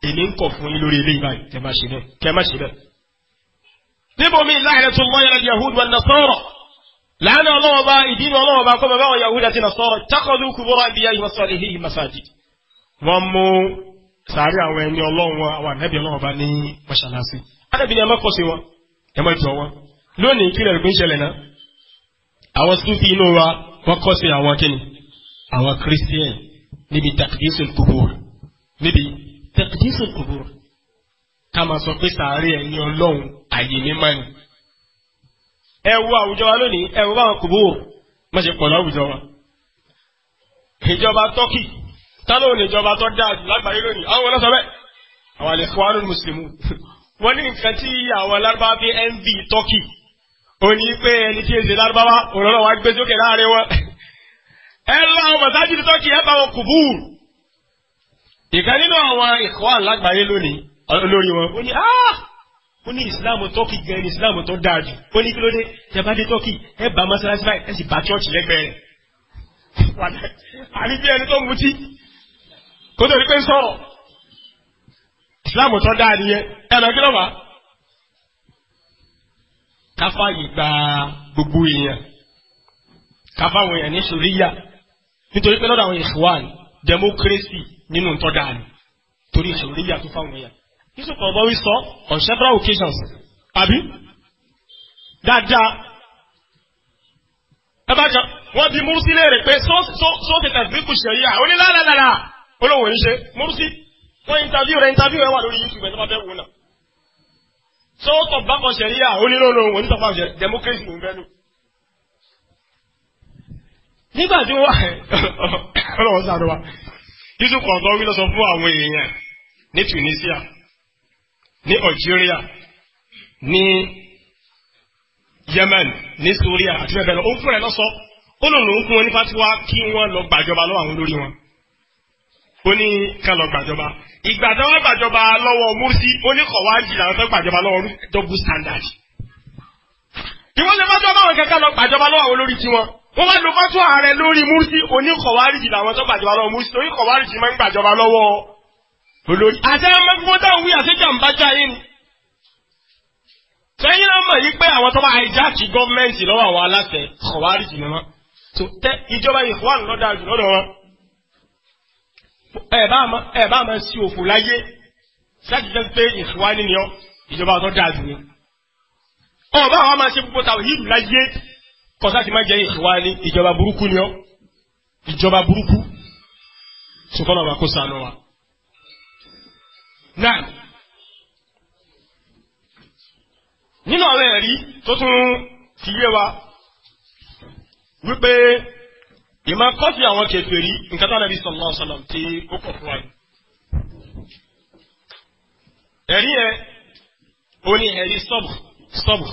èmi ń kọ̀ fún yín lórí ilé ìbáyìí kẹ má ṣe bẹ́ẹ̀ kẹ má ṣe bẹ́ẹ̀. níbo mi wa nasara làánà ọlọ́wọ́ bá ìdínà ọlọ́wọ́ bá kọ́ bàbá àwọn yahud àti masajid. wọ́n mú sàárè àwọn ẹni àwọn bá ní mọ́ṣáláṣí. adébìnrin ẹ má kọ́ sí wọn ẹ lónìí kílẹ̀ rògbé ń ṣẹlẹ̀ náà àwọn súnfì inú wa wọ́n kọ́ sí àwọn kíni àwọn christian níbi takdisul kubur níbi takdisul kubur ká máa sọ pé sàárè ẹ̀yìn ọlọ́run àyè mímọ́ ni. ẹ wo àwùjọ wa lónìí ẹ wo báwọn kubur má ṣe pọ̀ láwùjọ wa. ìjọba tọ́kì tálọ́ òní ìjọba tó dáa jù lágbàáyé lónìí àwọn ọlọ́sọ bẹ́ẹ̀ àwọn àlẹ́ fún wa lónìí mùsùlùmù wọ́n ní nǹkan tí àwọn alárúbáwá fi ń tọ́kì òní pé ẹni tí èzè lárúbáwá òrọ̀lọ́ wa gbé sókè láàrin wọn. ẹ lọ àwọn mọ̀sájú tó kì í ẹ bá wọn kù ìkan nínú àwọn ìkọ́wà lágbàáyé lónìí olórí wọn. ó ní ó ní ìsìláàmù tọ́kì gan ni ìsìláàmù tó dáa jù. ó ní kí ló dé tẹ bá dé tọ́kì ẹ bá mọ́sálásí báyìí ẹ sì bá chọ́ọ̀chì lẹ́gbẹ̀ẹ́ rẹ̀. àní bí ẹni tó ń mutí kó tó pé sọ̀rọ̀ ìsìláàmù tó dáa nìyẹn ẹ káfáyè gba gbogbo èèyàn káfáwọn èèyàn ní sòríyà nítorí pé lọ́dọ̀ àwọn ìṣùwàn democracy nínú ìtọ́jà ni torí sòríyà tó fáwọn èèyàn. yusuf ọ̀bọ̀wí sọ on several occasions àbí dáadáa ẹ bá jọ wọ́n bí múrúsí léèrè pé so tàbíkù ṣẹ̀yà ó ní lálàlàlà olóhùn oníṣe múrúsí wọ́n interview rẹ̀ interview rẹ̀ wà lórí youtube ẹ̀ tó bá fẹ́ wò náà sọ́wọ́tọ̀ bákan ṣẹ̀ríyà oníròrò òun nítorí àwọn ṣẹ̀ríyà democracy ló ń fẹ́nu. nígbà tí wọ́n ọlọ́wọ́ sáré wa yíṣu kọ̀ọ̀tọ́ wí lọ sọ fún àwọn èèyàn ní Tunisia ní Algeria ní Yemen ní Syria àti bẹ́ẹ̀ bẹ́ẹ̀ lọ ó fún ẹ lọ́sọ ó lòun ló ń fún wọn ní fatiwa kí wọ́n lọ gbàjọba lọ́wọ́ àwọn olórí wọn ó ní ká lọ gbàjọba ìgbà tí wọ́n gbàjọba lọ́wọ́ Mursi ó ní kọ̀wájì làwọn tó gbàjọba lọ́wọ́ double standard. ìwọ́n lè má tó báwọn kankan lọ gbàjọba lọ́wọ́ olórí tiwọn wọ́n wá lo fọ́tò ààrẹ lórí Mursi oníkọ̀wárìjì làwọn tó gbàjọba lọ́wọ́ Mursi oníkọ̀wárìjì máa ń gbàjọba lọ́wọ́ olórí. àti àwọn mẹ́gbọ́n táwọn wí àtẹ́jà ń bá jáyé ni. sẹ́yìn náà mọ̀ yìí pé àwọn tó bá àìjáàkì ẹ bá máa sí òfò láyé ṣáàjìjẹ́ pé ìṣúwá nìyàn ìjọba ọ̀tọ̀ dáa jù ní. ọba àwọn máa ṣe gbogbo tàwọn yìí láyé kọ́sá ti máa jẹ́ ìṣúwá ní ìjọba burúkú nìyàn ìjọba burúkú ṣùgbọ́n ọba kó sànù wa. náà nínú àwọn ẹ̀rí tó tún fi yé wa wípé ìmọ̀ kọ́fì àwọn kèfèrí nǹkan tó ànábì sallallahu alaihi wasallam tí ó kọ̀ fún wa yìí. ẹ̀rí yẹn ó ní ẹ̀rí sọ́bù sọ́bù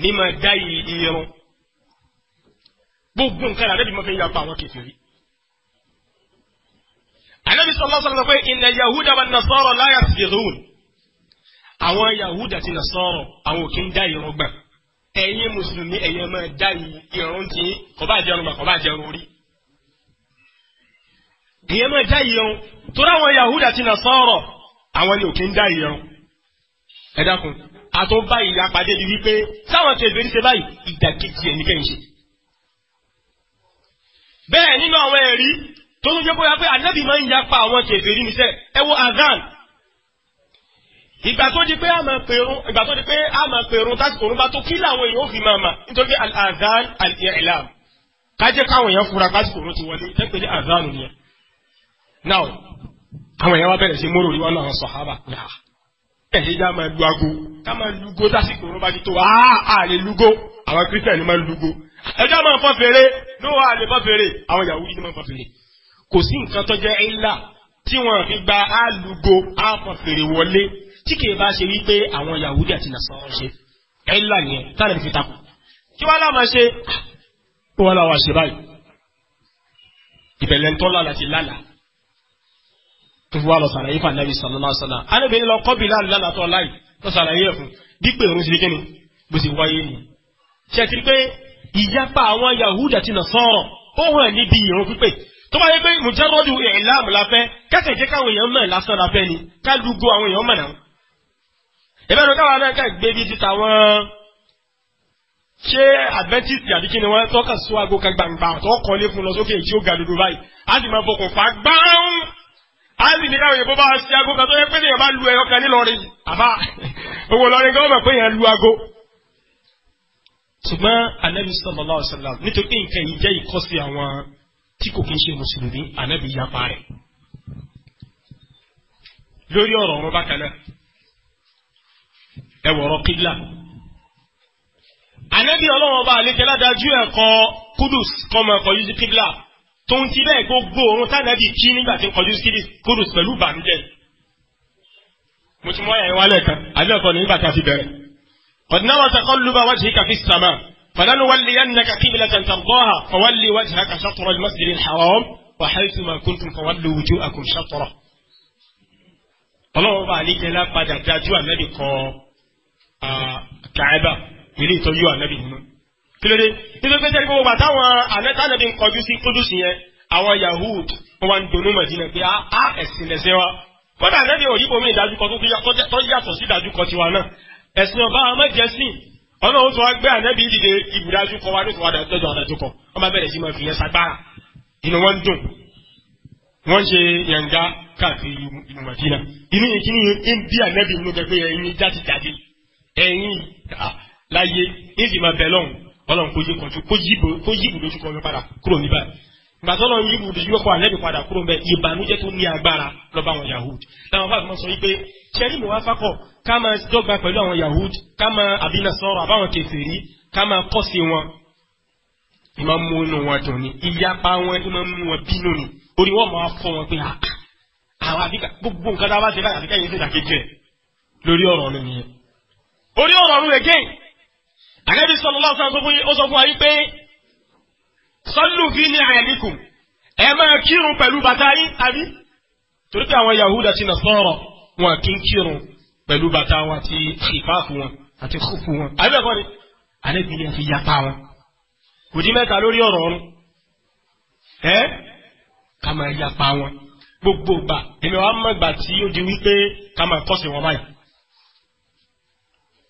ní máa dá irun gbogbo nǹkan ànábì máa fi yapa àwọn kèfèrí. ànábì sallallahu alaihi wasallam pé inna yahuda wa nasara la yasbirun àwọn yahuda ti nasara àwọn òkè ń dá irun gbà ẹ̀yin mùsùlùmí ẹ̀yin máa dá ìrun tí kò bá jẹun mà kò jẹun orí. ẹ̀yin máa dá ìrun torí àwọn yahuda ti nà sọ̀rọ̀ àwọn ni òkè ń dá ìrun. ẹ dákun àtún báyìí apàdé di wípé sáwọn ti èbèrè ṣe báyìí ìdàkejì ẹ̀ nìkẹ́ ń ṣe. bẹ́ẹ̀ nínú àwọn ẹ̀rí tó ń jẹ́ bóyá pé ànábì máa ń yapa àwọn ti èbèrè níṣẹ́ ẹ wo azan ìgbà tó di pé a máa pèrún ìgbà tó di pé a máa pèrún tásìkò òun bá tó kí làwọn èèyàn fi máa mà nítorí al-adhan al-i'lam kájẹ́ káwọn èèyàn fura tásìkò òun ti wọlé tẹ́pẹ́ ní azan nìyẹn. now àwọn èèyàn wá bẹ̀rẹ̀ sí mórò rí wọn náà sàhábà yà ẹ̀ ṣe já máa lu ago ká lugo tásìkò òun bá ti tó a lè lugo àwọn kírísítẹ̀nì máa lugo ẹjọ́ máa fọ́ fèrè lówó àlè fọ́ fèrè àwọn Yahudi ni máa fọ́ fèrè kò sí nǹkan tó jẹ́ ìlà tí kìí bá ṣe wípé àwọn Yahudi àti Nasara ṣe ẹ̀là yẹn táwọn ẹni fi takò kí wọ́n láwọn ṣe kí wọ́n láwọn ṣe báyìí ìbẹ̀lẹ̀ ńtọ́ lálà ti lálà tó fi wá lọ sàlàyé fún anabi sallallahu alaihi wasallam anábìrin lọ kọ́ bí lálà tó láì lọ sàlàyé fún dípẹ́ òun sì kíni bó sì wáyé ni ṣe ti pé ìyapa àwọn Yahudi àti Nasara ó hàn níbi ìrún pípé tó bá yẹ pé mùjẹ́rọ́dù ìlàmù la fẹ́ kẹ́sẹ̀ jẹ́ káwọn èèyàn mọ̀ lásán la ni ká lùgọ́ àwọn èèyàn mọ̀ náà ìbẹ́nu káwa náà kẹ́ gbé bí títa wọn ṣé adventist àbí kí ni wọ́n tọ́ka sọ aago kan gbangba tó kọ́lé fún lọ sókè tí ó ga dodo báyìí á sì máa fọkàn fà gbáhùn á sì ní káwọn èèyàn bá ṣe aago kan tó yẹ pé èèyàn bá lu ẹyọ kan nílọrin àbá owó lọrin gan mọ̀ pé èèyàn lu aago. ṣùgbọ́n anabi sallallahu alaihi nítorí nǹkan yìí jẹ́ ìkọ́sí àwọn tí kò kí ń ṣe mùsùlùmí anabi yapa rẹ̀ lórí ọ̀rọ̀ ọ̀rọ̀ bákan náà ẹ̀wọ̀rọ̀ kíbla. ànábì ọlọ́wọ́n bá àlejò aládájú ẹ̀kọ́ kudus kọ́mọ ẹ̀kọ́ yìí sí kíbla tó ń ti bẹ́ẹ̀ gbogbo òun tánàbì kí nígbà tí ń kọjú sí kudus pẹ̀lú ìbànújẹ́. mo ti mọ ẹ̀yẹ wálẹ̀ kan àbí ẹ̀kọ́ nígbà tá a ti bẹ̀rẹ̀. ọ̀dínàwó taqalluba wajhika fis samaa فلنولينك قبلة ترضاها فول وجهك شطر المسجد الحرام وحيثما كنتم فولوا وجوهكم شطره. ọlọ́run bá àlejò ẹlá padà dájú ànábì kan Ah, kàábà ilé ìtọ́jú ànábì nínú. kí ló dé nítorí pé jẹ́rìí gbogbo àtàwọn ànábì ń kọjú sí kúdùsì yẹn àwọn yahood wọn wá ń donú mọ̀dínà pé á ah, ah, ẹ̀sìn lẹ́sẹ̀ wa kódà ànábì òyìnbó mi ìdájúkọ tó yàtọ̀ sí ìdájúkọ tiwa náà ẹ̀sìn ọba amẹ́jẹsìn ọ̀nà òun tó wá gbé ànábì dìde ìbùdájúkọ wa nítorí àdájọ́ àdájúkọ wọn bá bẹ̀rẹ̀ wọ́n ṣe yànga káàkiri ìlú inú yẹn ni ń bí ànábì inú gẹ́gẹ́ yẹn ní jáde jáde ẹ̀yin láyé èsì máa bẹ̀ lọ́hùn ọlọ́run kó yí kọjú kó yí ibùdójú kan padà kúrò níbà ìgbà tó lọ́run yí ibùdójú kọ́ àlẹ́bí padà kúrò mbẹ́ ìbànújẹ́ tó ní agbára lọ́ba àwọn Yahud táwọn fáwọn sọ wípé ṣẹ́rí mọ̀ wá fákọ̀ ká máa dọ́gba pẹ̀lú àwọn Yahud ká máa àbínà sọ̀rọ̀ àbáwọn kèfèrí ká máa kọ́ sí wọn ìmọ̀ mú inú wọn dùn ni ìyapa wọn ìmọ̀ mú wọn bínú ni orí wọn máa fọ wọn pé ah, ah, àwọn àbíkà gbogbo nǹkan tá a bá ṣe báyìí àbíkà yẹn ṣe dàkejì ẹ̀ lórí ọ̀rọ̀ nìyẹn orí ọ̀rọ̀ ọ̀run rẹ̀ gẹ́yìn àgẹ́bí sallallahu alaihi wasallam ó sọ fún wa yìí pé sallu fi ni'alikum ẹ máa kírun pẹ̀lú bàtà yín àbí torí pé àwọn yahuda ti nasara wọn kì í kírun pẹ̀lú bàtà wọn àti ìfáàfù wọn àti kúfù wọn àbí ẹ̀kọ́ ni àlẹ́bí ni a fi yapa wọn kò dín mẹ́ta lórí ọ̀rọ̀ ọ̀run ẹ ká máa yapa wọn gbogbo gbà èmi wàá mọ̀gbà tí ó di wípé ká máa kọ́sìn wọn báyìí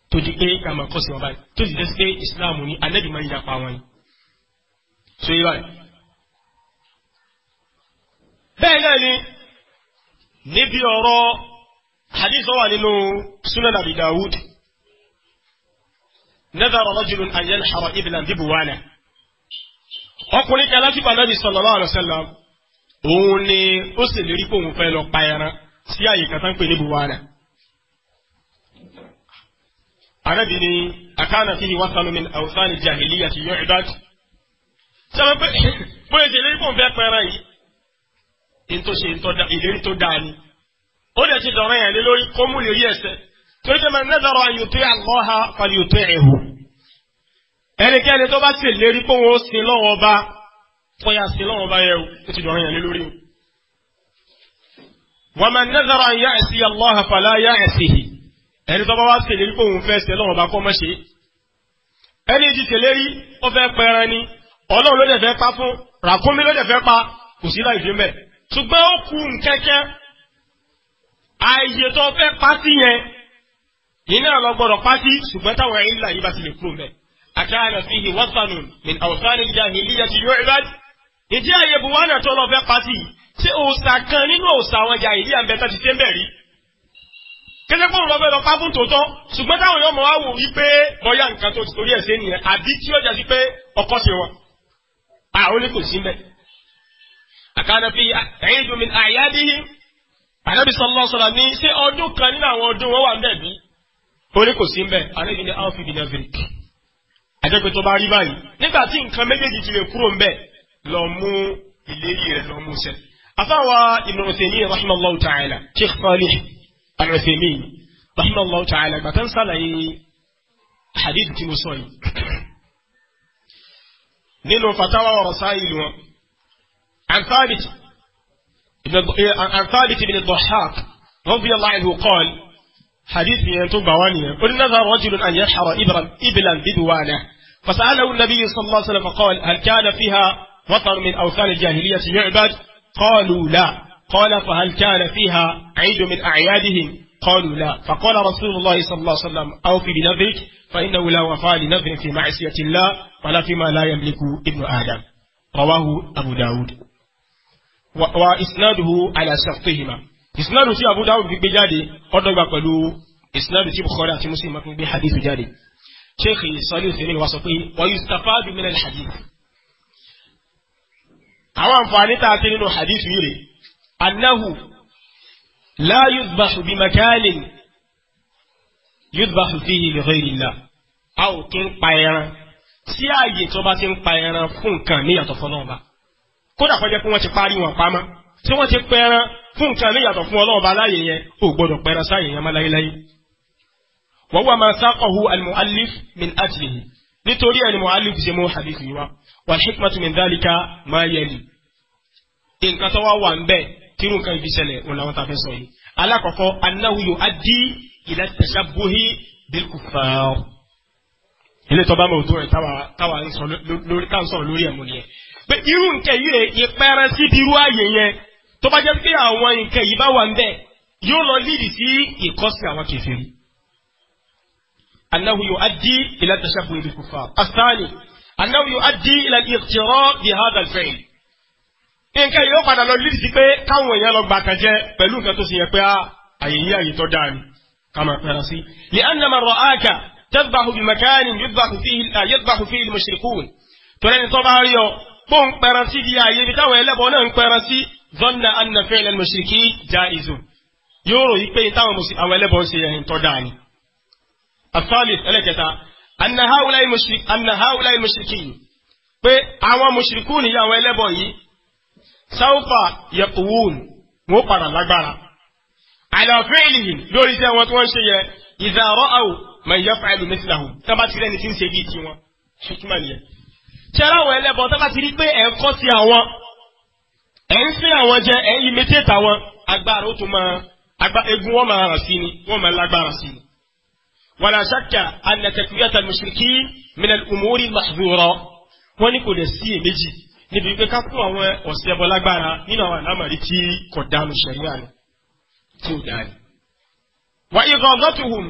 tó di pé ká máa kọ́ sí wọn báyìí tó sì jẹ́ sí pé islam ní anẹ́bí máa ń yapa wọn ni. so yí báyìí. bẹ́ẹ̀ náà ni níbi ọ̀rọ̀ hadith wà nínú sunan abi dawud nadara rajulun an yanhara iblan bibuwana ọkùnrin kan láti bá nàbì sallallahu alaihi wasallam òun ni ó sì lérí pé òun fẹ́ lọ pa ẹran sí àyè kan tán pé Ànábì ni akana fihi wasalu min awsani jahiliya ti yu'bad. sábà pé bóyá ìdílé kò ń fẹ́ pẹ́ran yìí ìtòsí ìlérí tó dáa ni ó dẹ̀ ti dọ̀rọ̀ yẹn lé lórí kó mú lè rí ẹsẹ̀ torí pé man nadhara an yuti'a Allaha falyuti'hu. ẹnikẹ́ni tó bá ti lérí pé wọ́n sin lọ́wọ́ bá tọ́yà sin lọ́wọ́ bá yẹ ó ti dọ̀rọ̀ yẹn lórí. wa man nadhara an ya'siya Allaha fala ya'sihi ẹni tó bá wá ṣèlérí pé òun fẹ́ ṣe lọ́wọ́ bá kọ́ mọ́ ṣe ẹni ti ṣèlérí ó fẹ́ pẹran ni ọlọ́run ló dẹ̀ fẹ́ pa fún ràkúnmí ló dẹ̀ fẹ́ pa kò sí láì fi mẹ́ ṣùgbọ́n ó kù nkẹ́kẹ́ ààyè tó fẹ́ pátí yẹn iná lọ gbọ́dọ̀ pátí ṣùgbọ́n táwọn ìlà yìí bá ti lè kúrò mẹ́ àkáàlà fi hì wọ́sánù ìdí àyè buwánà tó lọ fẹ́ pátí ṣé òòsà kan nínú òòsà àwọn ìjà ìlíyà ń ti ṣe ń bẹ̀ kẹ́sẹ́ pọ̀ lọ́bẹ̀ lọ pápún tòótọ́ ṣùgbọ́n táwọn yọmọ wá wò wípé bọ́yá nǹkan tó ti torí ẹ̀ ṣe nìyẹn àbí tí ó jásí pé ọkọ ṣe wọn. àwọn ní kò sí mbẹ. àkànnà fi ẹyin dùn mí àyà díhì ànábi sọlọ sọlọ ní ṣé ọdún kan nínú àwọn ọdún wọn wà ń bẹ bí. ó ní sí mbẹ ànábi ní alfi bin averick. àjẹpẹ tó bá rí báyìí nígbà tí nǹkan méjèèjì ti lè kúrò mbẹ lọ mú ìlérí rẹ lọ mú sẹ. àfáwà Ibn Uthaymeen rahimahullah ta'ala sheikh salih العثيمين رحمه الله تعالى ما تنسى لي حديث تيموسوي من فتاوى ورسائل عن ثابت عن ثابت بن الضحاك رضي الله عنه قال حديث ينتم بوانيا قل نذر رجل أن يحر إبرا إبلا بدوانة فسأله النبي صلى الله عليه وسلم قال هل كان فيها وطن من أوثان الجاهلية يعبد قالوا لا قال فهل كان فيها عيد من أعيادهم قالوا لا فقال رسول الله صلى الله عليه وسلم أوفي بنذرك فإنه لا وفاء لنذر في معصية الله ولا فيما لا يملك ابن آدم رواه أبو داود وإسناده على شرطهما إسناد في أبو داود في بجادي قد قالوا إسناد في بخاري في مسلم في حديث جادي شيخي في ثمين وصفي ويستفاد من الحديث أوان فانيتا تنين حديث يري أنه لا يذبح بمكان يذبح فيه fihi الله أو Allah a ò kí ń pa ẹran sí ààyè tí wọ́n bá ti ń pa ẹran fún nǹkan ní ìyàtọ̀ fún ọlọ́ọ̀ba kódà kó jẹ́ pé wọ́n ti parí wọn pamọ́ tí wọ́n ti pẹran fún nǹkan ní ìyàtọ̀ fún ọlọ́ọ̀ba láàyè yẹn ò gbọ́dọ̀ pẹran sáàyè yẹn má láyéláyé. wa huwa ma saqahu al-mu'allif min ajlihi nítorí ẹni mu'allif ṣe mú hadith yìí wá wal hikmatu min dhalika ma yali. nǹkan tó wá wà ń bẹ́ẹ̀ tírù nǹkan ibi ṣẹlẹ̀ òun làwọn tá a fẹ́ sọ yìí alákọ̀ọ́kọ́ annahu yuaddi ila tashabbuhi bil kuffar ilé tó bá mọ̀ òtún rẹ̀ táwa ń sọ lórí ká ń sọ̀rọ̀ lórí ẹ̀mú e nìyẹn pé irú nǹkan yìí rè ìpẹrẹ síbi irú ààyè yẹn tó bá jẹ́ pé àwọn nǹkan yìí bá wà ń bẹ̀ yóò lọ lídìí sí ìkọ́sí àwọn kèfèrí annahu yuaddi ila tashabbuhi bil kuffar athani annahu ila al-iqtira' bi hadha al-fi'l nǹkan yìí ó padà lọ lídìí sí pé káwọn èèyàn lọ gbà kan jẹ pẹ̀lú nǹkan tó sì yẹ pé ah, àyè yí àyè tó dáa ni ká máa pẹ́ran sí. lè án nàmà rọ áàkà tẹ́tùbàkù bí mẹkáánì yóò fi ilé mọ̀ṣẹ̀kùn tọ́lẹ́ ní tọ́ bá rí ọ bó ń pẹ́ran sí di àyè ibi táwọn ẹlẹ́bọ náà ń pẹ́ran sí zọ́nà anna fẹ́lẹ́ mọ̀ṣẹ̀kì já ìzù yóò rò yìí pé táwọn ẹlẹ́bọ ń ṣe ẹ̀yìn tọ́ dáa ni. الثالث ẹlẹ́kẹta أن هؤلاء المشركين pé àwọn mùsùlùkù nìyàwó ẹlẹ́bọ yìí sáwùfà yẹpùwùn wọn padà lágbára. àlàáfíà ìlìyìn lórí iṣẹ́ wọn tí wọ́n ń ṣe yẹ ìdá ọ̀rọ̀ àwò mẹ̀yẹ́ fàìlú mẹ́sìláhù tí wọ́n bá ti rẹ́ni tí ń ṣe bíi tiwọn ṣùkúmọ̀ nìyẹn. tí aláwọ̀ ẹlẹ́bọ tí wọ́n bá ti rí pé ẹ̀ ń kọ́ sí àwọn ẹ̀ ń sìn àwọn jẹ ẹ̀ ń yí méjèèjì àwọn agbára ó tún máa egun wọn máa rà sí ni wọn máa lágbára sí ni. wàlá ṣàkà ànàtẹ̀kùyàtà mùsùlùkì mìnà umuri níbi pé ká fún àwọn ọ̀sẹ̀ ẹbọ lágbára nínú àwọn àlámọ̀rí tí kò dánu ṣẹ̀ríà ni tí ò dáa ni. wà ìgbà ọ̀dọ́tuhùn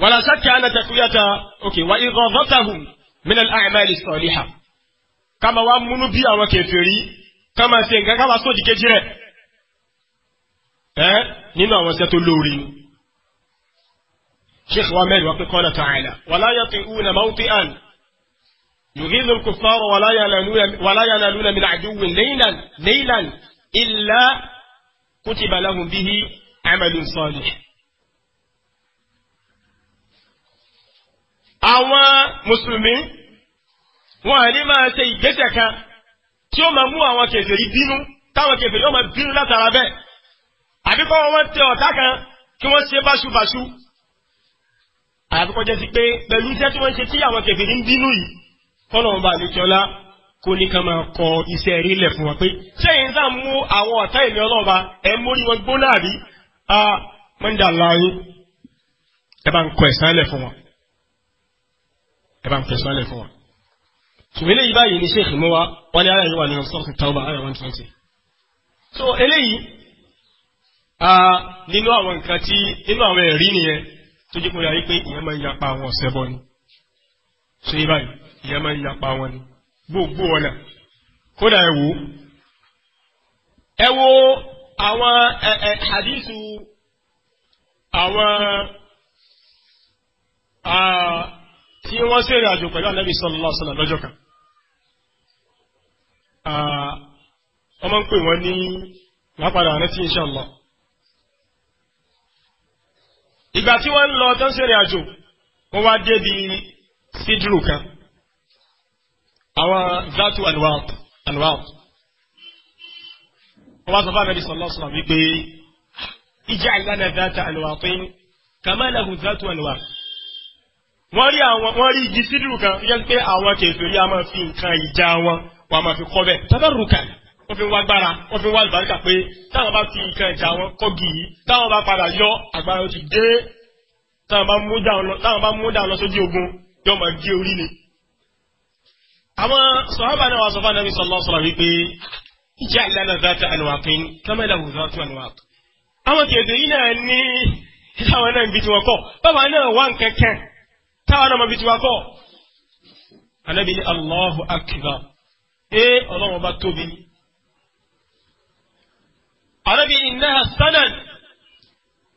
wàlá sákì ànàtàkùyàtà ok wà ìgbà ọ̀dọ́tàhùn minal a'mali salihah ká máa wá múnú bí àwọn kèfèrí ká máa ṣe nǹkan ká máa sódì kejì rẹ̀ ẹ́ nínú àwọn iṣẹ́ ni. sheikh wa mẹ́rin wá pé qala ta'ala wàlá yàtọ̀ ìhùn يغيظ الكفار ولا ينالون ولا ينالون من عدو ليلا ليلا إلا كتب لهم به عمل صالح àwọn mùsùlùmí wọn à ní máa ṣe ìgbésẹ̀ kan tí ó máa mú àwọn kèfèrí bínú táwọn kèfèrí yóò máa bínú látara bẹ́ẹ̀ àbí kọ́ wọn tẹ ọ̀tá kan kí wọ́n ṣe báṣubàṣu àbí kọjá sí pé pẹ̀lú iṣẹ́ tí wọ́n ṣe tí àwọn kèfèrí ń bínú yìí kọ́lọ́run bá àlejòlá kó ní ká máa kọ iṣẹ́ rí lẹ̀ fún wa pé sẹ́yìn tá mú àwọn ọ̀tá ìmí ọlọ́ọ̀ba ẹ̀ mórí wọn gbóná àbí a mọ́ndà láàyè ẹ bá ń kọ ẹ̀sán lẹ̀ fún wa ẹ bá ń kọ ẹ̀sán lẹ̀ fún wa. tò eléyìí báyìí ni sheikh mú wa wọ́n ní ara yìí wà nínú sọ́ọ̀tì tàwọn ara one twenty. so eléyìí nínú àwọn nǹkan tí nínú àwọn ẹ̀rí nìyẹn tó jẹ́ pé ìyá pé ìyẹn máa ń yapa àwọn ọ̀sẹ̀ bọ́ ni. ṣé báyìí ìyẹn máa ń yapa wọn ni gbogbo ọ̀nà kódà ẹ wò ó ẹ wo àwọn ẹ ẹ hadithu àwọn tí wọ́n ṣèrìn àjò pẹ̀lú ànábì sallallahu alaihi wasallam lọ́jọ́ kan wọ́n máa ń pè wọ́n ní lápadà rántí inshallah ìgbà tí wọ́n ń lọ tó ń àjò wọ́n wá débi sídùrù kan àwọn zatu and wealth. wọ́n wá sọ fún anabi sallallahu alaihi wasallam wípé ij'al lana zata anwatin kama lahu zatu anwar wọ́n rí àwọn wọ́n rí igi sídìrú kan yẹn pé àwọn kèfèrí a máa fi nǹkan ìjà wọn wọ́n a máa fi kọ́ bẹ́ẹ̀ tabarrukan wọ́n fi wá gbára wọ́n fi wá àlùbáríkà pé táwọn bá fi nǹkan ìjà wọn kọ́gì yìí táwọn bá padà yọ agbára ó ti dé táwọn bá mú dà wọn lọ sójú ogun yọ máa ni àwọn sọ̀hábà náà wà sọ fún anabi sallallahu alaihi wasallam wípé ìjà ìlànà zata anwaqin kámẹ́lá wù zata anwaq. àwọn kèdè yìí náà ní táwọn náà ń bi tiwọn kọ báwa náà wà nkankan táwọn náà ma bi tiwọn kọ. anabi ni allahu akbar ee ọlọ́wọ́n bá tóbi. anabi innaha sanad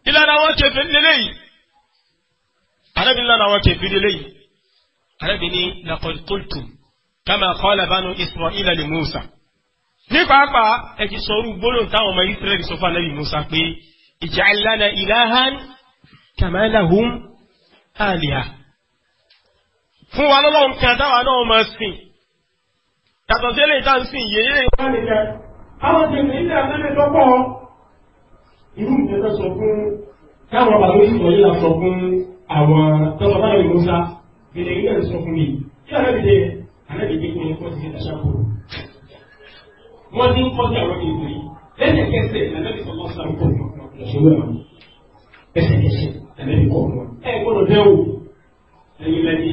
ìlànà àwọn kèfé lélẹ́yìí. anabi ìlànà àwọn kèfé lélẹ́yìí. anabi ni laqad qultum kama qala banu isra'ila li musa ní pàápàá ẹ ti sọrú gbólóhùn táwọn ọmọ israẹli sọ fún anabi musa pé ij'al lana ilahan kama lahum alihah fún wa lọ́lọ́run kan táwa náà máa sìn yàtọ̀ sí eléyìí tá à ń sìn yé eléyìí. àwọn ti ní ilé àtẹ́lẹ̀ irú ìjọba àlẹ́bìdí kí ni kó ti ṣe tàṣàkùrù wọ́n ti ń kọ́ sí àwọn ìlú yìí lẹ́sẹ̀kẹsẹ̀ lẹ́lẹ́bí sọ̀tọ́ sí àkókò lọ́sọ̀wé àwọn lẹ́sẹ̀kẹsẹ̀ lẹ́lẹ́bí kọ́ wọn. ẹ gbọ́dọ̀ dẹ́wò ẹ̀yin lẹ́ni.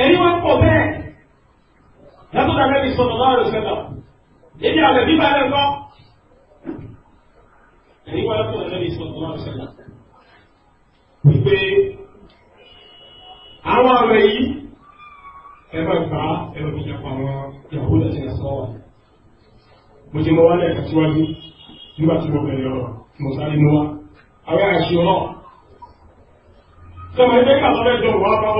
ẹ̀rí wọn pọ̀ bẹ́ẹ̀ látọ̀dá lẹ́bí sọ̀tọ̀ láàrọ̀ sẹ́tà débi àgbẹ̀ bíbá rẹ̀ kọ́. ẹ̀rí wọn látọ̀dá lẹ́bí sọ̀tọ̀ láàrọ̀ sẹ́tà wípé àwọn ọ̀rọ̀ yìí ẹ máa gbà á ẹ lọ fi jà pa àwọn yàgò àti nàṣọ wa mo ti mọ wá lẹ́ẹ̀kan síwájú nígbà tí mo bẹ̀rẹ̀ ọ̀rọ̀ mo sáré mú wa àwọn àṣì ọ̀rọ̀ sọmọ ẹgbẹ́ kà lọ́fẹ́ jọ wà bọ̀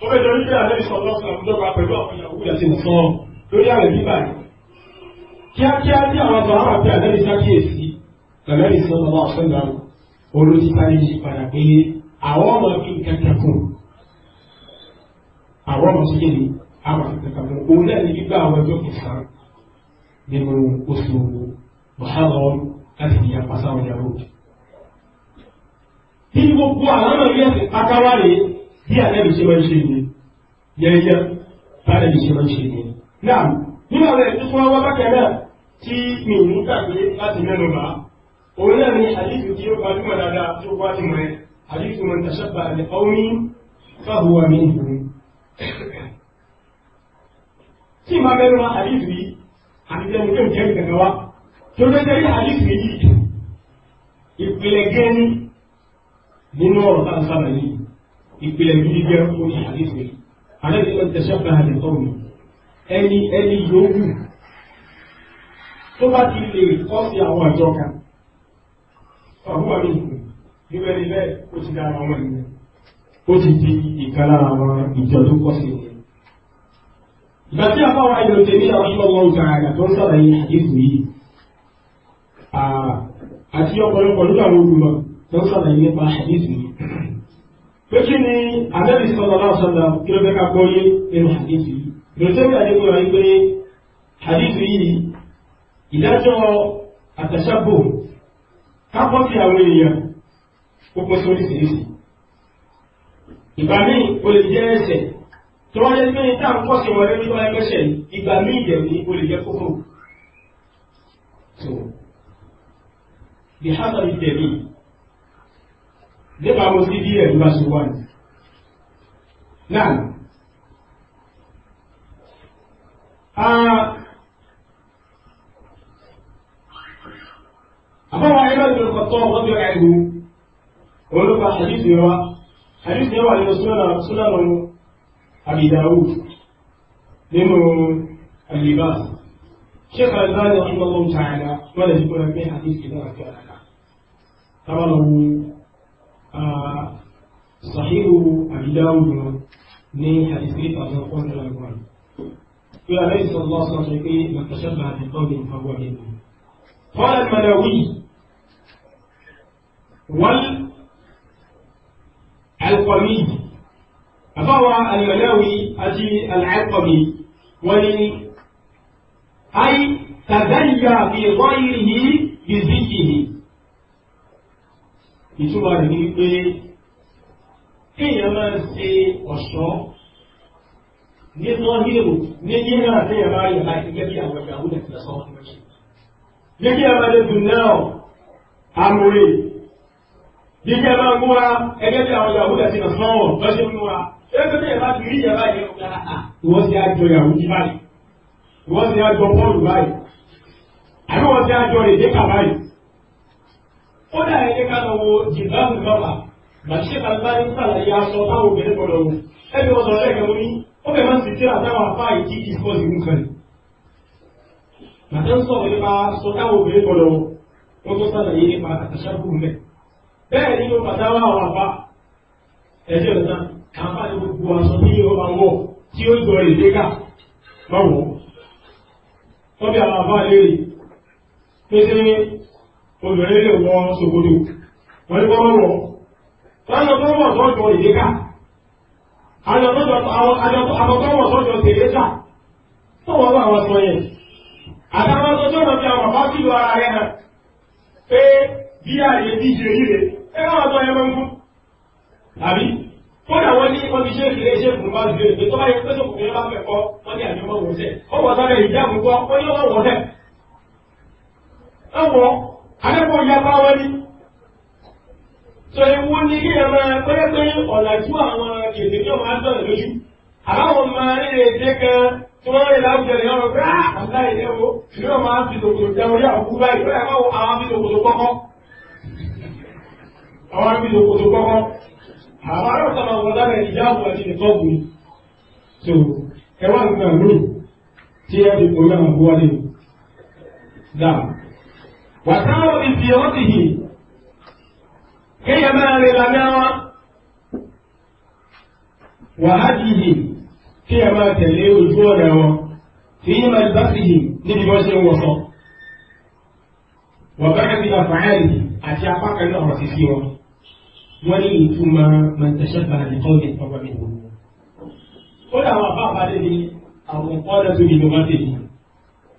lọ́fẹ́ jọ nígbà alẹ́ ìṣọ̀lọ́sọ̀ àmújọba pẹ̀lú àwọn yàgò àti nàṣọ lórí àrẹ̀ bíbà yìí kíákíá tí àwọn sọ̀rọ̀ àti àlẹ́ ìṣàkíyèsí tẹ̀lẹ́ ìṣọ̀lọ́ ọ̀sẹ̀ náà olùtítà yìí padà pé àwọn ọmọ kí n kẹ́kẹ́ àwọn ọmọ síkè ni a máa fi kankan mọ òun náà ní gbígbà àwọn ẹgbẹ́ kẹsàn-án nínú oṣù mọ̀hálọ́ láti fi yàpá sáwọn ìyàwó. bí gbogbo àwọn ọmọ ilé ẹ̀sìn pátáwá rèé bí àlẹ́bí ṣe máa ń ṣe ni yẹ́yẹ́ bá àlẹ́bí ṣe máa ń ṣe ni. náà nínú àwọn ẹ̀sìn fún wa bákẹ́ náà tí mi ò ní gbàgbé láti mẹ́nu bá òun náà ni àdíjù tí ó gbajúmọ̀ dáadáa tí ó gbájú mọ́ ẹ àdíjù mọ́ ní tí ìmọ̀ bẹ́ẹ̀ lọ́wọ́ àdìsí yìí àti ìjẹun tó jẹ́ ìgbẹ̀gbẹ̀ wa tó ló jẹ́ àdìsí yìí ìpìlẹ̀ gẹ́ni nínú ọ̀rọ̀ tá a sábà ní ìpìlẹ̀ gidi jẹ́ orí àdìsí yìí àdìsí yìí tẹ̀sẹ̀ fún àdìsí ọ̀run ẹni ẹni yòówù tó bá ti lè kọ́ sí àwọn àjọ kan ọ̀hún àdìsí yìí níbẹ̀ ni bẹ́ẹ̀ ó ti dára wọn ní ó ti di ìkan lára àwọn ìjọ tó pọ̀ sí i. ìgbà tí àbá wa ìlú tèmi àwọn ìlú ọmọ òkè àgbà tó ń sàlàyé àdéhùn yìí àti ọ̀pọ̀lọpọ̀ nínú àwọn olùmọ̀ tó ń sàlàyé nípa àdéhùn yìí. pé kí ni àbẹ́bí sọ̀rọ̀ náà sọ̀rọ̀ kí ló fẹ́ ká gbọ́ yé nínú àdéhùn yìí. ìlú tèmi àdéhùn yìí pé àdéhùn yìí ìdájọ́ àtàṣàbò kápọ́ọ̀tì àwọn èèyàn ó pọ̀ sóríṣiríṣi ìgbà míì o lè jẹ́ ẹ̀ṣẹ̀ tí wọ́n lè gbé ní táà ń pọ̀ sí wọlé nípa ẹgbẹ́ṣẹ̀ ìgbà míì dẹ̀ ní o lè jẹ́ kókó. so bí hásà ti tẹ̀lé nípa mo sí bí ẹ̀rú aṣọ wà ní. náà àbáwọn ẹgbẹ́ ìgbẹ̀rún kọ̀tọ́ ọgbọ́n bí ọ̀rẹ́ ìlú olùkọ́ àdìsí wa hadith yẹn wà nínú súnánà Abi Dawud nínú alibas sheikh al-Albani rahimahullah ta'ala wọn lè dìbò ẹgbẹ hadith yìí náà fi àlàkà tábà lọ wu sahihu Abi ní hadith yìí tàbí ọkọ في عليه صلى الله عليه وسلم من تشبه بقوم فهو منهم قال المناوي وال العلقمي أفوى المناوي أتي العلقمي ولي أي تدلي في غيره بذكره ìtumọ̀ rẹ̀ ni pé kéèyàn máa ṣe ọ̀ṣọ́ ní tó hírò ní nígbà téèyàn bá yẹ̀ láti àwọn ìgbà wúlẹ̀ ní méjì. máa lè dùn náà àmúrè bí kẹ́ bá múra ẹgbẹ́ bí àwọn yahoo àti nàṣọ́wọ̀ lọ́sẹ̀ múra ẹgbẹ́ bí ẹ̀bá ti rí ìyàrá yẹn lọ́kà ah, ah, ìwọ́n ti àjọ yahoo jí báyìí ìwọ́n ti àjọ bọ́ọ̀lù báyìí àbí wọ́n ti àjọ èdèkà báyìí. ó dà ẹ̀jẹ̀ ká lọ wo jìbáàmù lọ́la màṣẹ́ kàlùbá ní sàlàyé aṣọ táwọn obìnrin gbọdọ̀ wò ẹbí wọn sọ̀rọ̀ lẹ́kẹ̀ẹ́ ní ó bẹ̀ máa ń sì tíra táwọn afáà ìdí ìfọ́sí mú kan. màṣẹ́ ń sọ̀rọ̀ nípa aṣọ táwọn obìnrin gbọdọ̀ wò wọ́n tó sàlàyé nípa àtàṣàkùn mẹ́ta bẹ́ẹ̀ nínú pàtàwà àwọn àpá ẹjọ́ ìta àpá ní gbogbo aṣọ tí yóò bá wọ̀ tí ó jọ èdè ká lọ́wọ́ wọ́n bí àwọn àpá lérí pé sí obìnrin lè wọ ṣòkòtò wọ́n ní wọ́n wọ̀ lọ́nà tó wọ̀ tó jọ èdè ká àjọ̀tọ́wọ̀ tó jọ tèrè ká tó wọ́n wà wọ́n sọ yẹn àtàwọn tó jọ́ mọ̀ bí àwọn àpá kìlọ̀ ara rẹ̀ hàn pé bí àyè bí ṣe rí rèé ẹ̀rọ àtọ́ ẹ̀rọ ń kú àbí kódà wọ́n ní wọ́n ti ṣe ìdílé iṣẹ́ fún bá gbé èdè e tó bá yẹ pé tó kùnrin bá fẹ́ kọ́ wọ́n ní àjọmọ́ wò sẹ́ ó wọ́n sáré ìjà àmúgbọ́ ó ní ọmọ wọ́n sẹ́ ọwọ́ akẹ́kọ̀ọ́ ya bá wọ́n ní sọ ewu ní kí ẹ máa pẹ́ pé ọ̀làjú àwọn èdè tó máa dọ̀rọ̀ lójú àbáwọn máa rí èdè kan tí wọ́n rí láwùjọ ní ọ̀rọ̀ pé àláìlẹ́wọ̀ ah, ṣùgbọ́n máa fi tòkòtò jẹun àwọn arábìnrin tó kó tó kọ́kọ́ àwọn arábìnrin tó wọ́n lábẹ́ ìjáàbù àti ìtọ́bù tó ẹwà nǹkan mí tí ẹ fi kò náà bú wálé dà wàtáwọ̀ ìfì ọ̀tì yìí kéèyàn máa rìn lábẹ́ wọn wàhádì yìí kéèyàn máa tẹ̀lé ojú ọ̀nà wọn tí yìí máa bá sí yìí níbi bọ́ ṣe ń wọ̀sán wọ̀bẹ́rẹ́ bí àfàáyà yìí àti apá kan náà wọ̀ wọn wọ́n ní ìtumọ̀ mọ̀tẹ́sẹ̀fà nìkan ní ọmọ mi. ó dàwọn àbáfà lé ní àwọn ọ̀dọ́ tó ní ló máa tẹ̀lé.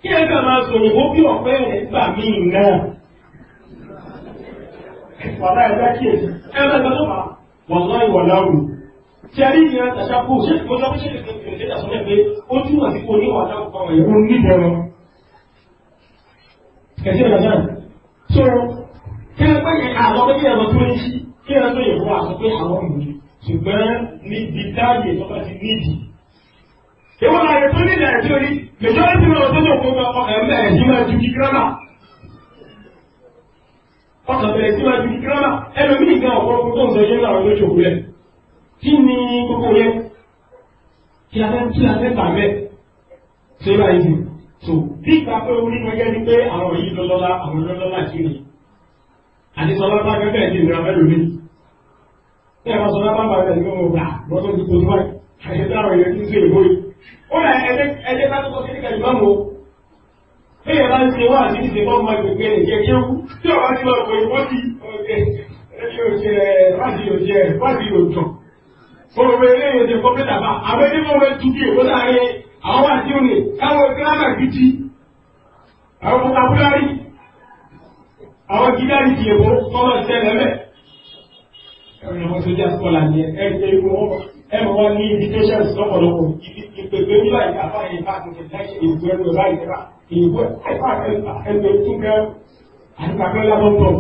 kí ẹ kà máa sọ òyìnbó bí ọ̀pẹ́ rẹ̀ gbà mí náà. wàlá ẹ̀dá kíyèsí ẹ máa gbọ́ tó máa wàlá ìwàlá òru. tí a rí ìyá tàṣà kó ṣe kó sọ pé ṣe kò tẹ̀lé tẹ̀lé àsọ̀rọ̀ pé ó túmọ̀ sí kó ní wàlá òkú kí ẹran tó yẹ fún wa sọ pé àwọn ìwé ṣùgbọ́n níbi táàyè tó bá ti nídìí. èwo náà yẹ tó nídìí àti orí lèjọ́ láti lọ tó lò fún ọkọ̀ ẹ̀mẹ́ ẹ̀sìn máa ju kí gírámà. ọkọ̀ ẹ̀sìn máa ju kí gírámà ẹlòmíì gan ọ̀pọ̀lọpọ̀ tó ń sọ yẹn náà lójú òkú rẹ̀. kí ni gbogbo yẹn kí a fẹ́ kí a fẹ́ tà mẹ́ ṣé báyìí so bí ìgbà pé orí wọn jẹ́ àdìsọ́lá bá kẹ́kẹ́ ìdí ìrìnà mẹ́lò mi tí ẹ̀rọ sọ́lá bá bàbá ìlú ọmọ ọ̀gá wọ́n tó ti tóbi wáyé àti táwọn èèyàn ti ń ṣe èbó yìí ó rẹ̀ ẹ̀jẹ̀ bá tó kọ́ sí nígbà ìmọ̀ mọ́ bí ẹ̀ bá ń ṣe wá àti ìṣe bọ́ máa gbègbè ẹ̀jẹ̀ kí ó tí ọ̀rọ̀ ti lọ pé wọ́n ti ọ̀gẹ̀ ẹ̀jẹ̀ òṣèlè fásitì òṣèlè àwọn gíláàrí ti èkó tọ́lọ̀ ìṣẹ̀lẹ̀ mẹ́. ẹ̀rọ ìwọ̀n sójà sọ́la ni ẹ̀rọ ìwọ̀n ẹ̀rọ wa ní invitations lọ́pọ̀lọpọ̀ ìpèpè ní báyìí àbáyé ìbáṣepọ̀ láì èkó ẹ̀rọ báyìí rà èkó ẹ̀rọ tún kẹ́ àtìpàkẹ́ lábọ́tọ̀.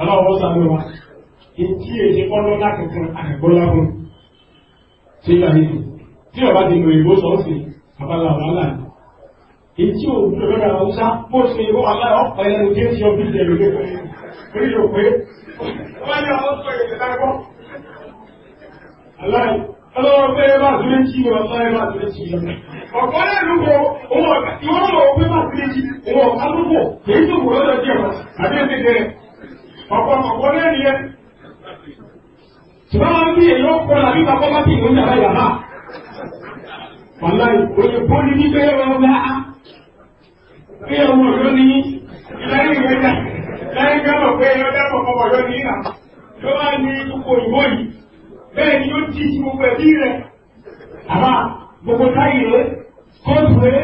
aláwọ̀ sáré wa etí èdè kọ́lọ́ lákẹ̀kẹ́ àgbọ̀lágùn tí ó yà nínú tí ọba ti mọ ìbò sọ́ọ̀sì abala wàhálà ni èyí ò ń lọ́dọ̀ àwọn ọ̀sá bó ṣe ìwọ aláà ọ̀pọ̀ ẹ̀rọ tí ń ṣe ọdún ìdẹ̀rù lé orí yóò pé wọ́n ní àwọn ọ̀sọ̀ ìdẹ̀rù lágbọ́. aláì ọlọ́wọ́ pé ẹ bá tún lé jí ni ọ̀sá ẹ bá tún lé jí ni ọ̀pọ̀ náà ló wọ ohun ọ̀gá tí wọ́n lọ pé bá tún lé jí ohun ọ̀gá ló wọ̀ èyí tó wọ̀ lọ́dọ̀ díẹ̀ wọn àbí ẹ̀ tẹ̀lé ọ̀pọ̀ ọ̀pọ̀ náà nìyẹn ṣùgbọ́n wọn bí èyí ó kọ́ làbí bàbá bá ti ìwé ìjàmbá yàrá. Wàláì, òyìnbó ni wípé ẹ̀rọ ọ̀gá ní ọmọ ọ̀yọ́ ní lẹ́yìn ìgbẹ́jà lẹ́yìn gbẹ́mọ̀ pé ẹyọ dẹ́pọ̀ ọmọ ọ̀yọ́ ní ìhà ló máa ní gbogbo ìwọ yìí bẹ́ẹ̀ ni ó ti gbogbo ẹbí rẹ̀ àmà gbogbo táyì rẹ̀ kóòtù rẹ̀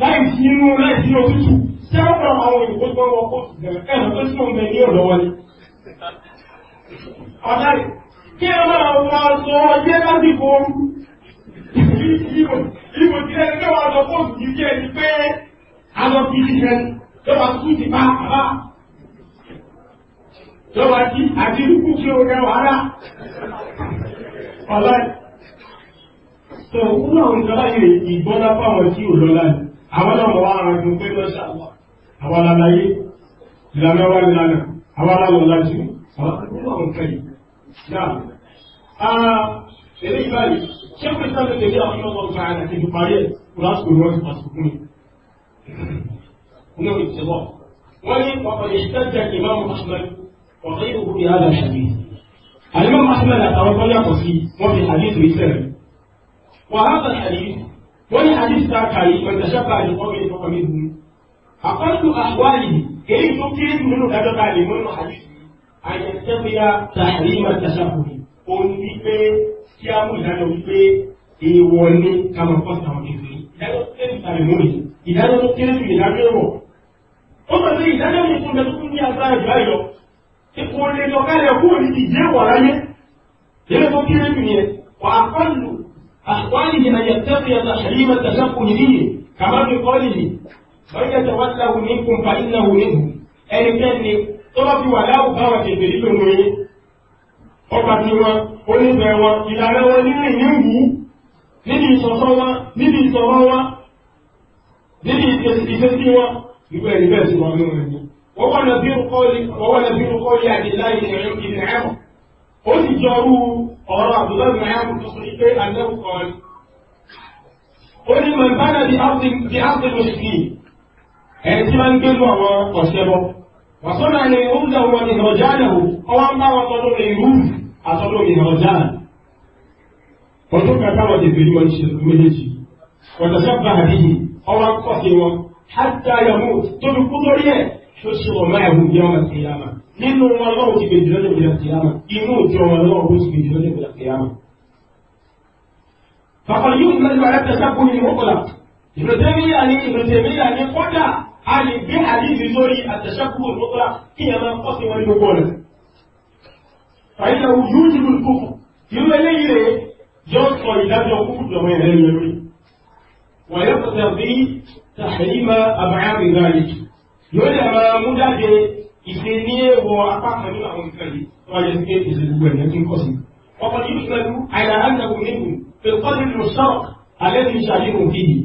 láì sí inú láì sí òtútù sẹ́wọ́n àwọn òyìnbó tó ń wọ kóòtù rẹ̀ ẹ̀rọ tó sì ń bẹ ní ọ̀dọ́ wọlé. ọ̀dà kí ẹ máa wọ aṣọ ọjẹ́ lásìkò ìbò ìbò tí ẹni náà wà lọ kóòtù yìí kí ẹni pé àwọn tí ti fẹ́ lọ́wọ́ tún ti bá àbá lọ́wọ́ tí àti ikú kí o rẹ wàhálà ọ̀la tó fún àwọn ìjọba yìí ìgbọ́nà fáwọn tí ò lọ́la ni àwọn náà wọ́n ara jù pé lọ́sà wà àwọn aláyé ìlànà wà ìlànà àwọn aláwọ̀ láti àwọn akẹ́kọ̀ọ́ àwọn kẹ́yìn náà eléyìí báyìí ṣé kò ní sábẹ̀ tẹ̀lé àwọn ọmọ ọgbà àti ìdúparí ẹ̀ kò lásìkò ní wọ́n ti pàṣẹ fún mi نوع الاتضاع ولي وقد احتج الإمام أحمد وغيره بهذا الحديث الإمام أحمد أتوقع قصي وفي حديث مثال وهذا الحديث ولي حديث تاكاي من تشبع لقوم فهو منهم أقل أحواله كيف يمكن منه كتبع لمن حديث أن يستطيع تحريم التشبه òní pé kí á mú ìdájọ́ wípé èèwọ̀ ni ká máa fọ́sí àwọn ìfẹ́ ìdájọ́ tó kéré ju ìdájọ́ ẹ̀wọ̀ ó sọ pé ìdájọ́ mi tún bẹ tó ní agbára jù ayọ ipò lè lọ kálẹ̀ kúrò ní ìjẹ́ ẹ̀wọ̀ láyé lérè tó kéré jù yẹn wà á kọlù àkọ́lì yìí náà yẹn tẹ́tù yẹn tàṣà yìí máa tàṣà kù nìyí kàmá fi kọ́lì yìí lọ́yìn tẹ̀tẹ̀ wá ní kùnfà iná níbi ìsọ̀rọ̀ wọn nínú ìfẹ́sí wọn ìgbẹ́ ìgbẹ́ sí wọn nínú ẹni wọ́n wọ́n bí rúkọ́lì àdìláyé ìrìn ẹ̀rọ ó sì jọrú ọ̀rọ̀ àbúlọ́gbìn ẹ̀rọ tó sọ pé àdẹ́kọ̀ọ́lì ó ní mọ̀ ìbáná di áfíríkà sí ẹni tí wọ́n ń gbé lọ àwọn ọ̀sẹ̀ bọ́ wàsọ́nà ni ó ń dà wọn ní ìrọ̀jà náà ọwọ́ ń bá wọn tọ́jú ní ìrú àtọ́jú ní ìrọ̀jà ọdún kẹta wọn ti fi ní wọn méjèèjì wọ́n tẹ̀sán bá ọwọ́ akọ́ sí wọn hátà yàmú tóbi kú lórí ẹ̀ tó ṣe wọn máa ẹ̀hún yẹn wọn ti yàmà nínú wọn lọ́wọ́ ti gbèjì lọ́dẹ̀ gbèjì àti yàmà inú òjò wọn lọ́wọ́ ti gbèjì lọ́dẹ̀ gbèjì àti yàmà. bàbá yóò fi lọ́dẹ̀ bàrẹ́ tẹ̀sán kú nínú ọ̀pọ̀lá ìrọ̀tẹ́míyà ni ìrọ̀tẹ́míyà ni kọ́dà a lè gbé àdìsí lórí àtẹ̀sẹ́kù òmùtọ́lá kí yẹn máa kọ́ sí wọn ní gbogbo ọ̀nà. fàyẹ̀wò yóò jùlọ kúkú irú eléyìí rẹ̀ yóò sọ ìdájọ́ kúkú jọmọ ẹ̀rẹ́ yẹn lórí. ويقتضي تحريم أبعاد ذلك يولا ما مدد إسنية وأقام من أمكاني ويسكت إسنوان لكن قصي وقد يسند على أنه منه في القدر المشترك الذي شاهدهم فيه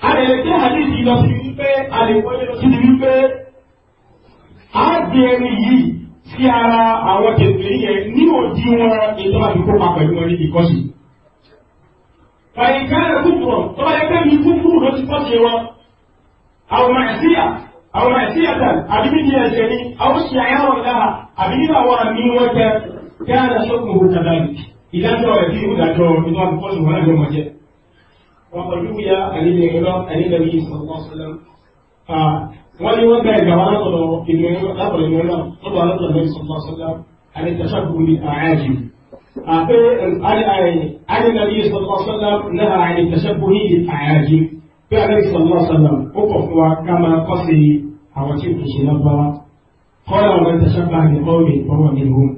هذا يكون حديث إلى سيدنا على وجه سيدنا أدري sí ara àwọn tẹ̀lé yẹn ní òdiwọ̀n ìjọba àdúgbò papọ̀ ìwọ̀n fàyíkára kúkúrọ̀ tó bá yẹ pé mi kúkúrú ló ti pọ́sí wọn àwọn màṣíyà àwọn màṣíyà tàn àbí níbi ẹ̀ṣẹ̀ ni àwọn ṣì àyàwó dáhà àbí nínú àwọn àmì wọn jẹ gáàdà sókùn òkúta dáàbì ìdájọ́ rẹ̀ bí ìdájọ́ nínú àbí pọ́sí wọn lájọ́ wọn jẹ. wọn pẹ̀lú ya àlejò ìrọ àlejò yìí sọ̀rọ̀ sọ́lá wọ́n ní wọ́n gba ìgbà wọn látọ̀dọ̀ ìgbìmọ̀ látọ̀dọ̀ ìgbìmọ̀ náà lọ́dọ̀ أبي عن النبي صلى الله عليه وسلم نهى عن التشبه بالأعاجم فعليه صلى الله عليه وسلم وقف كما قصي أو تلك شنبا قال ومن تشبه بقوم فهو منهم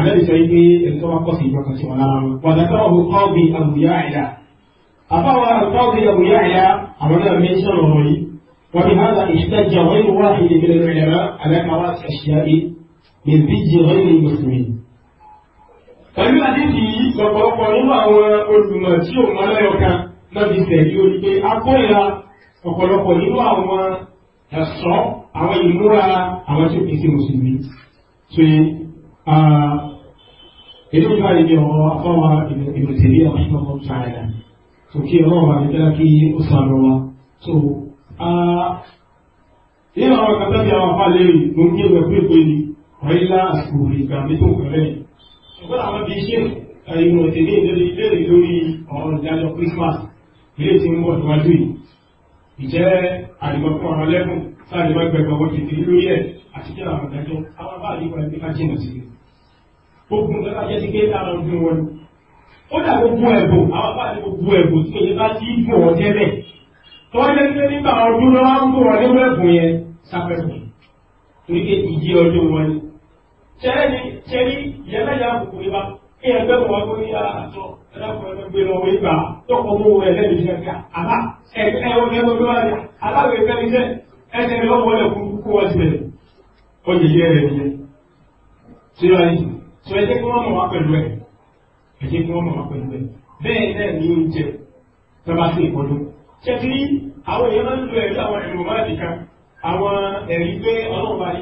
الذي سيدي التوى قصي فقصي ونرم وذكره قاضي أبو يعلى أفوى القاضي أبو يعلى أولا من شرعه وبهذا احتج غير واحد من العلماء على كراس أشياء من ذج غير المسلمين pẹ̀lú àdéhùn yìí ọ̀pọ̀lọpọ̀ nínú àwọn olùmọ̀ tí ò mọ lẹ́yọ̀kan náà ti tẹ̀lé orí pé akóyà ọ̀pọ̀lọpọ̀ nínú àwọn ẹ̀sọ́ àwọn ìmúra àwọn tí ó fi sí mùsùlùmí tó yẹ èdè ìjọ àyèké ọ̀rọ̀ afọ́wà ìmùtẹ̀lé ọ̀ṣọ́kọ̀ ṣáàlà tó kí ọlọ́run bá nígbà kí ó sàrọ̀ wa tó nínú àwọn kan tẹ́lẹ̀ àwọn afáàlẹ́ rẹ̀ ló ń gbé ẹgbẹ́ pé pé ní ọ̀rẹ́lá àsìkò ìgbà mẹ́tò pẹ̀lẹ́ kódà àwọn bíi ṣe ìmọ̀ òtẹ̀lé ìlérè lórí ọ̀rọ̀ ìdájọ́ Christmas ilé tí ń bọ̀ níwájú yìí ìjẹ́ àdìmọ̀kún ọ̀rọ̀ lẹ́kùn sáàdìmọ̀ gbẹ̀gbẹ̀ wọ́n ti fi lórí ẹ̀ àti kí àwọn ìdájọ́ àwọn bá àdìmọ̀ ẹgbẹ́ ká jìnà sí i ogun kẹta jẹ́ sí pé lára ọdún wọn ó dà gbogbo ẹ̀bù àwọn bá àdìmọ̀ gbogbo ẹ̀bù tí èyí bá ti bù ọ́ tẹ́lẹ̀ tó wọ́n jẹ́ nígbà ọdún lọ́wọ́ ń bù ọ́ nínú ẹ̀bù yẹn sáfẹ́sùn torí pé ìjì ọdún wọn ni tẹ́lẹ̀ ni tẹ́lẹ̀ ìyẹn náà yára kòkòrò ibà kí ẹgbẹ́ wọn tó ní àtọ ẹlẹ́kùnrin gbé lọ wọ́n ibà tọkọ mú rẹ̀ lẹ́nu iṣẹ́ ká àbá ẹgbẹ́ ẹwọn ẹgbẹ́ tó wáyà aláwọ̀ ẹgbẹ́ iṣẹ́ ẹsẹ̀ rẹ̀ wọ́n wọlé kú kó wá sílẹ̀ ó yẹ yẹ rẹ̀ yẹ tí ó yẹ sọ ẹ jẹ́ kí wọ́n mọ̀ wá pẹ̀lú ẹ̀ ẹ jẹ́ kí wọ́n mọ̀ wá pẹ̀lú ẹ̀ bẹ́ẹ̀ náà ni oúnjẹ tó bá sí ìkọlù ṣẹ́tí àwọn èèyàn máa ń lo ẹ̀rí àwọn ẹ̀rọ máa dìkan àwọn ẹ̀rí pé ọlọ́run bá ní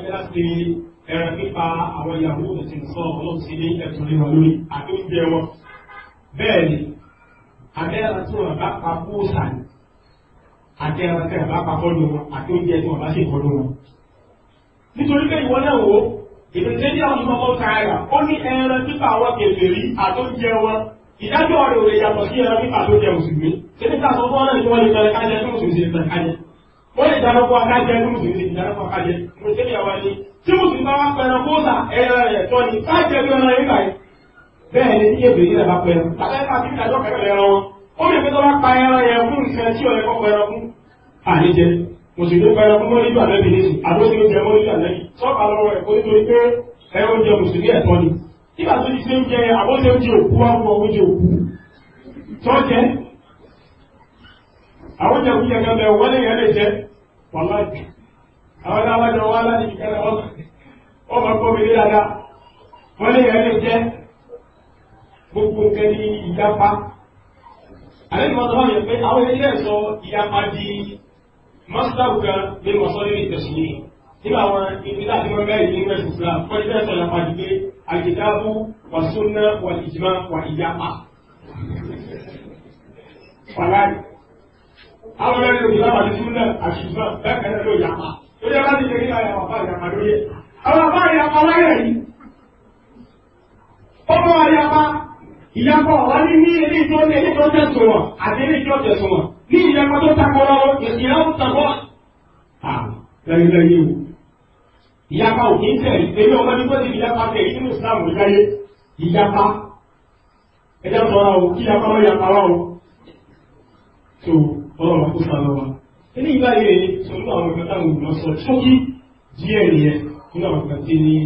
ẹran pípa àwọn ìyàwó ti ń sọ ọlọ́run sí ní ẹ̀tún lé wọn lórí àti oúnjẹ wọn bẹ́ẹ̀ ni abẹ́rẹ́ tí wọn bá pa kú sàn àti ẹran tí wọn bá pa kọ́ lóun àti oúnjẹ tí wọn bá sì kọ́ lóun. nítorí pé ìwọ náà wò ìdílé ní àwọn ọmọ káyà ó ní ẹran pípa àwọn kèfèrí àti oúnjẹ wọn ìdájọ́ rẹ̀ ò lè yàtọ̀ sí ẹran pípa tó jẹ mùsùlùmí títí táwọn ọmọ náà ni wọ́n lè tẹ̀lé kájẹ tó mùsùlùmí tẹ̀lé kájẹ wọ́n lè dáná fún akájẹ tó mùsùlùmí tẹ̀lé kájẹ mùsùlùmí àwọn ẹni tí mùsùlùmí bá wá pẹ̀rọ kóòsà ẹ̀rọ rẹ̀ tọ́ ni ká jẹ́ bí ọmọ ẹ̀ríkà yìí bẹ́ẹ̀ ni tí èbèrè rẹ̀ bá pẹ̀rọ àtẹ́fà tí ìdájọ́ kẹ̀kẹ́ ẹran wọn ó lè fi tó bá pa ẹran yẹn fún nǹkan tí ọ̀rẹ́ kọ́ pẹ̀rọ fún àníjẹ mùsùlùmí pẹ̀rọ fún mọ́lí ìjọ àlẹ́bì ní sùn àbó tí ó jẹ mọ́lí ìjọ àlẹ́bì sọ́ọ̀bà lọ́wọ́ ẹ̀kọ́ nítorí pé ẹran oúnjẹ mùsùlùmí ẹ̀tọ́ ni nígbà tó ti ṣe ń jẹ àbó tí ó jẹ òkú wá fún ọmọ oúnjẹ òkú tó jẹ àwọn oúnjẹ òkú yẹn gan bẹ wọlé yẹn àwọn aláwájọ wá láti fi kẹ́lẹ̀ wọ́n wọ́n máa kọ́ mi ní dáadáa wọ́n lè yẹn lè jẹ́ gbogbo nǹkan ní ìyapa àlejò wọn sọ yẹn pé àwọn ilé sọ ìyapa di mọ́sítàbù kan nínú ọ̀sán nínú ìtẹ̀sùn yìí nígbà àwọn ìpínlẹ̀ àti mọ́ mẹ́rin nínú ẹ̀sùn fúnra wọ́n ilé sọ ìyapa di pé àjẹdábù wàsúnà wà ìjìmá wà ìyapa. àwọn ẹlẹ́ni òjò láwọn àti súnà àti bẹ́ẹ̀ kẹ́lẹ́ torí ẹ ní ní ilé tó ní ilé tó tẹ̀sùn wọn àti ilé tó tẹ̀sùn wọn ní ìyàpá tó takọ lọ́wọ́ ìyàwó takọ lẹ́yìnlẹ́yìn o ìyàpá ò kí ń tẹ̀lé èmi ọmọ ní bọ́sì ìyàpá tẹ̀lé nínú Islam ìdáyé ìyàpá ẹjẹ́ sọ̀rọ̀ o kí ìyàpá lọ́ yàpá wa o tó ọlọ́run kó sá lọ́wọ́ ilé ìgbà yìí ni sọ̀rọ̀ àwọn ìgbà táwọn olùmọ̀ sọ ṣókí díẹ̀ nìyẹn nínú àwọn ìgbà tí ní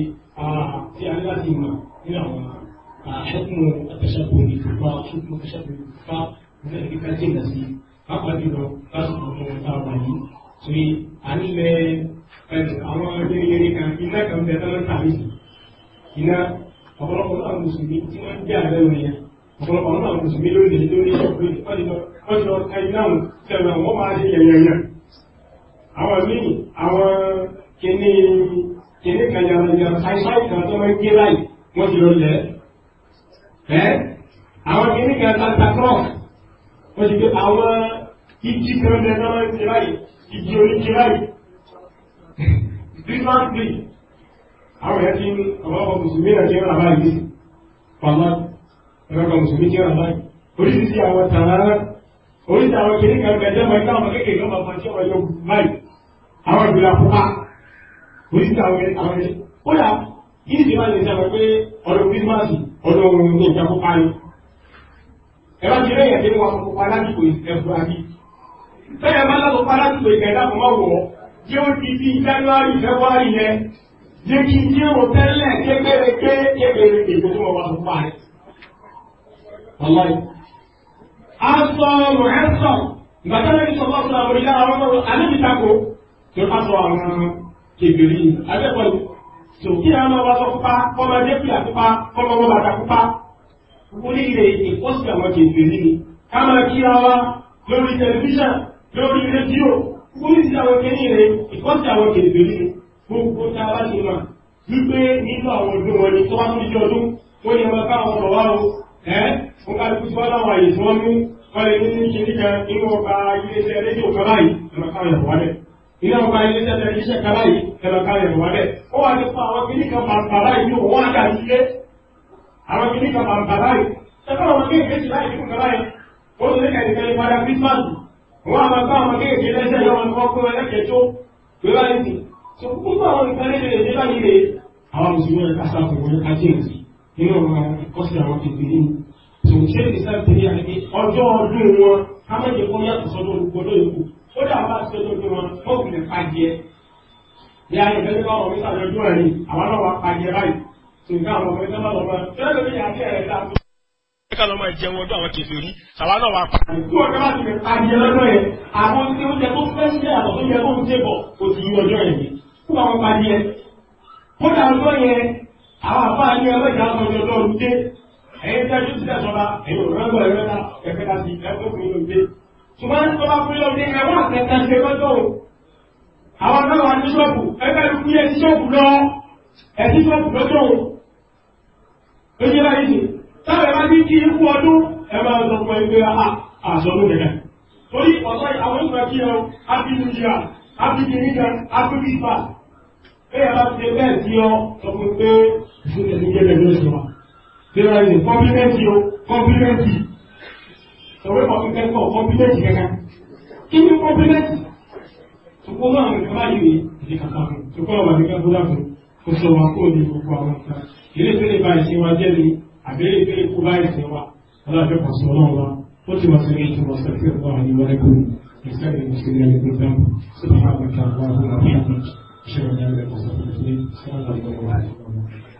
tí a ní láti mọ̀ nínú àwọn àṣẹ́kùn àtẹ̀ṣẹ́kùn ìfúnpá ṣókùn àtẹ̀ṣẹ́kùn ìfúnpá ní ẹ̀ríkà tí ìgbà sí pápá jùlọ lásìkò tó ń ta wà yìí tí a nílẹ̀ àwọn ẹgbẹ̀rẹ̀ kan iná kan bẹ tán tàbí iná ọ̀pọ̀lọpọ̀ àwọn mùsùlùmí tí wọ́n ń jẹ́ àlẹ́ òun yẹn ọ̀pọ̀lọpọ̀ àwọn mùsùlùmí lónìí lórí ọ̀pọ̀lọpọ̀ wọ́n ti lọ tẹ ináhùn tẹ̀lẹ̀ wọ́n máa ṣe yẹ̀yẹ̀yẹ̀ àwọn míì àwọn kìíní kìíní kan yàrá ṣáìṣáì kan tó máa gé láì wọ́n ti lọ lẹ̀ ẹ́ àwọn kìíní kan santa cross wọ́n ti gbé àwọn ìjì kan lẹ̀ náà ń ṣe láì ìjì oníjì láì christmas tree àwọn èèyàn ti ní ọ̀pọ̀lọpọ̀ mùsùlùmí náà ti ń rà báyìí pàmò ọ̀pọ̀lọpọ̀ mùsùlùmí ti ń rà báyìí oríṣiríṣi àwọn tààrà oríṣi àwọn kìnìún kan bẹ̀rẹ̀ lẹ́mọ̀ ẹgbẹ́ àwọn kékeré lọ́mọ ọmọ tí ọmọ yóò báyìí àwọn ìgbìlá pupa oríṣi àwọn kìnìún àwọn ẹ̀ṣẹ̀ kódà yìí ti máa lè sọ pé ọdún kírísímàsì ọdún ohun ní ìjà pupa ni ẹ bá ti rẹ́yìn ẹ̀dínwó àwọn pupa ládùúgbò ẹ̀fọ́ àbí bẹ́ẹ̀ bá lọ́wọ́ pupa ládùúgbò ìkẹ̀dá kò má yé ó ti di January February yẹn yé kí n yé wò tẹ́lẹ̀ kékeré ké kébèrè èdè tó wọ́n wá pupa rẹ̀ aṣọ rọ̀ẹ́sọ̀ ìgbàtà lẹ́yìn sọ̀tọ̀ sọ̀rọ̀ àwọn ìlà àwọn ọmọ alẹ́bí tako tó bá sọ àwọn kèbèrè abẹ́kọ̀ọ́ tó kí àwọn ọmọ wa sọ pupa kọ́mọ dẹ́pìlà pupa kọ́mọ ọmọ bàtà pupa wọlé ilẹ̀ èdè ó sì àwọn kèbèrè ni ká máa kíra wa lórí tẹlifíṣàn lórí rédíò wọlé sí àwọn kẹ́ni rẹ̀ ìkọ́sí àwọn kèbèrè ni gbogbo tá a bá ti mọ̀ wípé nínú àwọn ọdún wọn ni tó bá tún ṣe ọdún ó ní ọmọ káwọn ọmọ wa o wọ́n lè ní kíní kan inú ọba iléeṣẹ́ rédíò kan báyìí ẹ̀rọ kan yẹ̀wò wálẹ̀ inú ọba iléeṣẹ́ tẹlifíṣẹ́ kan báyìí ẹ̀rọ kan yẹ̀wò wálẹ̀ ó wà nípa àwọn kíní kan bàbàrà yìí wọ́n á dà sílé àwọn kíní kan bàbàrà yìí ṣẹ́fẹ́ àwọn kéèké ti láì fún kan báyìí ó sì ní kẹ̀kẹ́ ní padà kírísímàsì wọ́n á máa bá àwọn kéèké lẹ́sẹ̀ yọ wọn kọ́ pé ṣé ìsìlẹ̀ tẹ̀lé àná pé ọjọ́ ọdún wọn ká má jẹ́ kó yàtọ̀ sọ́dún olùgbọ́dọ̀ yòókù ó dà bá ṣe lójú wọn ó fi lè pàjẹ́ ní ayé ìfẹ́lẹ́ bá wọn mí sàlẹ̀ ojú ẹ̀rí àwọn náà wà pàjẹ́ báyìí tó nǹkan àwọn ọmọ ẹgbẹ́ bá lọ́wọ́ tẹ́lẹ̀ lórí àti ẹ̀rẹ́ dá tó. ṣé ká ló máa jẹun ọdún àwọn kẹfì rí àwa náà wà pàjẹ́. tí ọjọ́ bá ti lè pàjẹ́ lọ́dọ̀ yẹn àwọn tí ó jẹ tó fẹ́ sí àtọ̀ tó yẹ tó ń jẹ bọ̀ kò sì yí ọjọ́ yẹn kó àwọn pàjẹ́ kó dà ọjọ́ yẹn àwọn àfáà ní ẹgbẹ́ ìjà ẹ̀yin tẹ́ ju sílẹ̀ sọ́ba ẹ̀yin òrùlọ́gbọ̀ ẹ̀rẹ́ta ẹ̀fẹ́ta sí ẹ̀kọ́ fún yín lóde. ṣùgbọ́n tó bá fún yín lóde ẹ̀wọ́n àtẹ̀tẹ̀ ṣe mọ́tò àwọn náà wà ní ṣọ́ọ̀bù ẹgbẹ́ ló kúyẹ́ sí ṣọ́ọ̀bù lọ ẹ̀sí ṣọ́ọ̀bù lọ́tọ̀ ó yẹ láyé sí táwọn ẹ̀ma ti kí ikú ọdún ẹ máa sọ fún ẹgbẹ́ àṣọdún nìkan torí ọ̀sọ́ àwọn ìgbà kí ọ happy new year happy new year happy christmas ẹ yàrá ti bẹ́ẹ̀ sí ọ sọ fún pé ìṣúná ìṣúná gbéra ẹni kọ́mpílẹ́ǹtì o kọ́mpílẹ́ǹtì sọ̀rọ̀ kọ́mpílẹ́ǹtì ọ̀ kọ́mpílẹ́ǹtì kankan kí ni kọ́mpílẹ́ǹtì tukọ́ náà nǹkan bá yìí ní kankan fún tukọ́ náà wà ní kankan fún kó sọ wa kó ní gbogbo àwọn nǹkan ilé tó lè ba ìsìn wa jẹ́ ni àbẹ́lẹ̀ tó lè kó bá ìsìn wa aláàfẹ́ kan sọ náà wa ó ti wá sí ní ìtumọ̀ sẹ́fẹ́ ọ̀gá àyíwáyégbò ìsẹ́ni mùsùlùmí ẹni tó dáhùn sọ́dọ̀ àwọn akẹ́kọ̀ọ́ àwọn akẹ́kọ̀ọ́ ìṣẹ̀lẹ̀ ẹ̀rẹ́ ọ̀sán fún